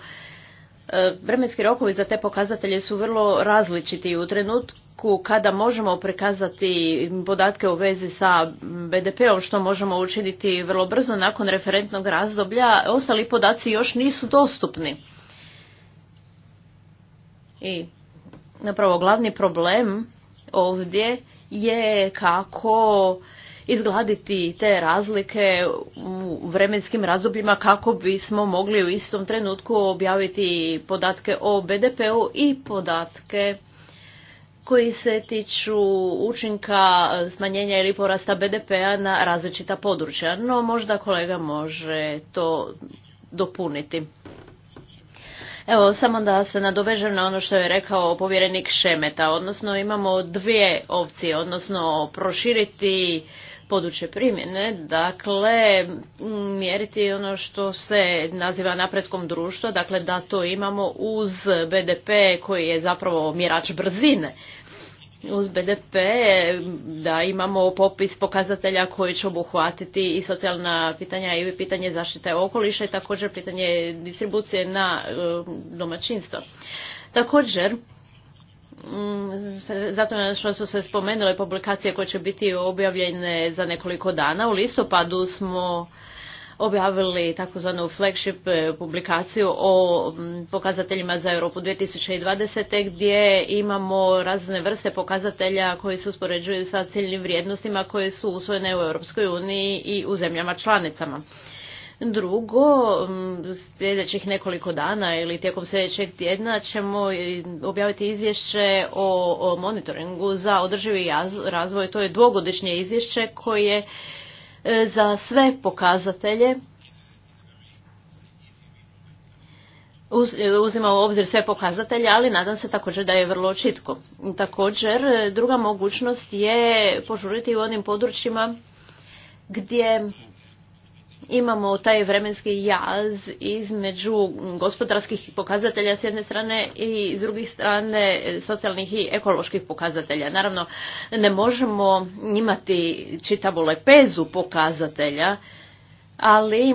E, vremenski rokovi za te pokazatelje su vrlo različiti u trenutku kada možemo prekazati podatke u vezi sa BDP-om, što možemo učiniti vrlo brzo nakon referentnog razdoblja, ostali podaci još nisu dostupni. I napravo glavni problem ovdje je kako izgladiti te razlike u vremenskim razdobljima kako bismo mogli u istom trenutku objaviti podatke o BDP-u i podatke koji se tiču učinka smanjenja ili porasta BDP-a na različita područja. No možda kolega može to dopuniti. Evo, samo da se nadovežem na ono što je rekao povjerenik Šemeta, odnosno imamo dvije opcije, odnosno proširiti područje primjene, dakle mjeriti ono što se naziva napretkom društva, dakle da to imamo uz BDP koji je zapravo mjerač brzine uz BDP da imamo popis pokazatelja koji će obuhvatiti i socijalna pitanja i pitanje zaštite okoliša i također pitanje distribucije na e, domaćinstvo. Također Mm, zato što su se spomenule publikacije koje će biti objavljene za nekoliko dana. U listopadu smo objavili takozvanu flagship e, publikaciju o mm, pokazateljima za Europu 2020. gdje imamo razne vrste pokazatelja koji se uspoređuju sa ciljnim vrijednostima koje su usvojene u Europskoj uniji i u zemljama članicama. Drugo, sljedećih nekoliko dana ili tijekom sljedećeg tjedna ćemo objaviti izvješće o monitoringu za održivi razvoj. To je dvogodišnje izvješće koje e, za sve pokazatelje uzima u obzir sve pokazatelje, ali nadam se također da je vrlo čitko. Također, druga mogućnost je požuriti u onim područjima gdje imamo taj vremenski jaz između gospodarskih pokazatelja s jedne strane i s druge strane socijalnih i ekoloških pokazatelja. Naravno, ne možemo imati čitavu lepezu pokazatelja, ali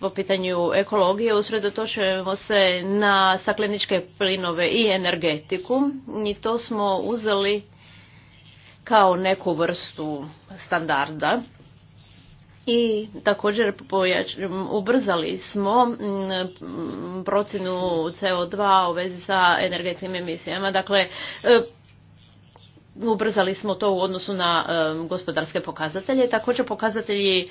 po pitanju ekologije usredotočujemo se na sakleničke plinove i energetiku i to smo uzeli kao neku vrstu standarda i također ubrzali smo mm, mm, procjenu CO2 u vezi sa energetskim emisijama. Dakle, e, ubrzali smo to u odnosu na e, gospodarske pokazatelje. Također pokazatelji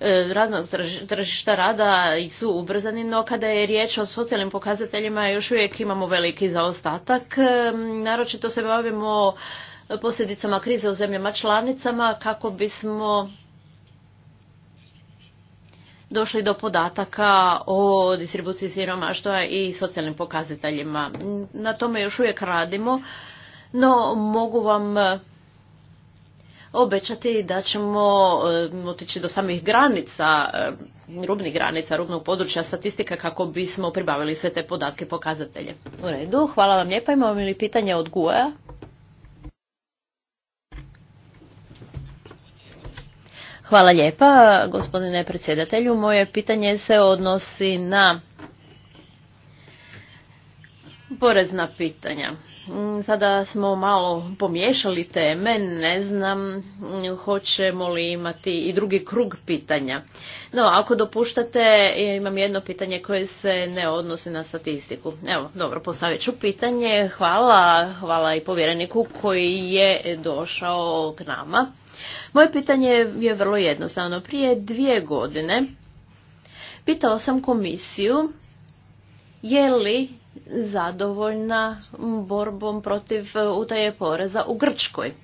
e, radnog tržišta rada su ubrzani, no kada je riječ o socijalnim pokazateljima još uvijek imamo veliki zaostatak. Naročito se bavimo posljedicama krize u zemljama članicama kako bismo došli do podataka o distribuciji siromaštva i socijalnim pokazateljima. Na tome još uvijek radimo, no mogu vam e, obećati da ćemo e, otići do samih granica, e, rubnih granica, rubnog područja statistika kako bismo pribavili sve te podatke i pokazatelje. U redu, hvala vam lijepa. Imamo li pitanje od Guja? Hvala lijepa, gospodine predsjedatelju. Moje pitanje se odnosi na porezna pitanja. Sada smo malo pomiješali teme, ne znam hoćemo li imati i drugi krug pitanja. No, ako dopuštate, imam jedno pitanje koje se ne odnosi na statistiku. Evo, dobro, postavit ću pitanje. Hvala, hvala i povjereniku koji je došao k nama. Moje pitanje je vrlo jednostavno. Prije dvije godine pitao sam komisiju je li zadovoljna borbom protiv uh, utaje poreza u Grčkoj.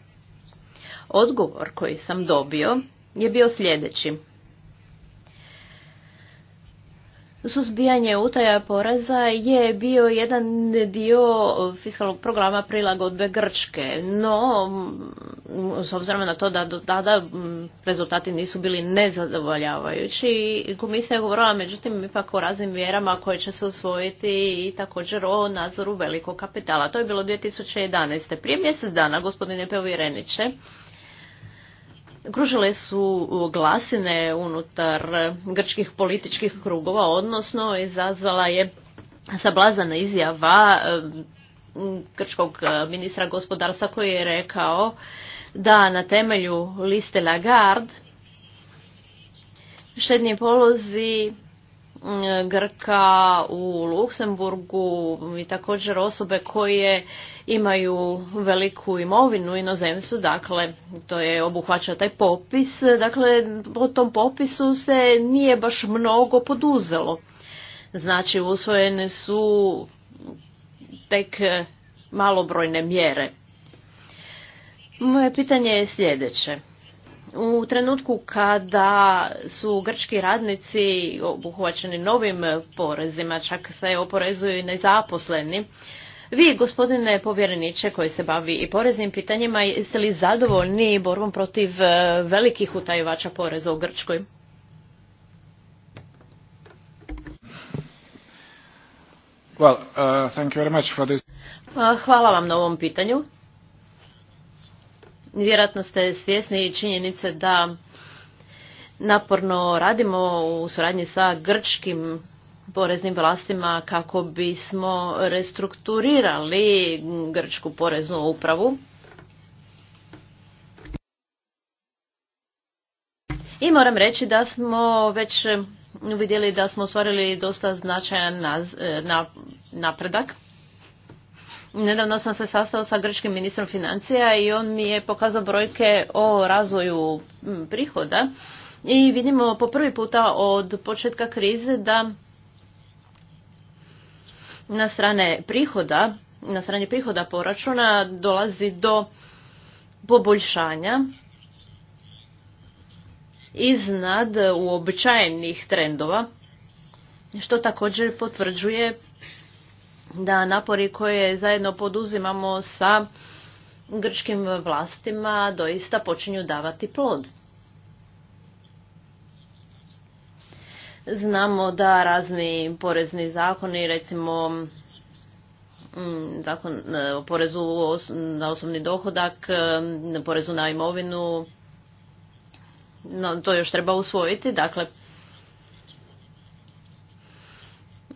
Odgovor koji sam dobio je bio sljedeći. suzbijanje utaja poreza je bio jedan dio fiskalnog programa prilagodbe Grčke, no s obzirom na to da do tada rezultati nisu bili nezadovoljavajući, komisija je govorila međutim ipak o raznim mjerama koje će se usvojiti i također o nadzoru velikog kapitala. To je bilo 2011. Prije mjesec dana, gospodine povjereniče, Kružile su glasine unutar grčkih političkih krugova, odnosno izazvala je sablazana izjava grčkog ministra gospodarstva koji je rekao da na temelju liste Lagarde štednje polozi Mm, Grka u Luksemburgu i također osobe koje imaju veliku imovinu inozemstvu, dakle to je obuhvaća taj popis, dakle po tom popisu se nije baš mnogo poduzelo. Znači usvojene su tek malobrojne mjere. Moje pitanje je sljedeće u trenutku kada su grčki radnici obuhvaćeni novim porezima, čak se oporezuju i nezaposleni, vi, gospodine povjereniče koji se bavi i poreznim pitanjima, jeste li zadovoljni borbom protiv e, velikih utajivača poreza u Grčkoj? Uh, pa, hvala vam na ovom pitanju. Vjerojatno ste svjesni činjenice da naporno radimo u suradnji sa grčkim poreznim vlastima kako bismo restrukturirali grčku poreznu upravu. I moram reći da smo već vidjeli da smo ostvarili dosta značajan eh, napredak. Nedavno sam se sastao sa grčkim ministrom financija i on mi je pokazao brojke o razvoju prihoda i vidimo po prvi puta od početka krize da na strane prihoda, na strani prihoda poračuna dolazi do poboljšanja iznad uobičajenih trendova, što također potvrđuje da napori koje zajedno poduzimamo sa grčkim vlastima doista počinju davati plod. Znamo da razni porezni zakoni, recimo mm, zakon e, o porezu na osobni dohodak, e, porezu na imovinu, to još treba usvojiti, dakle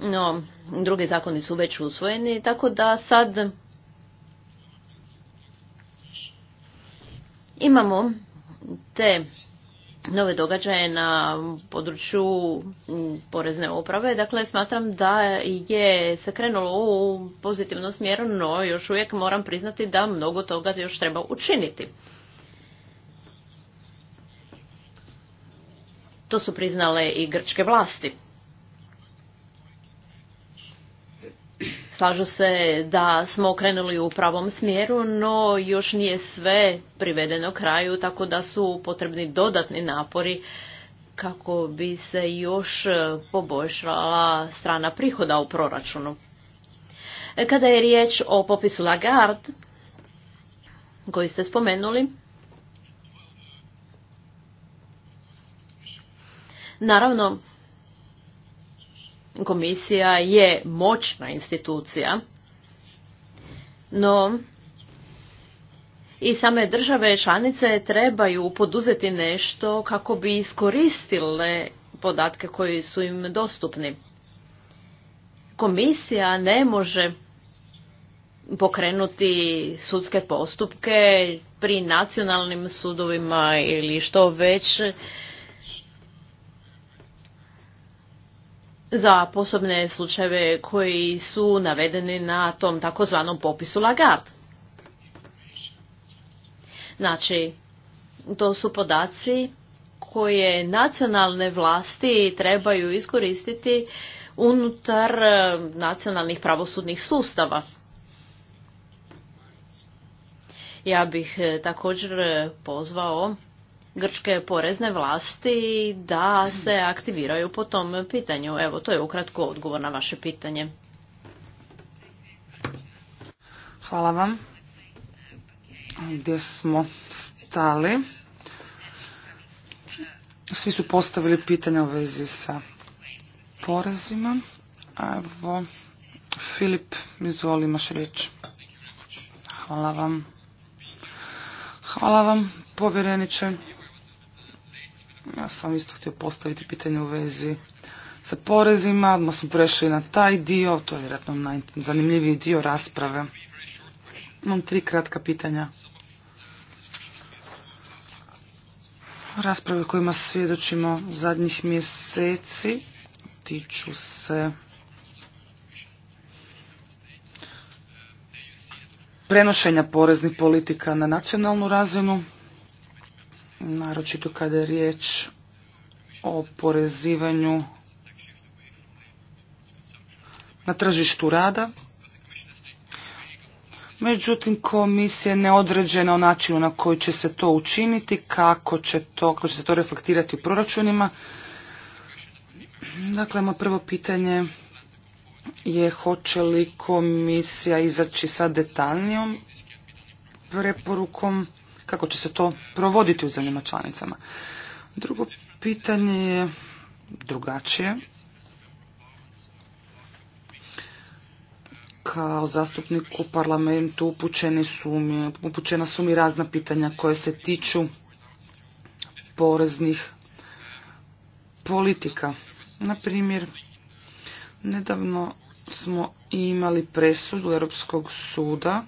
no drugi zakoni su već usvojeni, tako da sad imamo te nove događaje na području porezne oprave. Dakle, smatram da je se krenulo u pozitivnom smjeru, no još uvijek moram priznati da mnogo toga još treba učiniti. To su priznale i grčke vlasti. slažu se da smo okrenuli u pravom smjeru, no još nije sve privedeno kraju, tako da su potrebni dodatni napori kako bi se još poboljšala strana prihoda u proračunu. Kada je riječ o popisu Lagarde, koji ste spomenuli, naravno, komisija je moćna institucija, no i same države članice trebaju poduzeti nešto kako bi iskoristile podatke koji su im dostupni. Komisija ne može pokrenuti sudske postupke pri nacionalnim sudovima ili što već za posebne slučajeve koji su navedeni na tom takozvanom popisu Lagarde. Znači, to su podaci koje nacionalne vlasti trebaju iskoristiti unutar e, nacionalnih pravosudnih sustava. Ja bih e, također e, pozvao grčke porezne vlasti da se aktiviraju po tom pitanju. Evo, to je ukratko odgovor na vaše pitanje. Hvala vam. Gdje smo stali? Svi su postavili pitanje u vezi sa porezima. Evo, Filip, izvoli, imaš riječ. Hvala vam. Hvala vam, povjereniče. Ja sam isto htio postaviti pitanje u vezi sa porezima, odmah smo prešli na taj dio, to je vjerojatno najzanimljiviji dio rasprave. Imam tri kratka pitanja. Rasprave kojima svjedočimo zadnjih mjeseci tiču se prenošenja poreznih politika na nacionalnu razinu naročito kada je riječ o porezivanju na tržištu rada. Međutim, komisija je neodređena o načinu na koji će se to učiniti, kako će, to, kako će se to reflektirati u proračunima. Dakle, moj prvo pitanje je hoće li komisija izaći sa detaljnijom preporukom kako će se to provoditi u zemljama članicama. Drugo pitanje je drugačije. Kao zastupnik u parlamentu upućena su mi razna pitanja koje se tiču poreznih politika. Na primjer, nedavno smo imali presudu Europskog suda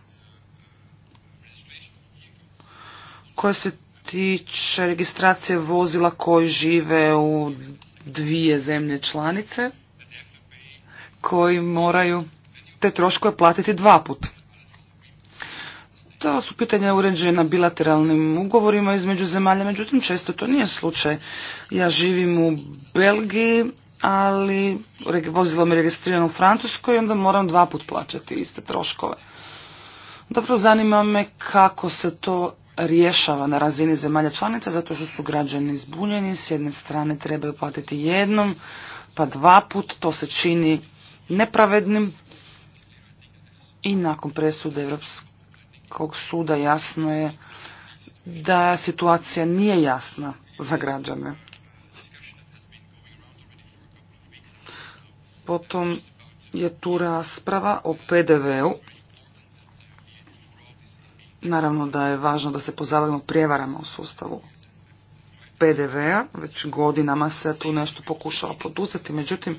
koja se tiče registracije vozila koji žive u dvije zemlje članice koji moraju te troškove platiti dva put. To su pitanja uređena bilateralnim ugovorima između zemalja, međutim često to nije slučaj. Ja živim u Belgiji, ali vozilo mi je registrirano u Francuskoj i onda moram dva put plaćati iste troškove. Dobro, zanima me kako se to rješava na razini zemalja članica zato što su građani zbunjeni, s jedne strane trebaju platiti jednom, pa dva put, to se čini nepravednim i nakon presude Europskog suda jasno je da situacija nije jasna za građane. Potom je tu rasprava o PDV-u Naravno da je važno da se pozabavimo prijevarama u sustavu PDV-a, već godinama se tu nešto pokušava poduzeti, međutim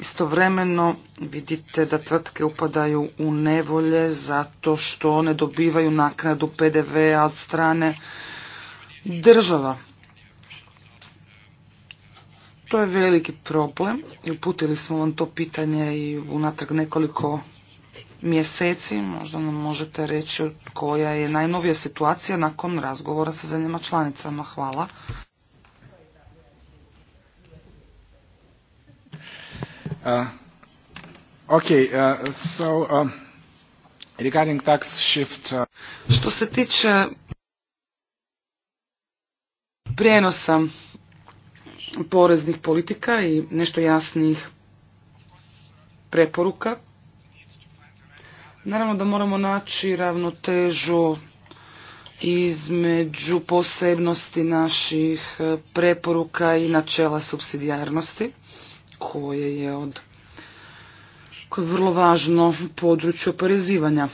istovremeno vidite da tvrtke upadaju u nevolje zato što one dobivaju naknadu PDV-a od strane država. To je veliki problem i uputili smo vam to pitanje i unatrag nekoliko mjeseci. Možda nam možete reći koja je najnovija situacija nakon razgovora sa zemljama članicama. Hvala. Uh, uh, um, uh, Što se tiče prijenosa poreznih politika i nešto jasnijih preporuka, Naravno da moramo naći ravnotežu između posebnosti naših e, preporuka i načela subsidijarnosti, koje je od koje je vrlo važno području oporezivanja.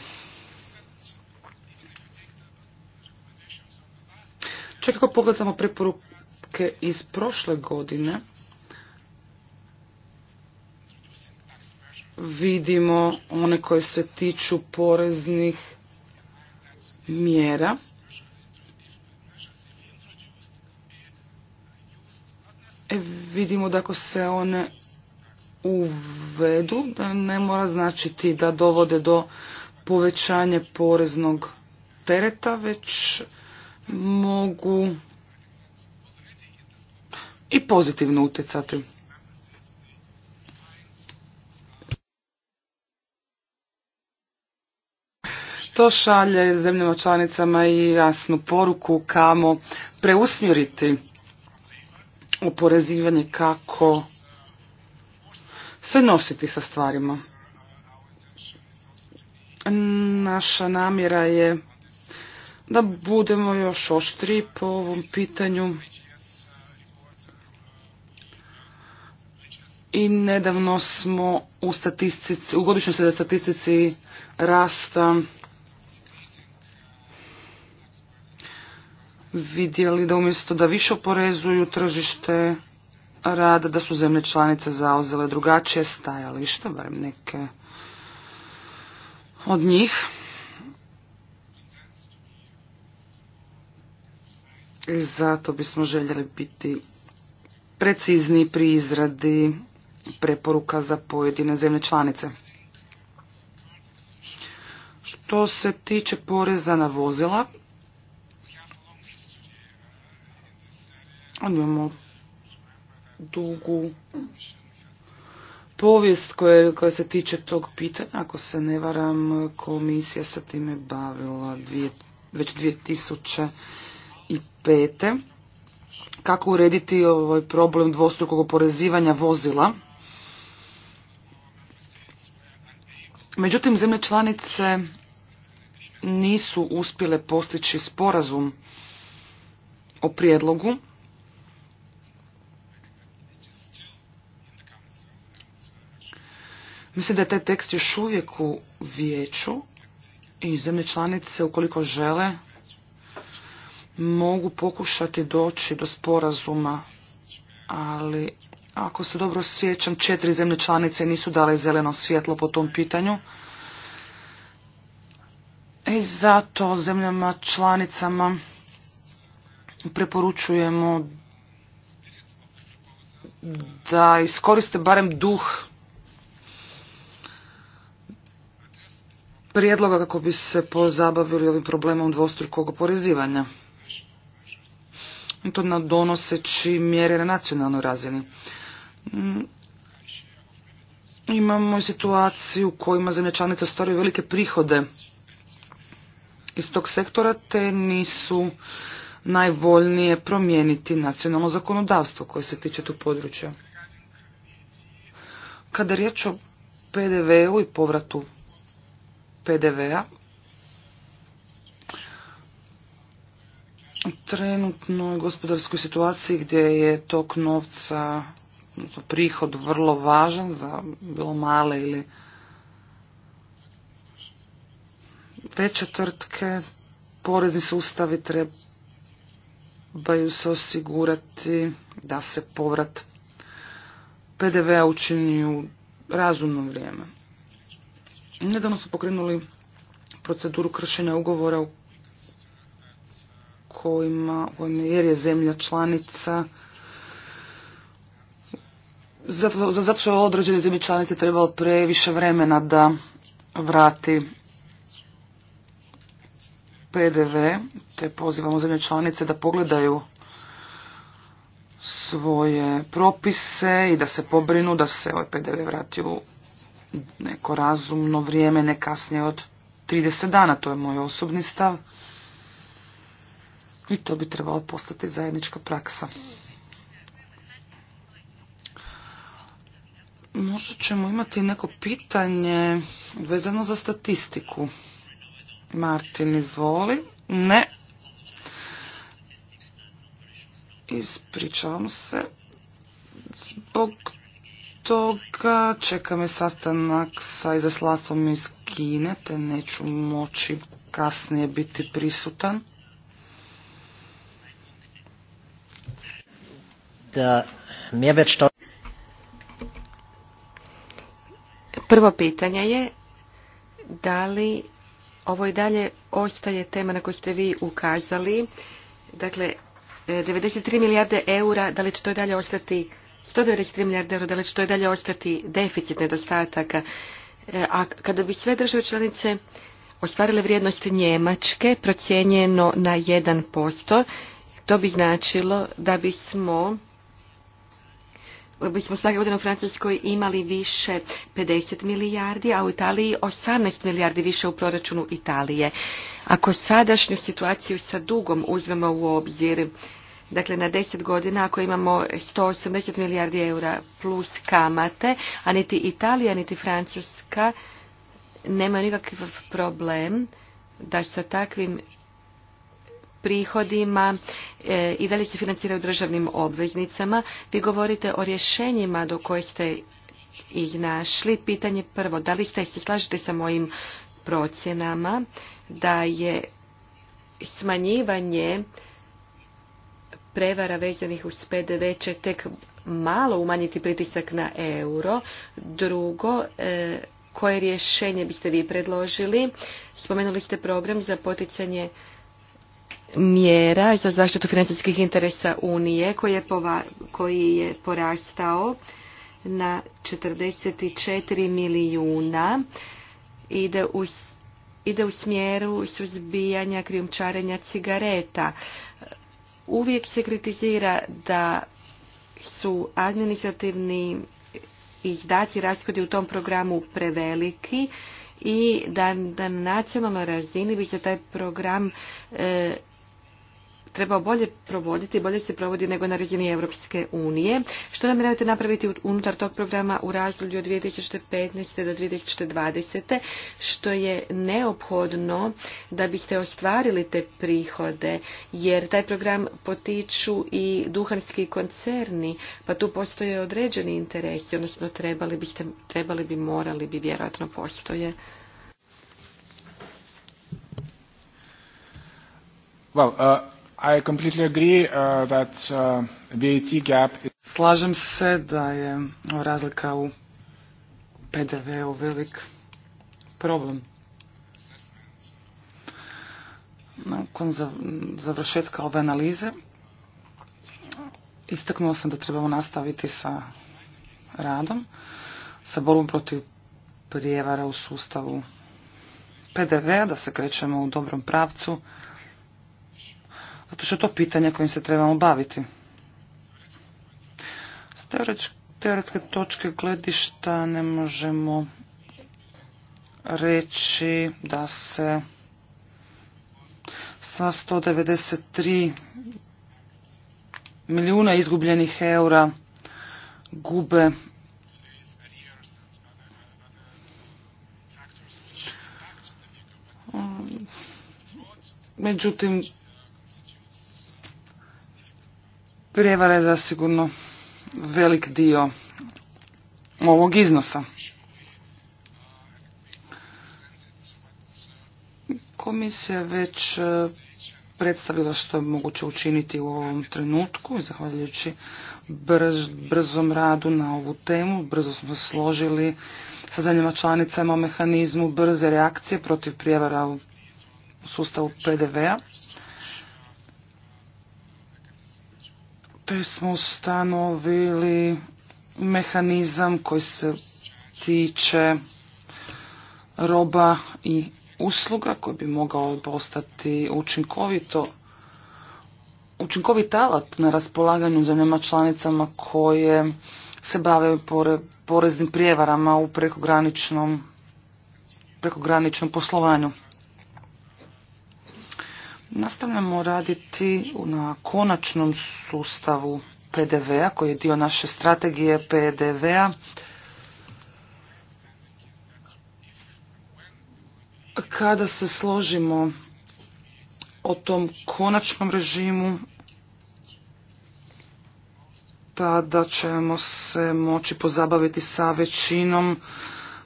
ako pogledamo preporuke iz prošle godine, vidimo one koje se tiču poreznih mjera. E, vidimo da ako se one uvedu, da ne mora značiti da dovode do povećanja poreznog tereta, već mogu i pozitivno utjecati. To šalje zemljama članicama i jasnu poruku kamo preusmjeriti oporezivanje kako se nositi sa stvarima. Naša namjera je da budemo još oštri po ovom pitanju. I nedavno smo u, statistici, u godišnjoj statistici rasta vidjeli da umjesto da više oporezuju tržište rada, da su zemlje članice zauzele drugačije stajalište, barem neke od njih. zato bismo željeli biti precizni pri izradi preporuka za pojedine zemlje članice. Što se tiče poreza na vozila, imamo dugu povijest koje, koja se tiče tog pitanja. Ako se ne varam, komisija se time bavila dvije, već 2005. Kako urediti ovaj problem dvostrukog oporezivanja vozila? Međutim, zemlje članice nisu uspjele postići sporazum o prijedlogu Mislim da je taj tekst još uvijek u vijeću i zemlje članice, ukoliko žele, mogu pokušati doći do sporazuma, ali ako se dobro sjećam, četiri zemlje članice nisu dale zeleno svjetlo po tom pitanju. I zato zemljama članicama preporučujemo da iskoriste barem duh prijedloga kako bi se pozabavili ovim problemom dvostrukog oporezivanja. I to na donoseći mjere na nacionalnoj razini. Mm. Imamo situaciju u kojima zemlje članice ostvaruju velike prihode iz tog sektora, te nisu najvoljnije promijeniti nacionalno zakonodavstvo koje se tiče tu područja. Kada je riječ o PDV-u i povratu PDV-a trenutnoj gospodarskoj situaciji gdje je tok novca, prihod vrlo važan za bilo male ili veće tvrtke, porezni sustavi trebaju se osigurati da se povrat PDV-a učini u razumno vrijeme. Nedavno su pokrenuli proceduru kršenja ugovora u kojima, jer je zemlja članica zato, zato što je određene zemlje članice trebalo previše vremena da vrati PDV, te pozivamo zemlje članice da pogledaju svoje propise i da se pobrinu da se ovaj PDV vrati u neko razumno vrijeme, ne kasnije od 30 dana, to je moj osobni stav. I to bi trebalo postati zajednička praksa. Možda ćemo imati neko pitanje vezano za statistiku. Martin, izvoli. Ne. Ispričavam se. Zbog toga čeka me sastanak sa izaslanstvom iz Kine, te neću moći kasnije biti prisutan. Da, to Prvo pitanje je da li ovo i dalje ostaje tema na koju ste vi ukazali. Dakle, e, 93 milijarde eura, da li će to i dalje ostati 193 milijarde euro, da će to i dalje ostati deficit nedostataka. E, a kada bi sve države članice ostvarile vrijednost Njemačke procijenjeno na 1%, to bi značilo da bismo bismo svake godine u Francuskoj imali više 50 milijardi, a u Italiji 18 milijardi više u proračunu Italije. Ako sadašnju situaciju sa dugom uzmemo u obzir, Dakle, na deset godina ako imamo 180 milijardi eura plus kamate, a niti Italija, niti Francuska nemaju nikakav problem da sa takvim prihodima e, i da li se financiraju državnim obveznicama. Vi govorite o rješenjima do koje ste ih našli Pitanje prvo, da li ste se slažete sa mojim procjenama da je smanjivanje prevara vezanih uz PDV će tek malo umanjiti pritisak na euro. Drugo, e, koje rješenje biste vi predložili? Spomenuli ste program za poticanje mjera za zaštitu financijskih interesa Unije koji je, koji je porastao na 44 milijuna. Ide u, ide u smjeru suzbijanja krijumčarenja cigareta. Uvijek se kritizira da su administrativni izdaci rashodi u tom programu preveliki i da, na nacionalnoj razini bi se taj program e, trebao bolje provoditi, bolje se provodi nego na razini Europske unije. Što namjeravate napraviti unutar tog programa u razdoblju od 2015. do 2020. što je neophodno da biste ostvarili te prihode, jer taj program potiču i duhanski koncerni, pa tu postoje određeni interesi, odnosno trebali, trebali bi, morali bi, vjerojatno postoje. Well, uh, i completely agree uh, uh, Slažem se da je razlika u PDV-u velik problem. Nakon završetka ove analize istaknuo sam da trebamo nastaviti sa radom, sa borbom protiv prijevara u sustavu pdv da se krećemo u dobrom pravcu. Zato što je to pitanje kojim se trebamo baviti. S teoretske točke gledišta ne možemo reći da se sva 193 milijuna izgubljenih eura gube Međutim, Prijevara je zasigurno velik dio ovog iznosa. Komisija već e, predstavila što je moguće učiniti u ovom trenutku i zahvaljujući brzom radu na ovu temu. Brzo smo složili sa zemljama članicama o mehanizmu brze reakcije protiv prijevara u sustavu PDV-a. te smo ustanovili mehanizam koji se tiče roba i usluga koji bi mogao postati učinkovito učinkovit alat na raspolaganju zemljama članicama koje se bave poreznim prijevarama u prekograničnom, prekograničnom poslovanju. Nastavljamo raditi na konačnom sustavu PDV-a koji je dio naše strategije PDV-a. Kada se složimo o tom konačnom režimu, tada ćemo se moći pozabaviti sa većinom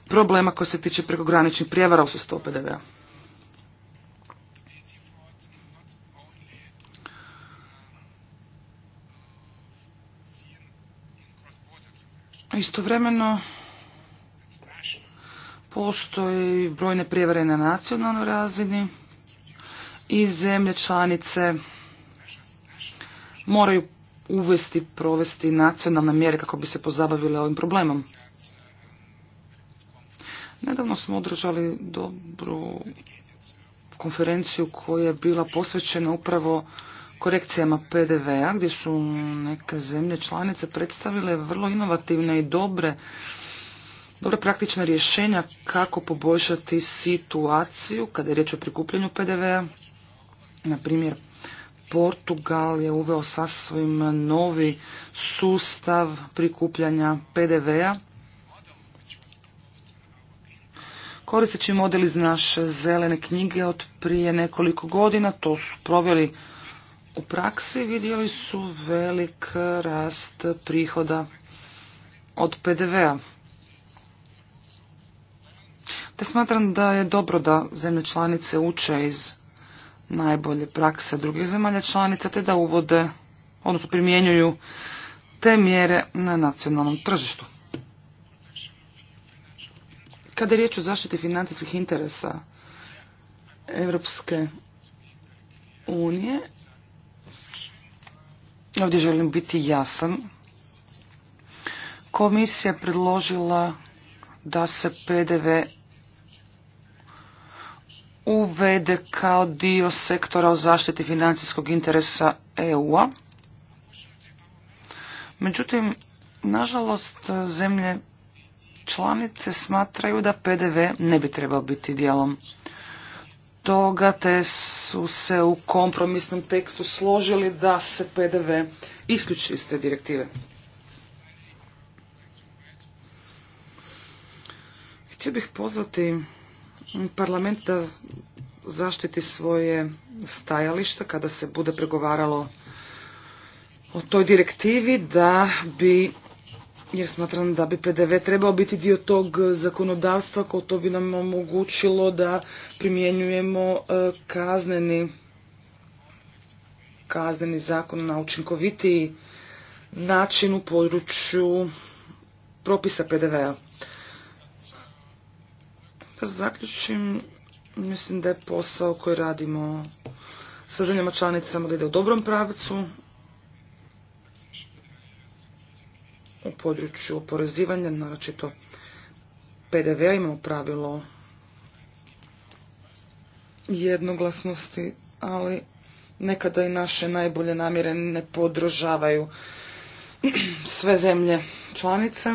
problema koji se tiče prekograničnih prijevara u sustavu PDV-a. Istovremeno postoji brojne prijevare na nacionalnoj razini i zemlje članice moraju uvesti, provesti nacionalne mjere kako bi se pozabavile ovim problemom. Nedavno smo održali dobru konferenciju koja je bila posvećena upravo korekcijama PDV-a gdje su neke zemlje članice predstavile vrlo inovativne i dobre dobra praktična rješenja kako poboljšati situaciju kada je riječ o prikupljanju PDV-a. Na primjer, Portugal je uveo sasvim novi sustav prikupljanja PDV-a. Koristeći model iz naše zelene knjige od prije nekoliko godina, to su proveli u praksi vidjeli su velik rast prihoda od PDV-a. Te smatram da je dobro da zemlje članice uče iz najbolje prakse drugih zemalja članica te da uvode, odnosno primjenjuju te mjere na nacionalnom tržištu. Kada je riječ o zaštiti financijskih interesa Europske unije, Ovdje želim biti jasan. Komisija je predložila da se PDV uvede kao dio sektora o zaštiti financijskog interesa EU-a. Međutim, nažalost, zemlje članice smatraju da PDV ne bi trebao biti dijelom toga te su se u kompromisnom tekstu složili da se PDV isključi iz te direktive. Htio bih pozvati parlament da zaštiti svoje stajališta kada se bude pregovaralo o toj direktivi da bi jer smatram da bi PDV trebao biti dio tog zakonodavstva ko to bi nam omogućilo da primjenjujemo e, kazneni, kazneni zakon na učinkovitiji način u području propisa PDV-a. Pa zaključim, mislim da je posao koji radimo sa zemljama članicama da ide u dobrom pravcu, u području oporezivanja, naročito pdv ima imamo pravilo jednoglasnosti, ali nekada i naše najbolje namjere ne podržavaju [CLEARS THROAT] sve zemlje članice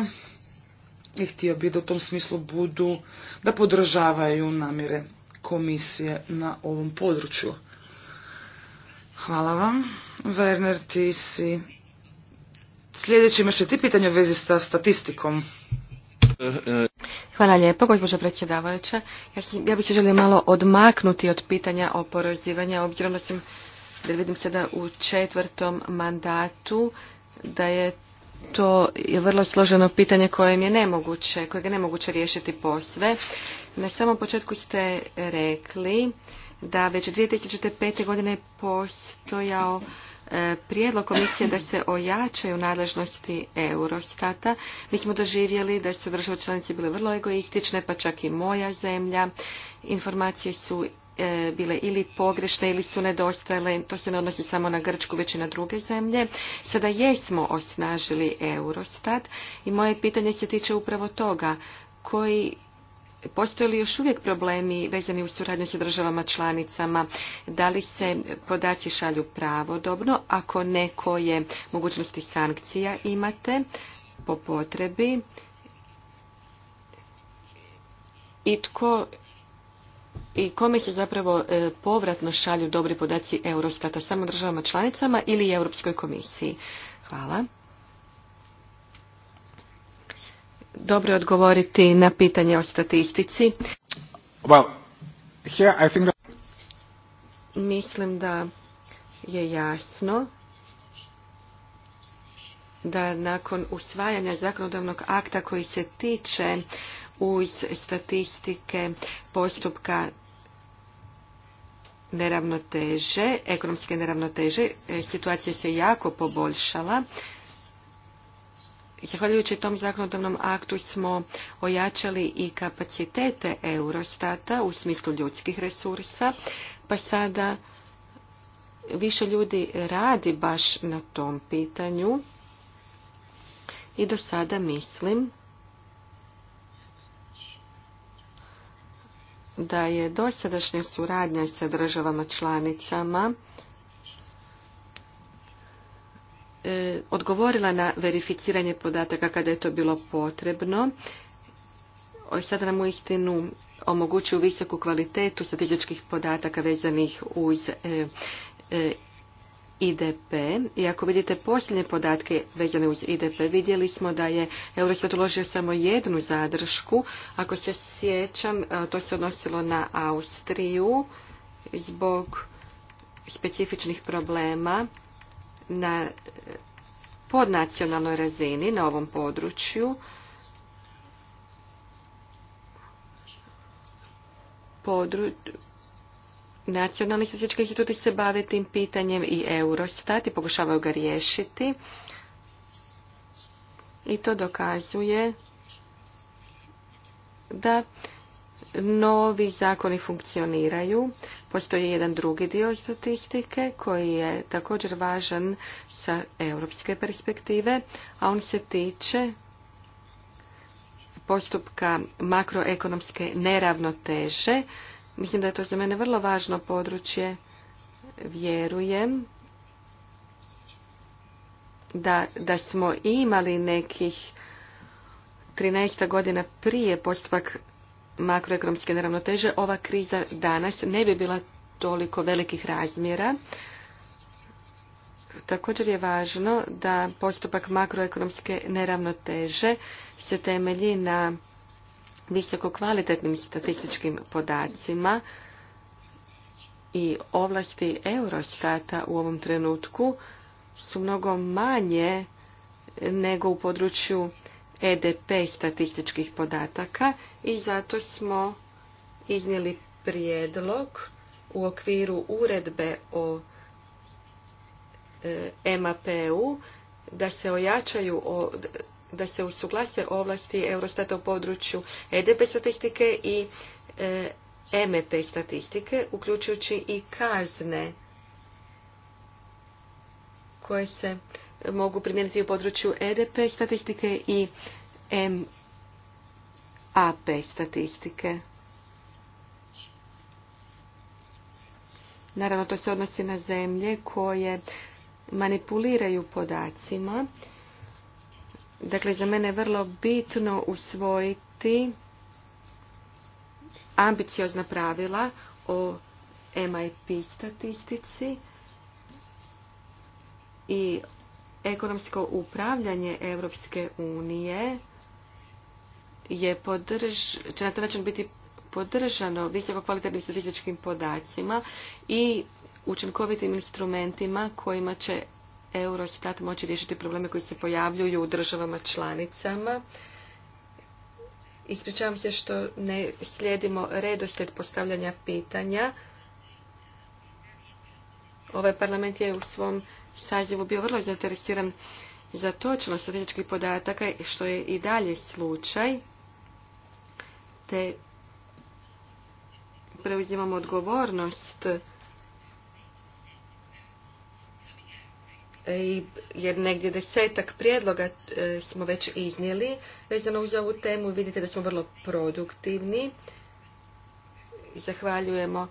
i htio bi da u tom smislu budu da podržavaju namjere komisije na ovom području. Hvala vam. Werner, ti si Sljedeći imaš ti pitanje u vezi sa statistikom. Hvala lijepo, gospođo predsjedavajuća. Ja bih se želio malo odmaknuti od pitanja oporezivanja, obzirom da sam, da vidim sada u četvrtom mandatu, da je to vrlo složeno pitanje kojem je nemoguće, kojeg je nemoguće riješiti posve. Na samom početku ste rekli da već 2005. godine postojao prijedlog komisije da se ojačaju nadležnosti Eurostata. Mi smo doživjeli da su države članice bile vrlo egoistične, pa čak i moja zemlja. Informacije su e, bile ili pogrešne ili su nedostajale. To se ne odnosi samo na Grčku, već i na druge zemlje. Sada jesmo osnažili Eurostat i moje pitanje se tiče upravo toga. Koji Postoje li još uvijek problemi vezani u suradnju sa državama članicama? Da li se podaci šalju pravodobno? Ako ne, koje mogućnosti sankcija imate po potrebi? I tko i kome se zapravo e, povratno šalju dobri podaci Eurostata? Samo državama članicama ili Europskoj komisiji? Hvala. dobro odgovoriti na pitanje o statistici. Well, I Mislim da je jasno da nakon usvajanja zakonodavnog akta koji se tiče uz statistike postupka neravnoteže, ekonomske neravnoteže, e, situacija se jako poboljšala. Zahvaljujući tom zakonodavnom aktu smo ojačali i kapacitete Eurostata u smislu ljudskih resursa, pa sada više ljudi radi baš na tom pitanju i do sada mislim da je dosadašnja suradnja sa državama članicama E, odgovorila na verificiranje podataka kada je to bilo potrebno. Sada nam u istinu omogućuju visoku kvalitetu statističkih podataka vezanih uz e, e, IDP. I ako vidite posljednje podatke vezane uz IDP, vidjeli smo da je Eurostat uložio samo jednu zadršku. Ako se sjećam, to se odnosilo na Austriju zbog specifičnih problema na podnacionalnoj razini na ovom području Nacionalni statistički instituti se bave tim pitanjem i Eurostat i pokušavaju ga riješiti. I to dokazuje da novi zakoni funkcioniraju. Postoji jedan drugi dio statistike koji je također važan sa europske perspektive, a on se tiče postupka makroekonomske neravnoteže. Mislim da je to za mene vrlo važno područje. Vjerujem da, da smo imali nekih 13 godina prije postupak makroekonomske neravnoteže, ova kriza danas ne bi bila toliko velikih razmjera. Također je važno da postupak makroekonomske neravnoteže se temelji na visoko kvalitetnim statističkim podacima i ovlasti Eurostata u ovom trenutku su mnogo manje nego u području EDP statističkih podataka i zato smo iznijeli prijedlog u okviru uredbe o e, MAP-u da se ojačaju da se usuglase ovlasti Eurostata u području EDP statistike i e, MEP statistike, uključujući i kazne koje se mogu primijeniti u području EDP statistike i MAP statistike. Naravno, to se odnosi na zemlje koje manipuliraju podacima. Dakle, za mene je vrlo bitno usvojiti ambiciozna pravila o MIP statistici i ekonomsko upravljanje Europske unije je podrž, će na taj način biti podržano visoko kvalitetnim statističkim podacima i učinkovitim instrumentima kojima će Eurostat moći riješiti probleme koji se pojavljuju u državama članicama. Ispričavam se što ne slijedimo redoslijed postavljanja pitanja. Ovaj parlament je u svom sazivu bio vrlo zainteresiran za točnost statističkih podataka, što je i dalje slučaj, te preuzimamo odgovornost jer negdje desetak prijedloga e, smo već iznijeli vezano uz ovu temu. Vidite da smo vrlo produktivni. Zahvaljujemo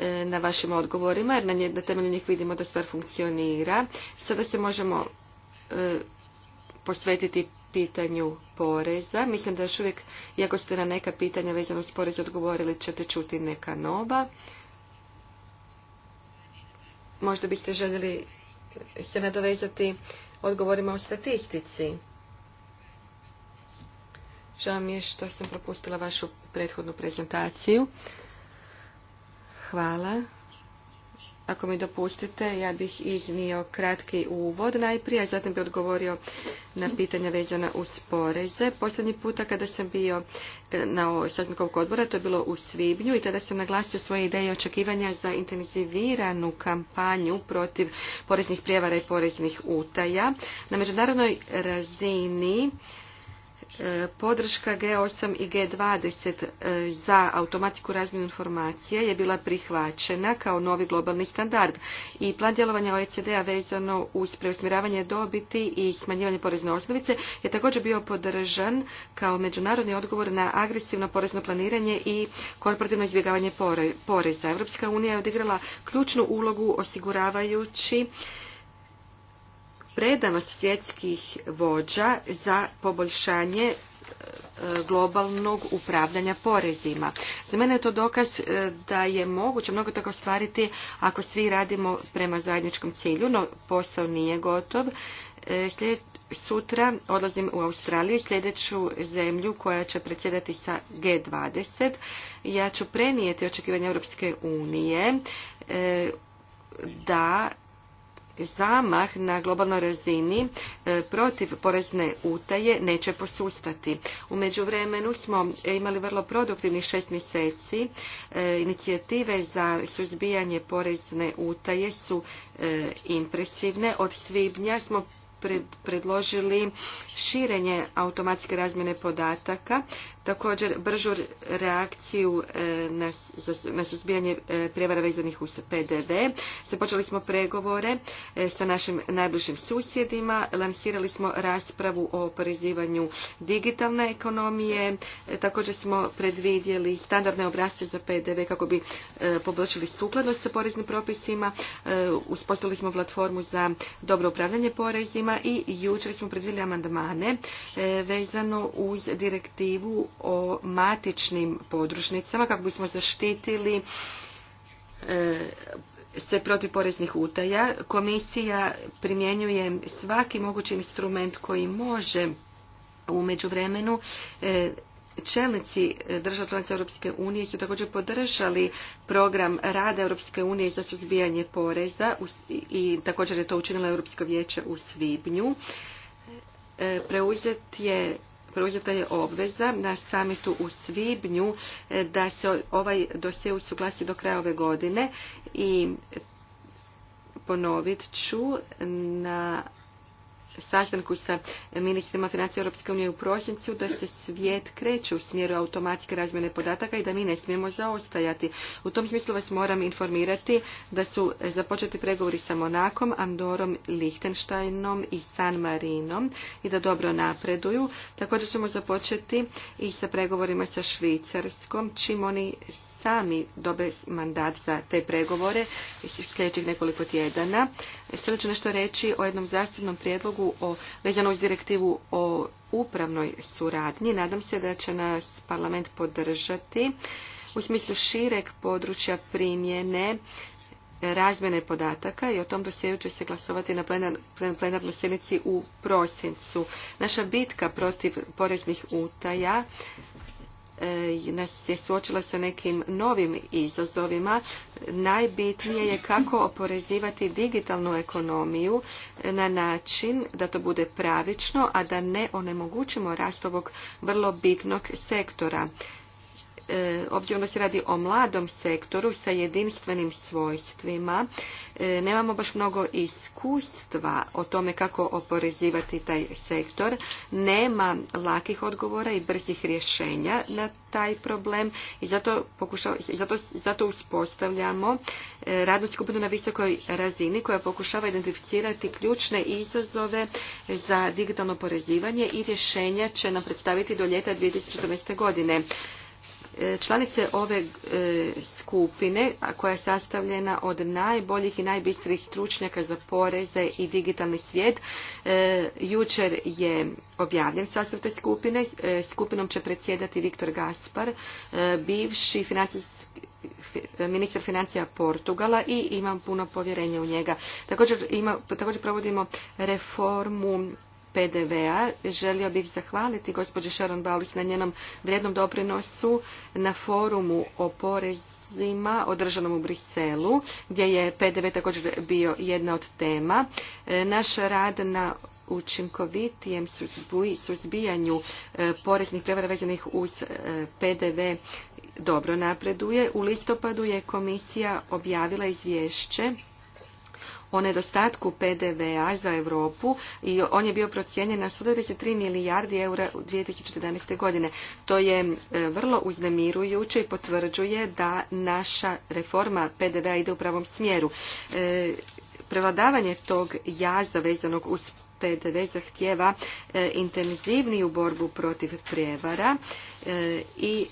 E, na vašim odgovorima, jer na, temelju njih vidimo da stvar funkcionira. Sada se možemo e, posvetiti pitanju poreza. Mislim da još uvijek, iako ste na neka pitanja vezano s porez odgovorili, ćete čuti neka nova. Možda biste željeli se nadovezati odgovorima o statistici. Žao mi je što sam propustila vašu prethodnu prezentaciju. Hvala. Ako mi dopustite, ja bih iznio kratki uvod najprije, a zatim bi odgovorio na pitanja vezana uz poreze. Posljednji puta kada sam bio na sastankovog odbora, to je bilo u Svibnju i tada sam naglasio svoje ideje i očekivanja za intenziviranu kampanju protiv poreznih prijevara i poreznih utaja. Na međunarodnoj razini Podrška G8 i G20 e, za automatsku razmjenu informacija je bila prihvaćena kao novi globalni standard i plan djelovanja OECD-a vezano uz preusmjeravanje dobiti i smanjivanje porezne osnovice je također bio podržan kao međunarodni odgovor na agresivno porezno planiranje i korporativno izbjegavanje poreza. Europska unija je odigrala ključnu ulogu osiguravajući predanost svjetskih vođa za poboljšanje e, globalnog upravljanja porezima. Za mene je to dokaz e, da je moguće mnogo tako ostvariti ako svi radimo prema zajedničkom cilju, no posao nije gotov. E, sutra odlazim u Australiju, sljedeću zemlju koja će predsjedati sa G20. Ja ću prenijeti očekivanje Europske unije da zamah na globalnoj razini e, protiv porezne utaje neće posustati. U međuvremenu smo imali vrlo produktivnih šest mjeseci. E, inicijative za suzbijanje porezne utaje su e, impresivne. Od svibnja smo predložili širenje automatske razmjene podataka također bržu reakciju e, na, suzbijanje e, prijevara vezanih uz PDV. Započeli smo pregovore e, sa našim najbližim susjedima, lansirali smo raspravu o oporezivanju digitalne ekonomije, također smo predvidjeli standardne obrazce za PDV kako bi poboljšali sukladnost sa poreznim propisima, uspostavili smo platformu za dobro upravljanje porezima i jučer smo predvidjeli amandmane vezano uz direktivu o matičnim podružnicama kako bismo zaštitili e, se protiv poreznih utaja. Komisija primjenjuje svaki mogući instrument koji može u međuvremenu e, čelnici država članica Europske unije su također podržali program rada Europske unije za suzbijanje poreza i također je to učinilo Europsko vijeće u svibnju. E, preuzet je preuzeta je obveza na samitu u svibnju e, da se ovaj dosje usuglasi do kraja ove godine i ponovit ću na sastanku sa ministrima financija Europske unije u prosincu da se svijet kreće u smjeru automatske razmjene podataka i da mi ne smijemo zaostajati. U tom smislu vas moram informirati da su započeti pregovori sa Monakom, Andorom, Lichtensteinom i San Marinom i da dobro napreduju. Također ćemo započeti i sa pregovorima sa Švicarskom, čim oni sami dobe mandat za te pregovore sljedećih nekoliko tjedana. Sada ću nešto reći o jednom zasebnom prijedlogu o, vezano uz direktivu o upravnoj suradnji. Nadam se da će nas parlament podržati u smislu šireg područja primjene razmjene podataka i o tom dosjeju će se glasovati na plenarnoj sjednici u prosincu. Naša bitka protiv poreznih utaja E, nas je suočila sa nekim novim izazovima. Najbitnije je kako oporezivati digitalnu ekonomiju na način da to bude pravično, a da ne onemogućimo rast ovog vrlo bitnog sektora. E, obzirom da se radi o mladom sektoru sa jedinstvenim svojstvima, e, nemamo baš mnogo iskustva o tome kako oporezivati taj sektor. Nema lakih odgovora i brzih rješenja na taj problem i zato, zato, zato uspostavljamo e, radnu skupinu na visokoj razini koja pokušava identificirati ključne izazove za digitalno porezivanje i rješenja će nam predstaviti do ljeta 2014. godine. E, članice ove e, skupine koja je sastavljena od najboljih i najbistrih stručnjaka za poreze i digitalni svijet. E, jučer je objavljen sastav te skupine. Skupinom će predsjedati Viktor Gaspar, bivši ministar financija Portugala i imam puno povjerenja u njega. Također, ima, također provodimo reformu PDV-a. Želio bih zahvaliti gospođi Sharon Balis na njenom vrijednom doprinosu na forumu o porezima održanom u Briselu, gdje je PDV također bio jedna od tema. E, naš rad na učinkovitijem suzbijanju e, poreznih prevara vezanih uz e, PDV dobro napreduje. U listopadu je komisija objavila izvješće o nedostatku PDV-a za Europu i on je bio procijenjen na 193 milijardi eura u 2014. godine. To je e, vrlo uznemirujuće i potvrđuje da naša reforma PDV-a ide u pravom smjeru. E, prevladavanje tog jaza vezanog uz PDV zahtjeva e, intenzivniju borbu protiv prijevara i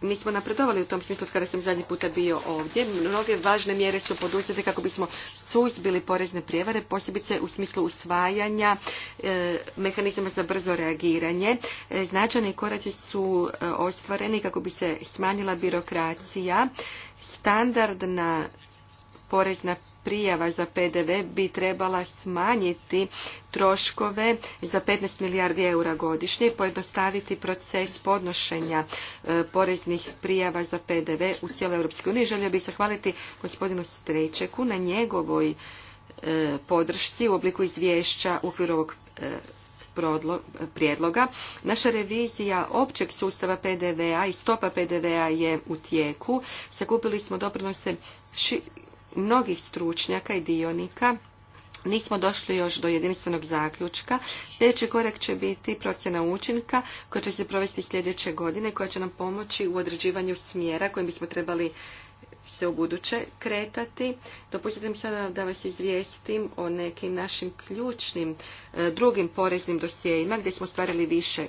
mi smo napredovali u tom smislu kada sam zadnji puta bio ovdje. Mnoge važne mjere su poduzete kako bismo suzbili porezne prijevare, posebice u smislu usvajanja mehanizma mehanizama za brzo reagiranje. E, značajni koraci su e, ostvareni kako bi se smanjila birokracija. Standardna porezna prijava za PDV bi trebala smanjiti troškove za 15 milijardi eura godišnje i pojednostaviti proces podnošenja e, poreznih prijava za PDV u cijeloj Europskoj uniji. Želio bih zahvaliti gospodinu Strečeku na njegovoj e, podršci u obliku izvješća u okviru ovog e, prijedloga. Naša revizija općeg sustava PDV-a i stopa PDV-a je u tijeku. Sakupili smo doprinose mnogih stručnjaka i dionika nismo došli još do jedinstvenog zaključka. Sljedeći korak će biti procjena učinka koja će se provesti sljedeće godine koja će nam pomoći u određivanju smjera kojim bismo trebali se u buduće kretati. Dopustite mi sada da vas izvijestim o nekim našim ključnim e, drugim poreznim dosjejima gdje smo stvarili više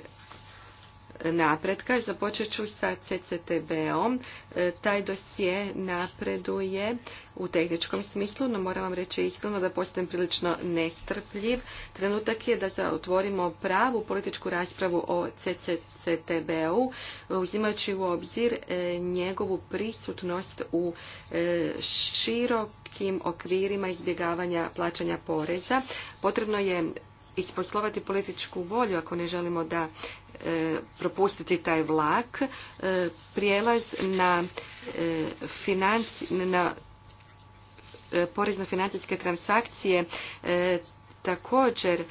napretka. Započet ću sa CCTB-om. E, taj dosje napreduje u tehničkom smislu, no moram vam reći iskreno da postajem prilično nestrpljiv. Trenutak je da otvorimo pravu političku raspravu o CCTB-u, uzimajući u obzir e, njegovu prisutnost u e, širokim okvirima izbjegavanja plaćanja poreza. Potrebno je isposlovati političku volju ako ne želimo da e, propustiti taj vlak e, prijelaz na e, na e, porezno financijske transakcije također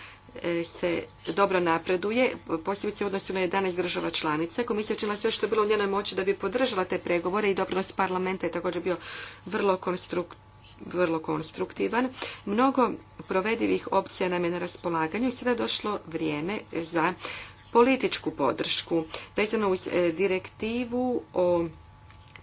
se dobro napreduje, posebice u odnosu na 11 država članica. Komisija učinila sve što je bilo u njenoj moći da bi podržala te pregovore i doprinos parlamenta je također bio vrlo konstruktivan vrlo konstruktivan. Mnogo provedivih opcija nam je na raspolaganju i sada je došlo vrijeme za političku podršku vezano uz e, direktivu o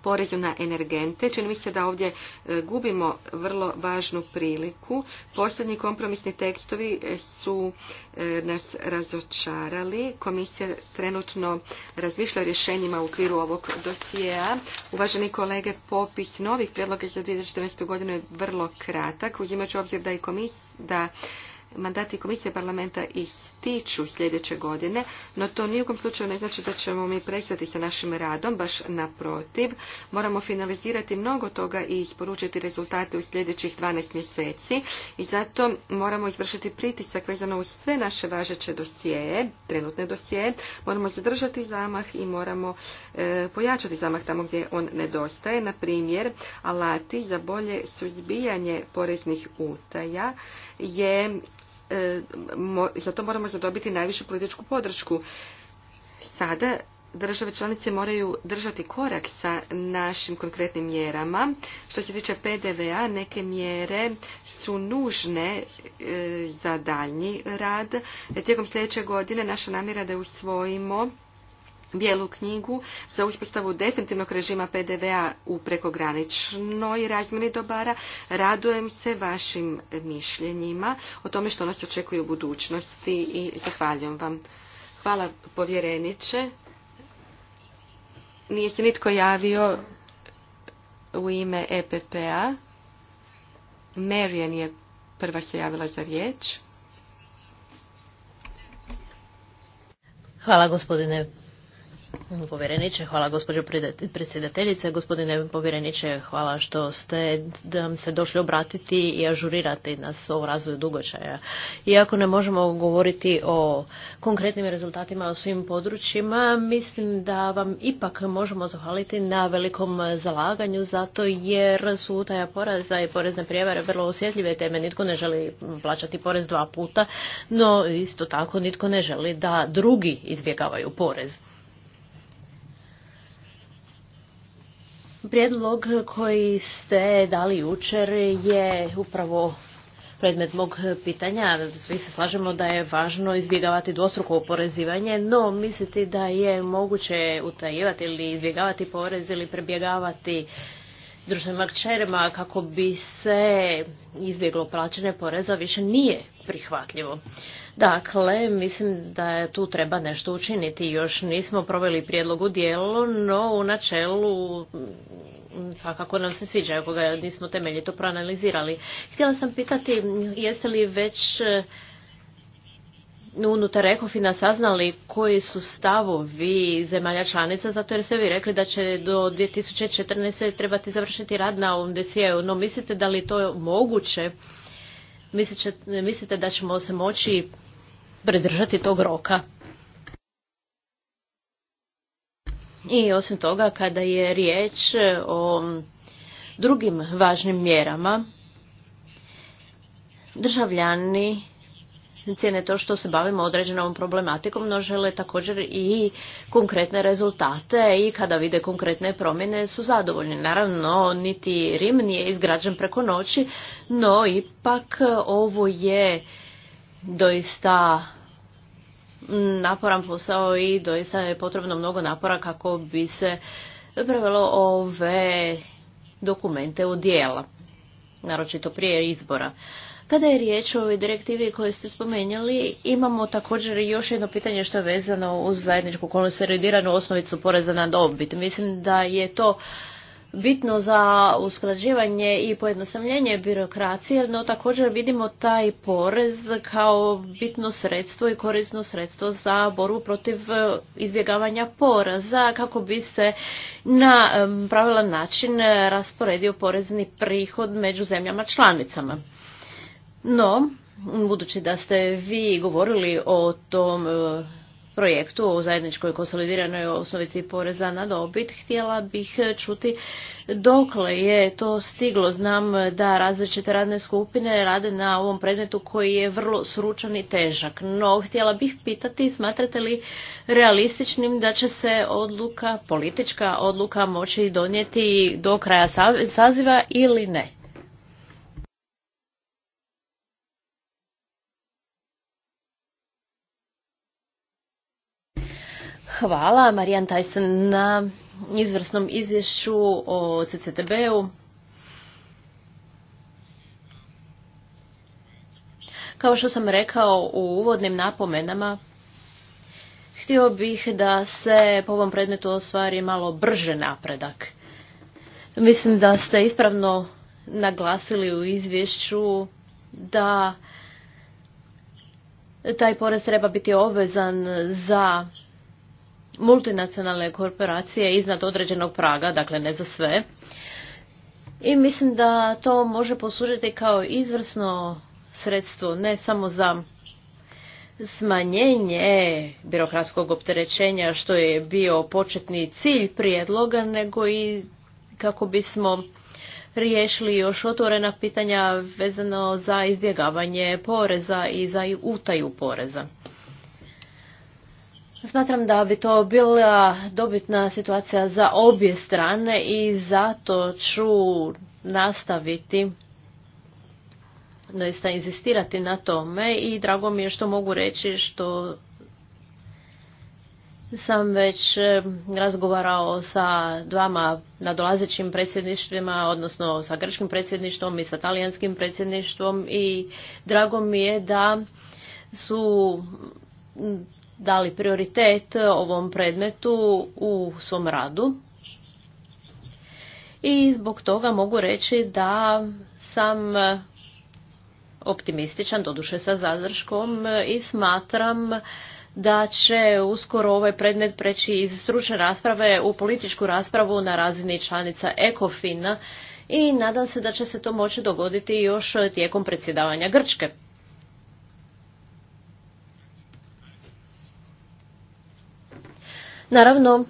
porezu na energente. Čini mi se da ovdje e, gubimo vrlo važnu priliku. Posljednji kompromisni tekstovi e, su e, nas razočarali. Komisija trenutno razmišlja o rješenjima u okviru ovog dosijeja. Uvaženi kolege, popis novih predloga za 2014. godinu je vrlo kratak. Uzimajući obzir da i komisija da mandati komisije parlamenta ističu sljedeće godine, no to nijekom slučaju ne znači da ćemo mi prestati sa našim radom, baš naprotiv. Moramo finalizirati mnogo toga i isporučiti rezultate u sljedećih 12 mjeseci i zato moramo izvršiti pritisak vezano uz sve naše važeće dosije, trenutne dosije. Moramo zadržati zamah i moramo e, pojačati zamah tamo gdje on nedostaje. Na primjer, alati za bolje suzbijanje poreznih utaja je E, za to moramo zadobiti najvišu političku podršku. Sada države članice moraju držati korak sa našim konkretnim mjerama. Što se tiče PDVA, neke mjere su nužne e, za daljnji rad. E, tijekom sljedeće godine naša namjera da usvojimo bijelu knjigu za uspostavu definitivnog režima PDV-a u prekograničnoj razmjeni dobara. Radujem se vašim mišljenjima o tome što nas očekuje u budućnosti i zahvaljujem vam. Hvala povjereniče. Nije se nitko javio u ime EPP-a. Marian je prva se javila za riječ. Hvala gospodine povjereniče, hvala gospođo predsjedateljice, gospodine povjereniče, hvala što ste nam se došli obratiti i ažurirati nas o razvoju dugočaja. Iako ne možemo govoriti o konkretnim rezultatima o svim područjima, mislim da vam ipak možemo zahvaliti na velikom zalaganju, zato jer su utaja poreza i porezne prijevare vrlo osjetljive teme. Nitko ne želi plaćati porez dva puta, no isto tako nitko ne želi da drugi izbjegavaju porez. Prijedlog koji ste dali jučer je upravo predmet mog pitanja. Svi se slažemo da je važno izbjegavati dvostruko oporezivanje, no mislite da je moguće utajivati ili izbjegavati porez ili prebjegavati društvenim akčerima kako bi se izbjeglo plaćanje poreza više nije prihvatljivo. Dakle, mislim da je tu treba nešto učiniti. Još nismo proveli prijedlog u dijelu, no u načelu mm, svakako nam se sviđa ako ga nismo temeljito proanalizirali. Htjela sam pitati jeste li već eh, unutar Ekofina saznali koji su stavovi zemalja članica, zato jer ste vi rekli da će do 2014. trebati završiti rad na ovom desijeu, no mislite da li to je moguće? Mislite, mislite da ćemo se moći pridržati tog roka. I osim toga, kada je riječ eh, o drugim važnim mjerama, državljani cijene to što se bavimo određenom problematikom, no žele također i konkretne rezultate i kada vide konkretne promjene su zadovoljni. Naravno, niti Rim nije izgrađen preko noći, no ipak eh, ovo je doista naporan posao i doista je potrebno mnogo napora kako bi se prevelo ove dokumente u dijela, naročito prije izbora. Kada je riječ o ovoj direktivi koju ste spomenjali, imamo također još jedno pitanje što je vezano uz zajedničku konsolidiranu osnovicu poreza na dobit. Mislim da je to bitno za usklađivanje i pojednostavljenje birokracije, no također vidimo taj porez kao bitno sredstvo i korisno sredstvo za borbu protiv e, izbjegavanja poreza kako bi se na e, pravilan način rasporedio porezni prihod među zemljama članicama. No, budući da ste vi govorili o tom e, projektu o zajedničkoj konsolidiranoj osnovici poreza na dobit, htjela bih čuti dokle je to stiglo. Znam da različite radne skupine rade na ovom predmetu koji je vrlo sručan i težak, no htjela bih pitati smatrate li realističnim da će se odluka, politička odluka moći donijeti do kraja saziva ili ne? Hvala Marijan Tyson na izvrsnom izvješću o CCTB-u. Kao što sam rekao u uvodnim napomenama, htio bih da se po ovom predmetu ostvari malo brže napredak. Mislim da ste ispravno naglasili u izvješću da taj porez treba biti obvezan za multinacionalne korporacije iznad određenog praga, dakle ne za sve. I mislim da to može poslužiti kao izvrsno sredstvo ne samo za smanjenje birokratskog opterećenja što je bio početni cilj prijedloga, nego i kako bismo riješili još otvorena pitanja vezano za izbjegavanje poreza i za utaju poreza. Smatram da bi to bila dobitna situacija za obje strane i zato ću nastaviti doista inzistirati na tome i drago mi je što mogu reći što sam već razgovarao sa dvama nadolazećim predsjedništvima, odnosno sa grčkim predsjedništvom i sa talijanskim predsjedništvom i drago mi je da su dali prioritet ovom predmetu u svom radu. I zbog toga mogu reći da sam optimističan, doduše sa zadrškom i smatram da će uskoro ovaj predmet preći iz stručne rasprave u političku raspravu na razini članica ecofin i nadam se da će se to moći dogoditi još tijekom predsjedavanja Grčke. Naravno,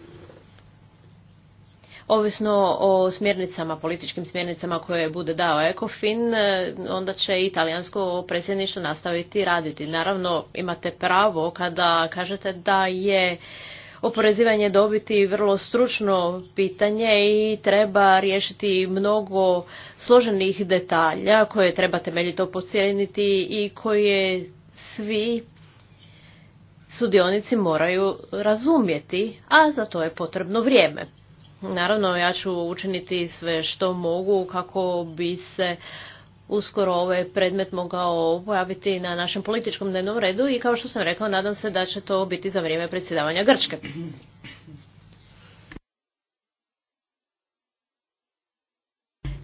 ovisno o smjernicama, političkim smjernicama koje bude dao ECOFIN, e, onda će i talijansko predsjedništvo nastaviti raditi. Naravno, imate pravo kada kažete da je oporezivanje dobiti vrlo stručno pitanje i treba riješiti mnogo složenih detalja koje treba temeljito pocijeniti i koje svi sudionici moraju razumjeti, a za to je potrebno vrijeme. Naravno, ja ću učiniti sve što mogu kako bi se uskoro ovaj predmet mogao pojaviti na našem političkom dnevnom redu i kao što sam rekao, nadam se da će to biti za vrijeme predsjedavanja Grčke.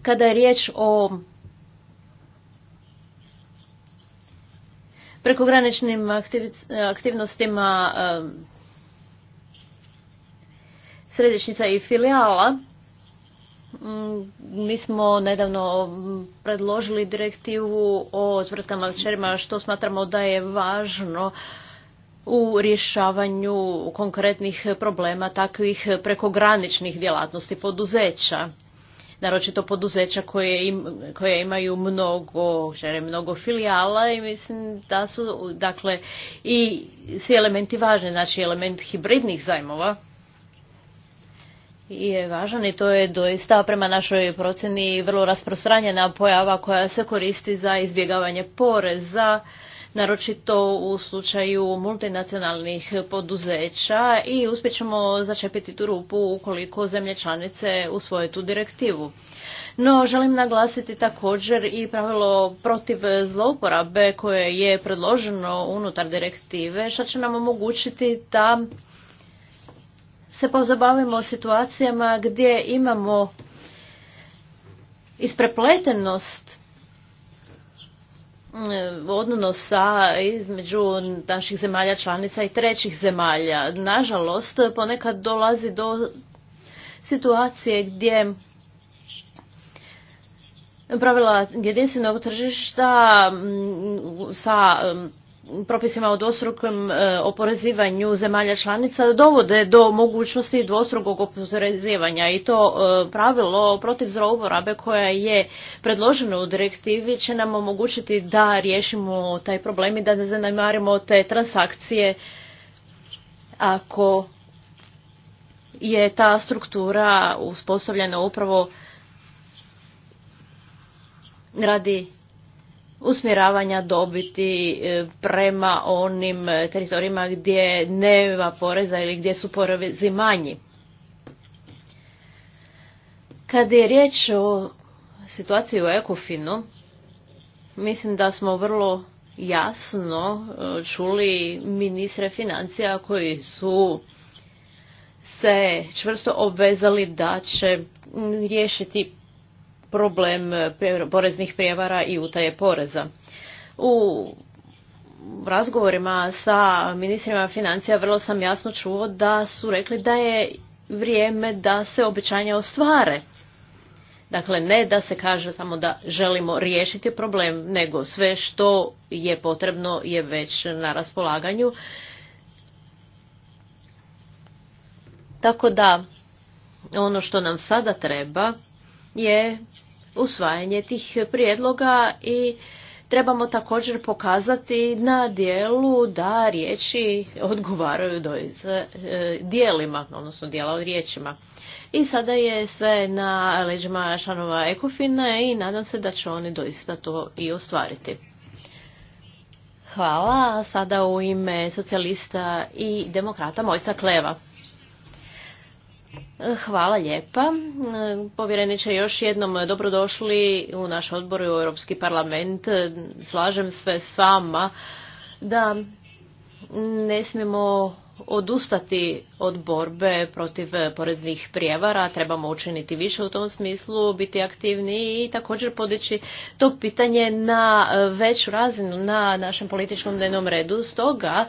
Kada je riječ o prekograničnim aktivnostima središnjica i filijala. Mm, mi smo nedavno predložili direktivu o tvrtkama čerima što smatramo da je važno u rješavanju konkretnih problema takvih prekograničnih djelatnosti poduzeća naročito poduzeća koje, im, koje imaju mnogo, mnogo filijala i mislim da su dakle i svi elementi važni, znači element hibridnih zajmova je važan i to je doista prema našoj procjeni vrlo rasprostranjena pojava koja se koristi za izbjegavanje poreza naročito u slučaju multinacionalnih poduzeća i uspjet ćemo začepiti tu rupu ukoliko zemlje članice usvoje tu direktivu. No, želim naglasiti također i pravilo protiv zlouporabe koje je predloženo unutar direktive, što će nam omogućiti da se pozabavimo situacijama gdje imamo isprepletenost E, odnosa između naših zemalja članica i trećih zemalja. Nažalost, ponekad dolazi do situacije gdje pravila jedinstvenog tržišta sa propisima o dvostrukom e, oporezivanju zemalja članica dovode do mogućnosti dvostrukog oporezivanja i to e, pravilo protiv zlouporabe koja je predložena u direktivi će nam omogućiti da riješimo taj problem i da ne zanemarimo te transakcije ako je ta struktura uspostavljena upravo radi usmjeravanja dobiti e, prema onim teritorijima gdje nema poreza ili gdje su porezi manji. Kad je riječ o situaciji u Ekofinu, mislim da smo vrlo jasno e, čuli ministre financija koji su se čvrsto obvezali da će riješiti problem eh, poreznih prijevara i utaje poreza. U razgovorima sa ministrima financija vrlo sam jasno čuo da su rekli da je vrijeme da se obećanja ostvare. Dakle, ne da se kaže samo da želimo riješiti problem, nego sve što je potrebno je već na raspolaganju. Tako da, ono što nam sada treba je usvajanje tih prijedloga i trebamo također pokazati na dijelu da riječi odgovaraju doista e, dijelima, odnosno dijela od riječima. I sada je sve na leđima članova Ekofina i nadam se da će oni doista to i ostvariti. Hvala. Sada u ime socijalista i demokrata Mojca Kleva. Hvala lijepa. Povjereniče, još jednom dobrodošli u naš odbor i u Europski parlament. Slažem sve s vama da ne smijemo odustati od borbe protiv poreznih prijevara, trebamo učiniti više u tom smislu, biti aktivni i također podići to pitanje na veću razinu na našem političkom dnevnom redu. Stoga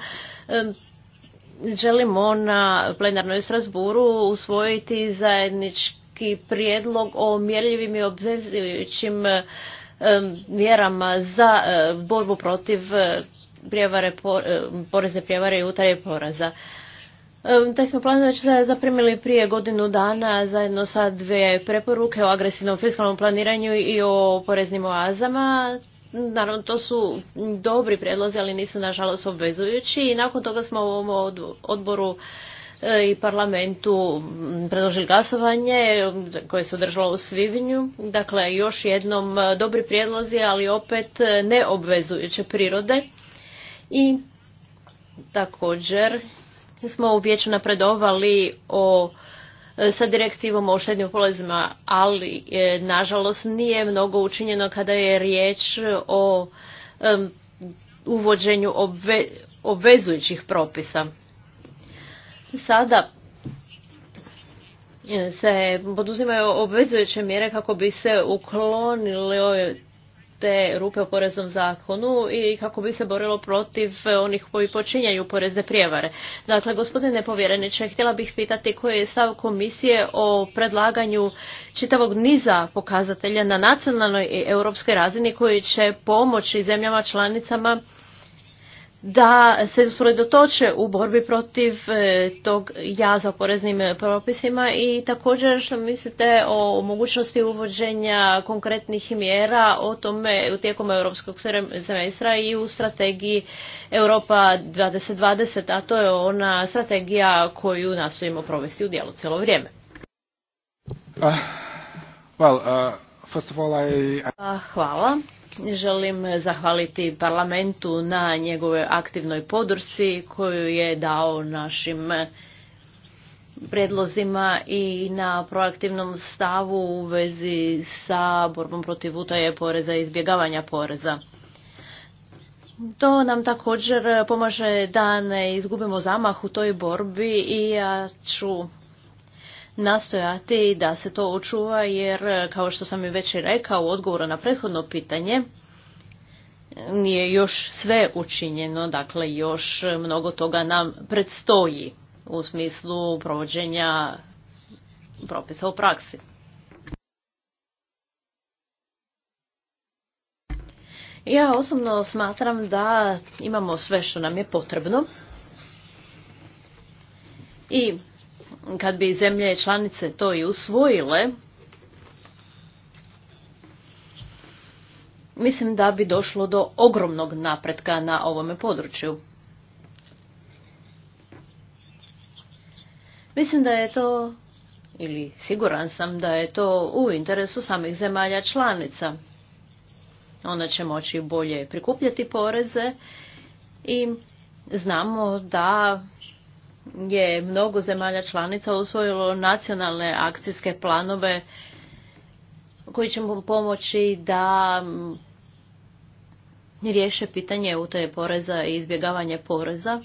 želimo na plenarnoj srazburu usvojiti zajednički prijedlog o mjerljivim i obvezujućim mjerama za e, borbu protiv e, e, porezne prijevare i utaje poraza. Taj smo plan zaprimili prije godinu dana zajedno sa dvije preporuke o agresivnom fiskalnom planiranju i o poreznim oazama, Naravno, to su dobri predlozi, ali nisu nažalost obvezujući i nakon toga smo u ovom odboru e, i parlamentu predložili glasovanje koje se održalo u Svibnju. Dakle, još jednom e, dobri prijedlozi, ali opet e, neobvezujuće prirode. I također smo u vijeću napredovali o E, sa direktivom o štednju polezima, ali e, nažalost nije mnogo učinjeno kada je riječ o uvođenju obvezujućih propisa. Sada e, se poduzimaju obvezujuće mjere kako bi se uklonili te rupe u poreznom zakonu i kako bi se borilo protiv onih koji počinjaju porezne prijevare. Dakle, gospodine povjereniče, htjela bih pitati koji je stav komisije o predlaganju čitavog niza pokazatelja na nacionalnoj i europskoj razini koji će pomoći zemljama članicama da se sredotoče u borbi protiv e, tog jaza poreznim propisima i također što mislite o mogućnosti uvođenja konkretnih mjera o tome u tijekom europskog semestra i u strategiji Europa 2020, a to je ona strategija koju nastojimo provesti u djelu cijelo vrijeme. Ah, uh, ah, hvala. Želim zahvaliti parlamentu na njegove aktivnoj podrsi koju je dao našim predlozima i na proaktivnom stavu u vezi sa borbom protiv utaje poreza i izbjegavanja poreza. To nam također pomaže da ne izgubimo zamah u toj borbi i ja ću nastojati da se to očuva jer, e, kao što sam i već rekao u odgovoru na prethodno pitanje, nije još sve učinjeno, dakle još mnogo toga nam predstoji u smislu provođenja propisa u praksi. Ja osobno smatram da imamo sve što nam je potrebno i kad bi zemlje članice to i usvojile, mislim da bi došlo do ogromnog napretka na ovome području. Mislim da je to, ili siguran sam da je to u interesu samih zemalja članica. Ona će moći bolje prikupljati poreze i znamo da je mnogo zemalja članica usvojilo nacionalne akcijske planove koji će mu pomoći da riješe pitanje utaje poreza i izbjegavanje poreza.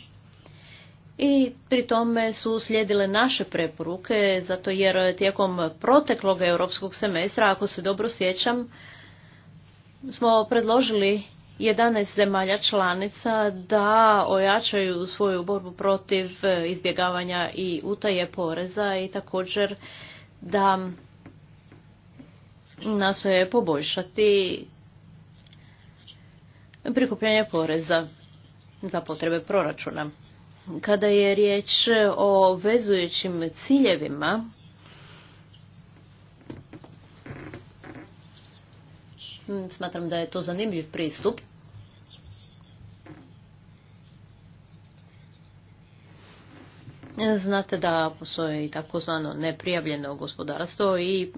I pri tome su slijedile naše preporuke, zato jer tijekom proteklog europskog semestra, ako se dobro sjećam, smo predložili 11 zemalja članica da ojačaju svoju borbu protiv e, izbjegavanja i utaje poreza i također da nastoje poboljšati prikupljanje poreza za potrebe proračuna. Kada je riječ o vezujućim ciljevima, Mm, smatram da je to zanimljiv pristup. Znate da postoje i takozvano neprijavljeno gospodarstvo i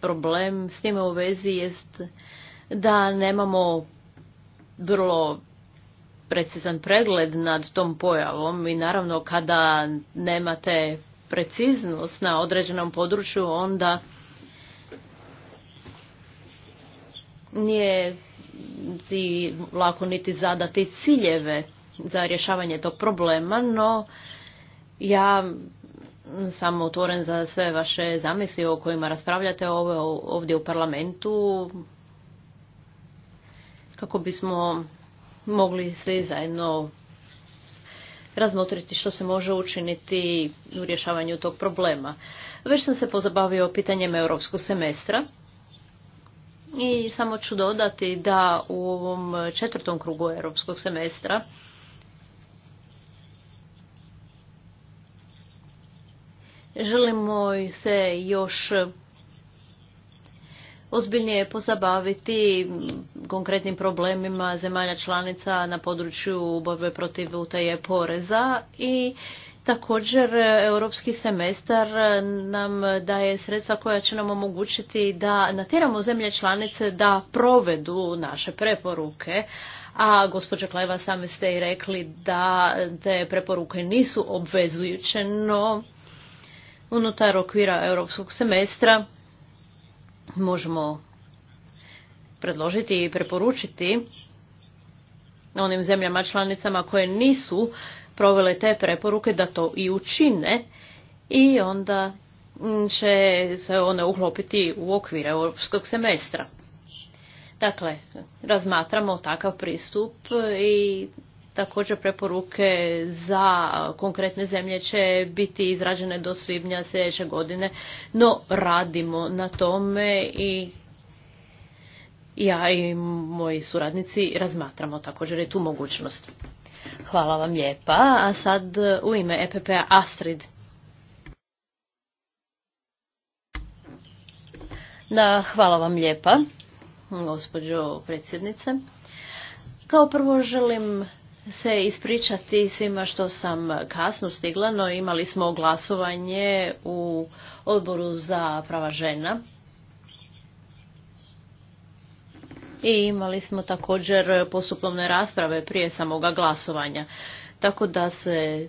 problem s njima u vezi jest da nemamo vrlo precizan pregled nad tom pojavom i naravno kada nemate preciznost na određenom području onda nije si lako niti zadati ciljeve za rješavanje tog problema, no ja sam otvoren za sve vaše zamisli o kojima raspravljate ovdje u parlamentu kako bismo mogli svi zajedno razmotriti što se može učiniti u rješavanju tog problema. Već sam se pozabavio pitanjem europskog semestra i samo ću dodati da u ovom četvrtom krugu europskog semestra želimo se još ozbiljnije pozabaviti konkretnim problemima zemalja članica na području borbe protiv utaje poreza i Također, e, europski semestar e, nam daje sredstva koja će nam omogućiti da natjeramo zemlje članice da provedu naše preporuke, a gospođa Kleva sami ste i rekli da te preporuke nisu obvezujuće, no unutar okvira europskog semestra možemo predložiti i preporučiti onim zemljama članicama koje nisu provele te preporuke da to i učine i onda mm, će se one uhlopiti u okvire europskog semestra. Dakle, razmatramo takav pristup i također preporuke za konkretne zemlje će biti izrađene do svibnja sljedeće godine, no radimo na tome i ja i moji suradnici razmatramo također i tu mogućnost. Hvala vam lijepa. A sad e, u ime EPP-a Astrid. Da, hvala vam lijepa, gospođo predsjednice. Kao prvo želim se ispričati svima što sam kasno stigla, no imali smo glasovanje u odboru za prava žena i imali smo također postupovne rasprave prije samoga glasovanja. Tako da se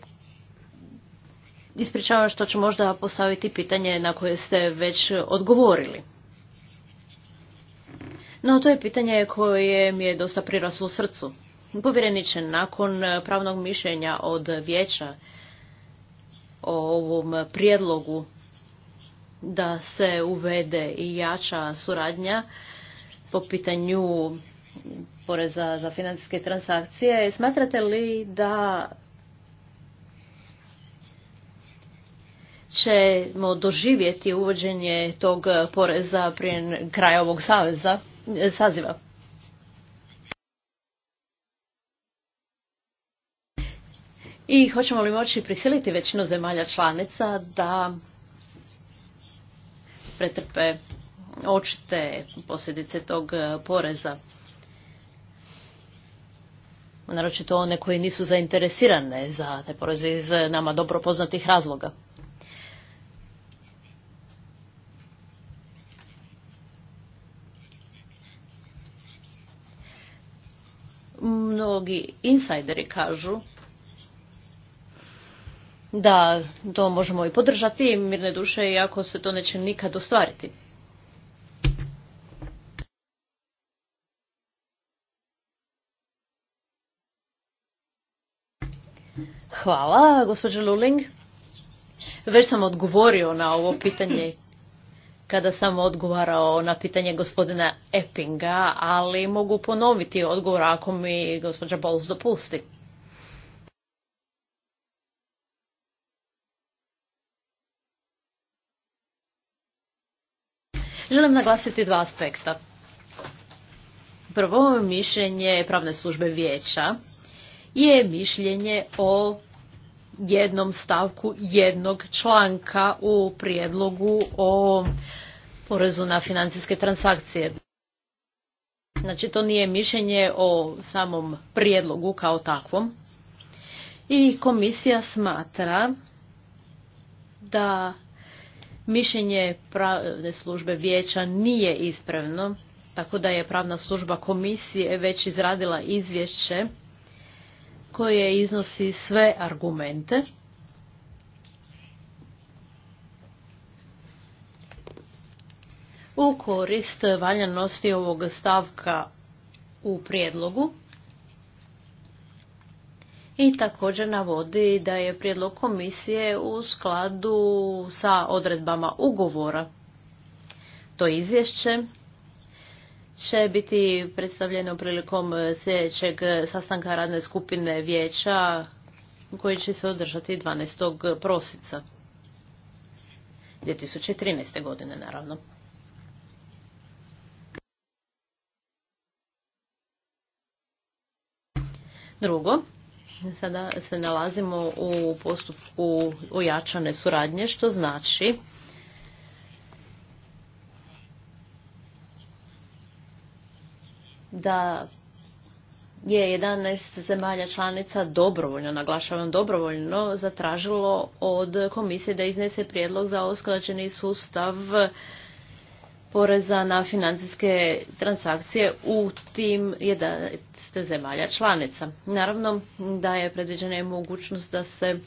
ispričavam što ću možda postaviti pitanje na koje ste već odgovorili. No, to je pitanje koje mi je dosta priraslo u srcu. Povjereniče, nakon pravnog mišljenja od vijeća o ovom prijedlogu da se uvede i jača suradnja po pitanju poreza za financijske transakcije. Smatrate li da ćemo doživjeti uvođenje tog poreza prije kraja ovog saveza, saziva? I hoćemo li moći prisiliti većinu zemalja članica da pretrpe očite posljedice tog e, poreza. Naročito one koji nisu zainteresirane za te poreze iz e, nama dobro poznatih razloga. Mnogi insajderi kažu da to možemo i podržati mirne duše iako se to neće nikad ostvariti. Hvala, gospođo Luling. Već sam odgovorio na ovo pitanje kada sam odgovarao na pitanje gospodina Eppinga, ali mogu ponoviti odgovor ako mi gospođa Bols dopusti. Želim naglasiti dva aspekta. Prvo mišljenje pravne službe vijeća je mišljenje o jednom stavku jednog članka u prijedlogu o porezu na financijske transakcije. Znači to nije mišljenje o samom prijedlogu kao takvom. I komisija smatra da mišljenje pravne službe vijeća nije ispravno, tako da je pravna služba komisije već izradila izvješće koje iznosi sve argumente u korist valjanosti ovog stavka u prijedlogu i također navodi da je prijedlog komisije u skladu sa odredbama ugovora. To izvješće će biti predstavljeno prilikom sljedećeg sastanka radne skupine vijeća koji će se održati 12. prosinca 2013. godine naravno. Drugo, sada se nalazimo u postupku ojačane suradnje, što znači da je 11 zemalja članica dobrovoljno, naglašavam dobrovoljno, zatražilo od komisije da iznese prijedlog za usklađeni sustav poreza na financijske transakcije u tim 11 zemalja članica. Naravno da je predviđena i mogućnost da se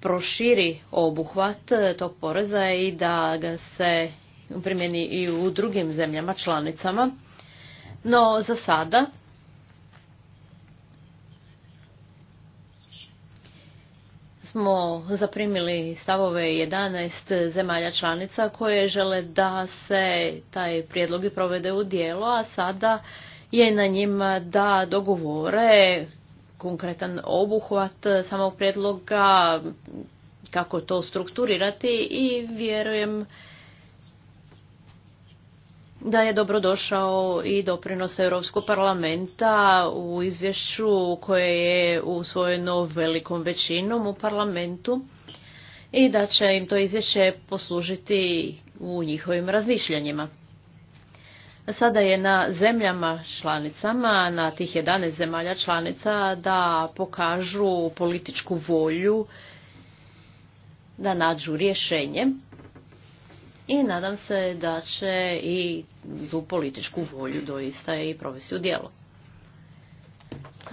proširi obuhvat tog poreza i da ga se primjeni i u drugim zemljama članicama. No, za sada smo zaprimili stavove 11 zemalja članica koje žele da se taj prijedlog i provede u dijelo, a sada je na njima da dogovore konkretan obuhvat samog prijedloga, kako to strukturirati i vjerujem da je dobrodošao i doprinos Europskog parlamenta u izvješću koje je usvojeno velikom većinom u parlamentu i da će im to izvješće poslužiti u njihovim razmišljanjima. Sada je na zemljama članicama, na tih 11 zemalja članica, da pokažu političku volju da nađu rješenje i nadam se da će i tu političku volju doista i provesti u djelo.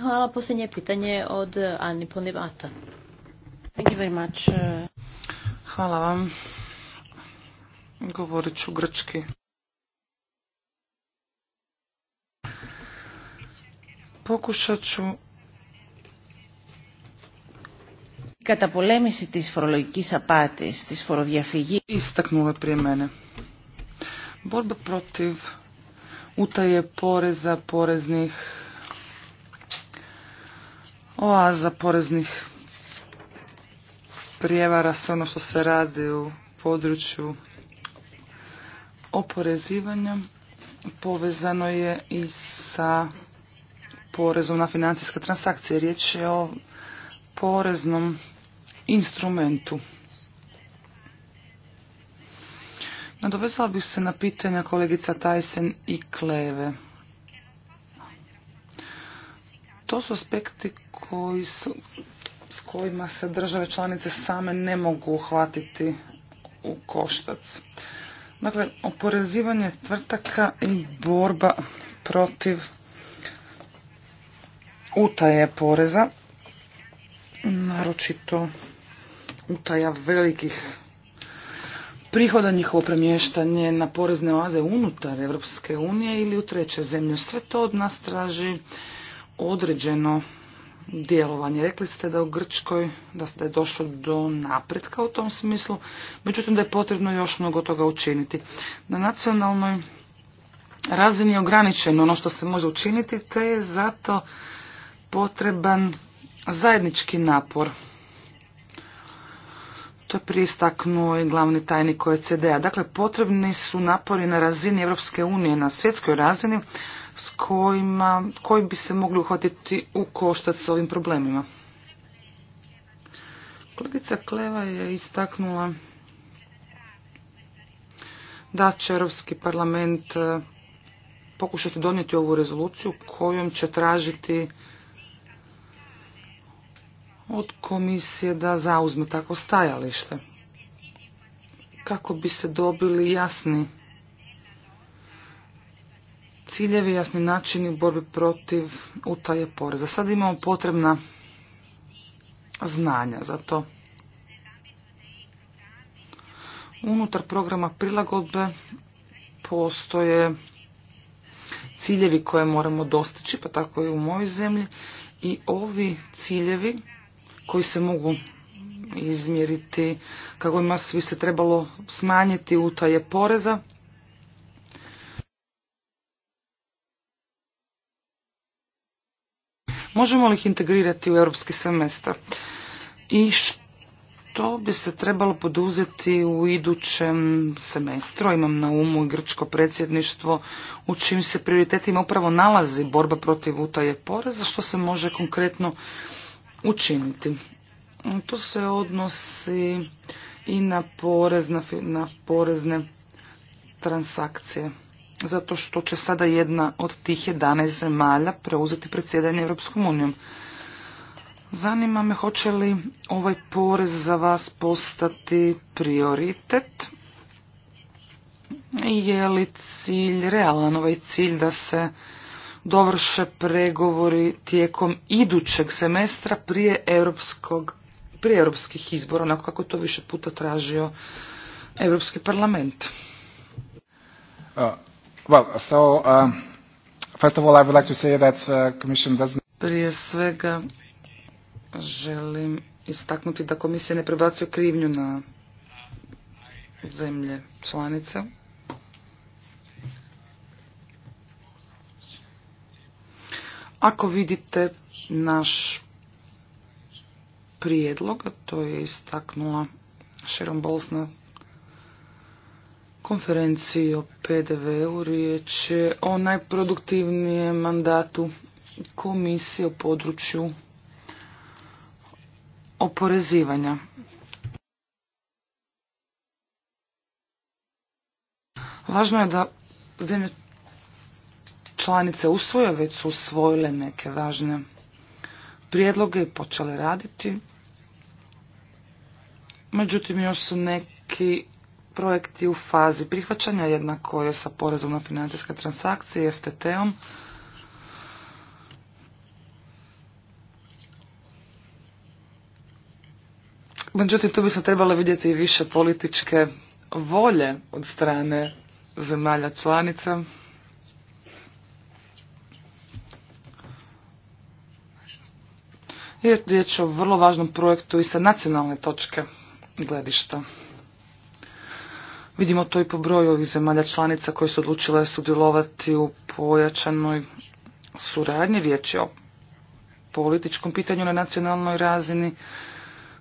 Hvala, posljednje pitanje od Ani Ponivata. Thank you very much. Uh, Hvala vam. Govorit ću grčki. Pokušat ću καταπολέμηση της tis απάτης, apatis tis je prije mene. Borba protiv utaje poreza, poreznih oaza, poreznih prijevara, sve ono što se radi u području oporezivanja povezano je i sa porezom na financijske transakcije. Riječ je o poreznom instrumentu. Nadovezala bih se na pitanja kolegica Tajsen i Kleve. To su aspekti koji su, s kojima se države članice same ne mogu uhvatiti u koštac. Dakle, oporezivanje tvrtaka i borba protiv utaje poreza, naročito utaja velikih prihoda, njihovo premještanje na porezne oaze unutar Europske unije ili u treće zemlje. Sve to od nas traži određeno djelovanje. Rekli ste da u Grčkoj da ste došlo do napretka u tom smislu, međutim da je potrebno još mnogo toga učiniti. Na nacionalnoj razini je ograničeno ono što se može učiniti, te je zato potreban zajednički napor. To je pristaknuo i glavni tajnik OECD-a. Dakle, potrebni su napori na razini Europske unije, na svjetskoj razini, s kojima, koji bi se mogli uhvatiti u koštac s ovim problemima. Kolegica Kleva je istaknula da će Europski parlament eh, pokušati donijeti ovu rezoluciju kojom će tražiti od komisije da zauzme tako stajalište kako bi se dobili jasni ciljevi, jasni načini u borbi protiv utaje poreza. Sad imamo potrebna znanja za to. Unutar programa prilagodbe postoje ciljevi koje moramo dostići, pa tako i u mojoj zemlji. I ovi ciljevi koji se mogu izmjeriti kako ima svi se trebalo smanjiti utaje poreza. Možemo li ih integrirati u europski semestar? I što bi se trebalo poduzeti u idućem semestru? Imam na umu i grčko predsjedništvo u čim se prioritetima upravo nalazi borba protiv utaje poreza. Što se može konkretno učiniti. To se odnosi i na, porez, na, na porezne transakcije, zato što će sada jedna od tih 11 zemalja preuzeti predsjedanje Europskom unijom. Zanima me hoće li ovaj porez za vas postati prioritet i je li cilj realan ovaj cilj da se dovrše pregovori tijekom idućeg semestra prije europskog prije europskih izbora, onako kako to više puta tražio Europski parlament. Uh, well, so, uh, first of all, I would like to say that uh, Commission doesn't... Prije svega želim istaknuti da komisija ne prebacuje krivnju na zemlje članice. Ako vidite naš prijedlog, to je istaknula Sharon Bowles na konferenciji o PDV-u, riječ je o najproduktivnijem mandatu komisije u području oporezivanja. Važno je da zemlje članice usvoje, već su usvojile neke važne prijedloge i počele raditi. Međutim, još su neki projekti u fazi prihvaćanja, jednako je sa porezom na financijske transakcije, FTT-om. Međutim, tu bi se trebali vidjeti i više političke volje od strane zemalja članica. jer je o vrlo važnom projektu i sa nacionalne točke gledišta. Vidimo to i po broju ovih zemalja članica koje su odlučile sudjelovati u pojačanoj suradnji. Riječ je o političkom pitanju na nacionalnoj razini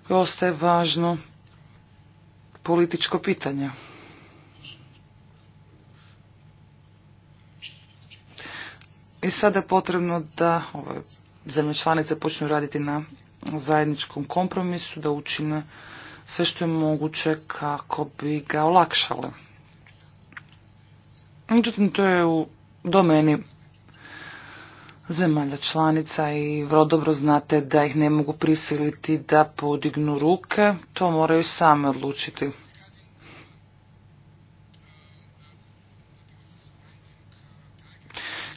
koje ostaje važno političko pitanje. I sada je potrebno da ovaj zemlje članice počnu raditi na zajedničkom kompromisu, da učine sve što je moguće kako bi ga olakšale. Međutim, to je u domeni zemalja članica i vrlo dobro znate da ih ne mogu prisiliti da podignu ruke, to moraju same odlučiti.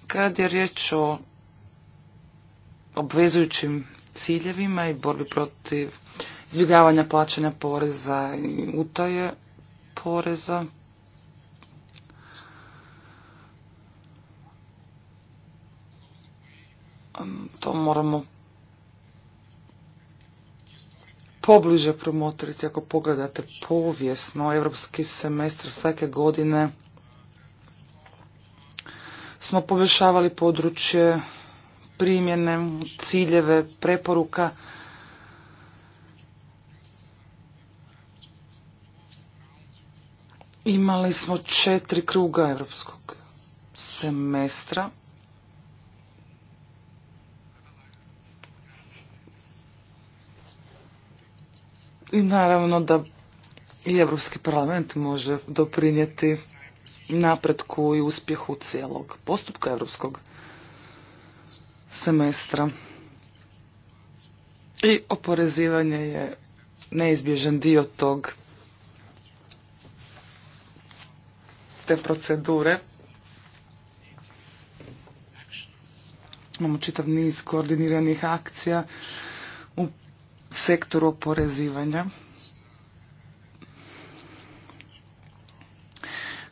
Kad je riječ o obvezujućim ciljevima i borbi protiv izbjegavanja plaćanja poreza i utaje poreza. To moramo pobliže promotriti ako pogledate povijesno evropski semestr svake godine smo poboljšavali područje primjene, ciljeve, preporuka. Imali smo četiri kruga europskog semestra. I naravno da i Europski parlament može doprinijeti napretku i uspjehu cijelog postupka europskog semestra. I oporezivanje je neizbježan dio tog te procedure. Imamo čitav niz koordiniranih akcija u sektoru oporezivanja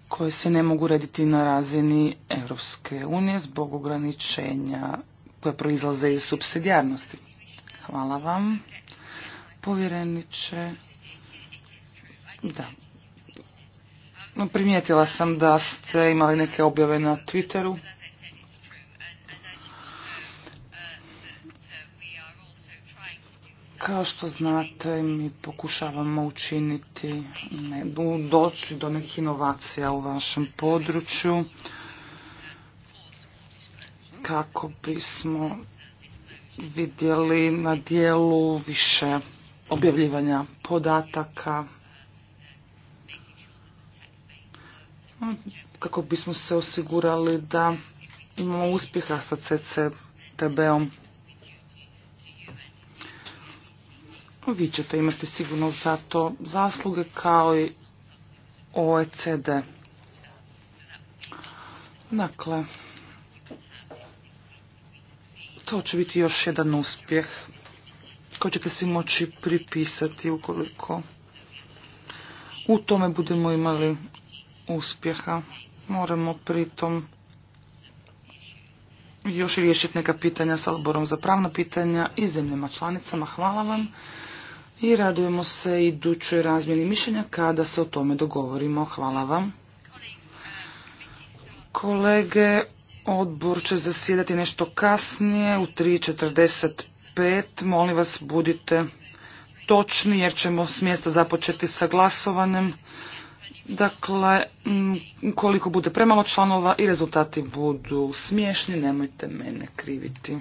koje se ne mogu raditi na razini Europske unije zbog ograničenja koje proizlaze iz subsidijarnosti. Hvala vam, povjereniče. Da. Primijetila sam da ste imali neke objave na Twitteru. Kao što znate, mi pokušavamo učiniti, doći do nekih inovacija u vašem području kako bismo vidjeli na dijelu više objavljivanja podataka, kako bismo se osigurali da imamo uspjeha sa CCTB-om. Vi ćete imati sigurno za to zasluge kao i OECD. Dakle, to će biti još jedan uspjeh koji ćete si moći pripisati ukoliko u tome budemo imali uspjeha. Moramo pritom još riješiti neka pitanja sa odborom za pravna pitanja i zemljama članicama. Hvala vam i radujemo se idućoj razmjeni mišljenja kada se o tome dogovorimo. Hvala vam. Kolege, Odbor će zasjedati nešto kasnije u 3.45. Molim vas budite točni jer ćemo s mjesta započeti sa glasovanjem. Dakle, koliko bude premalo članova i rezultati budu smiješni, nemojte mene kriviti.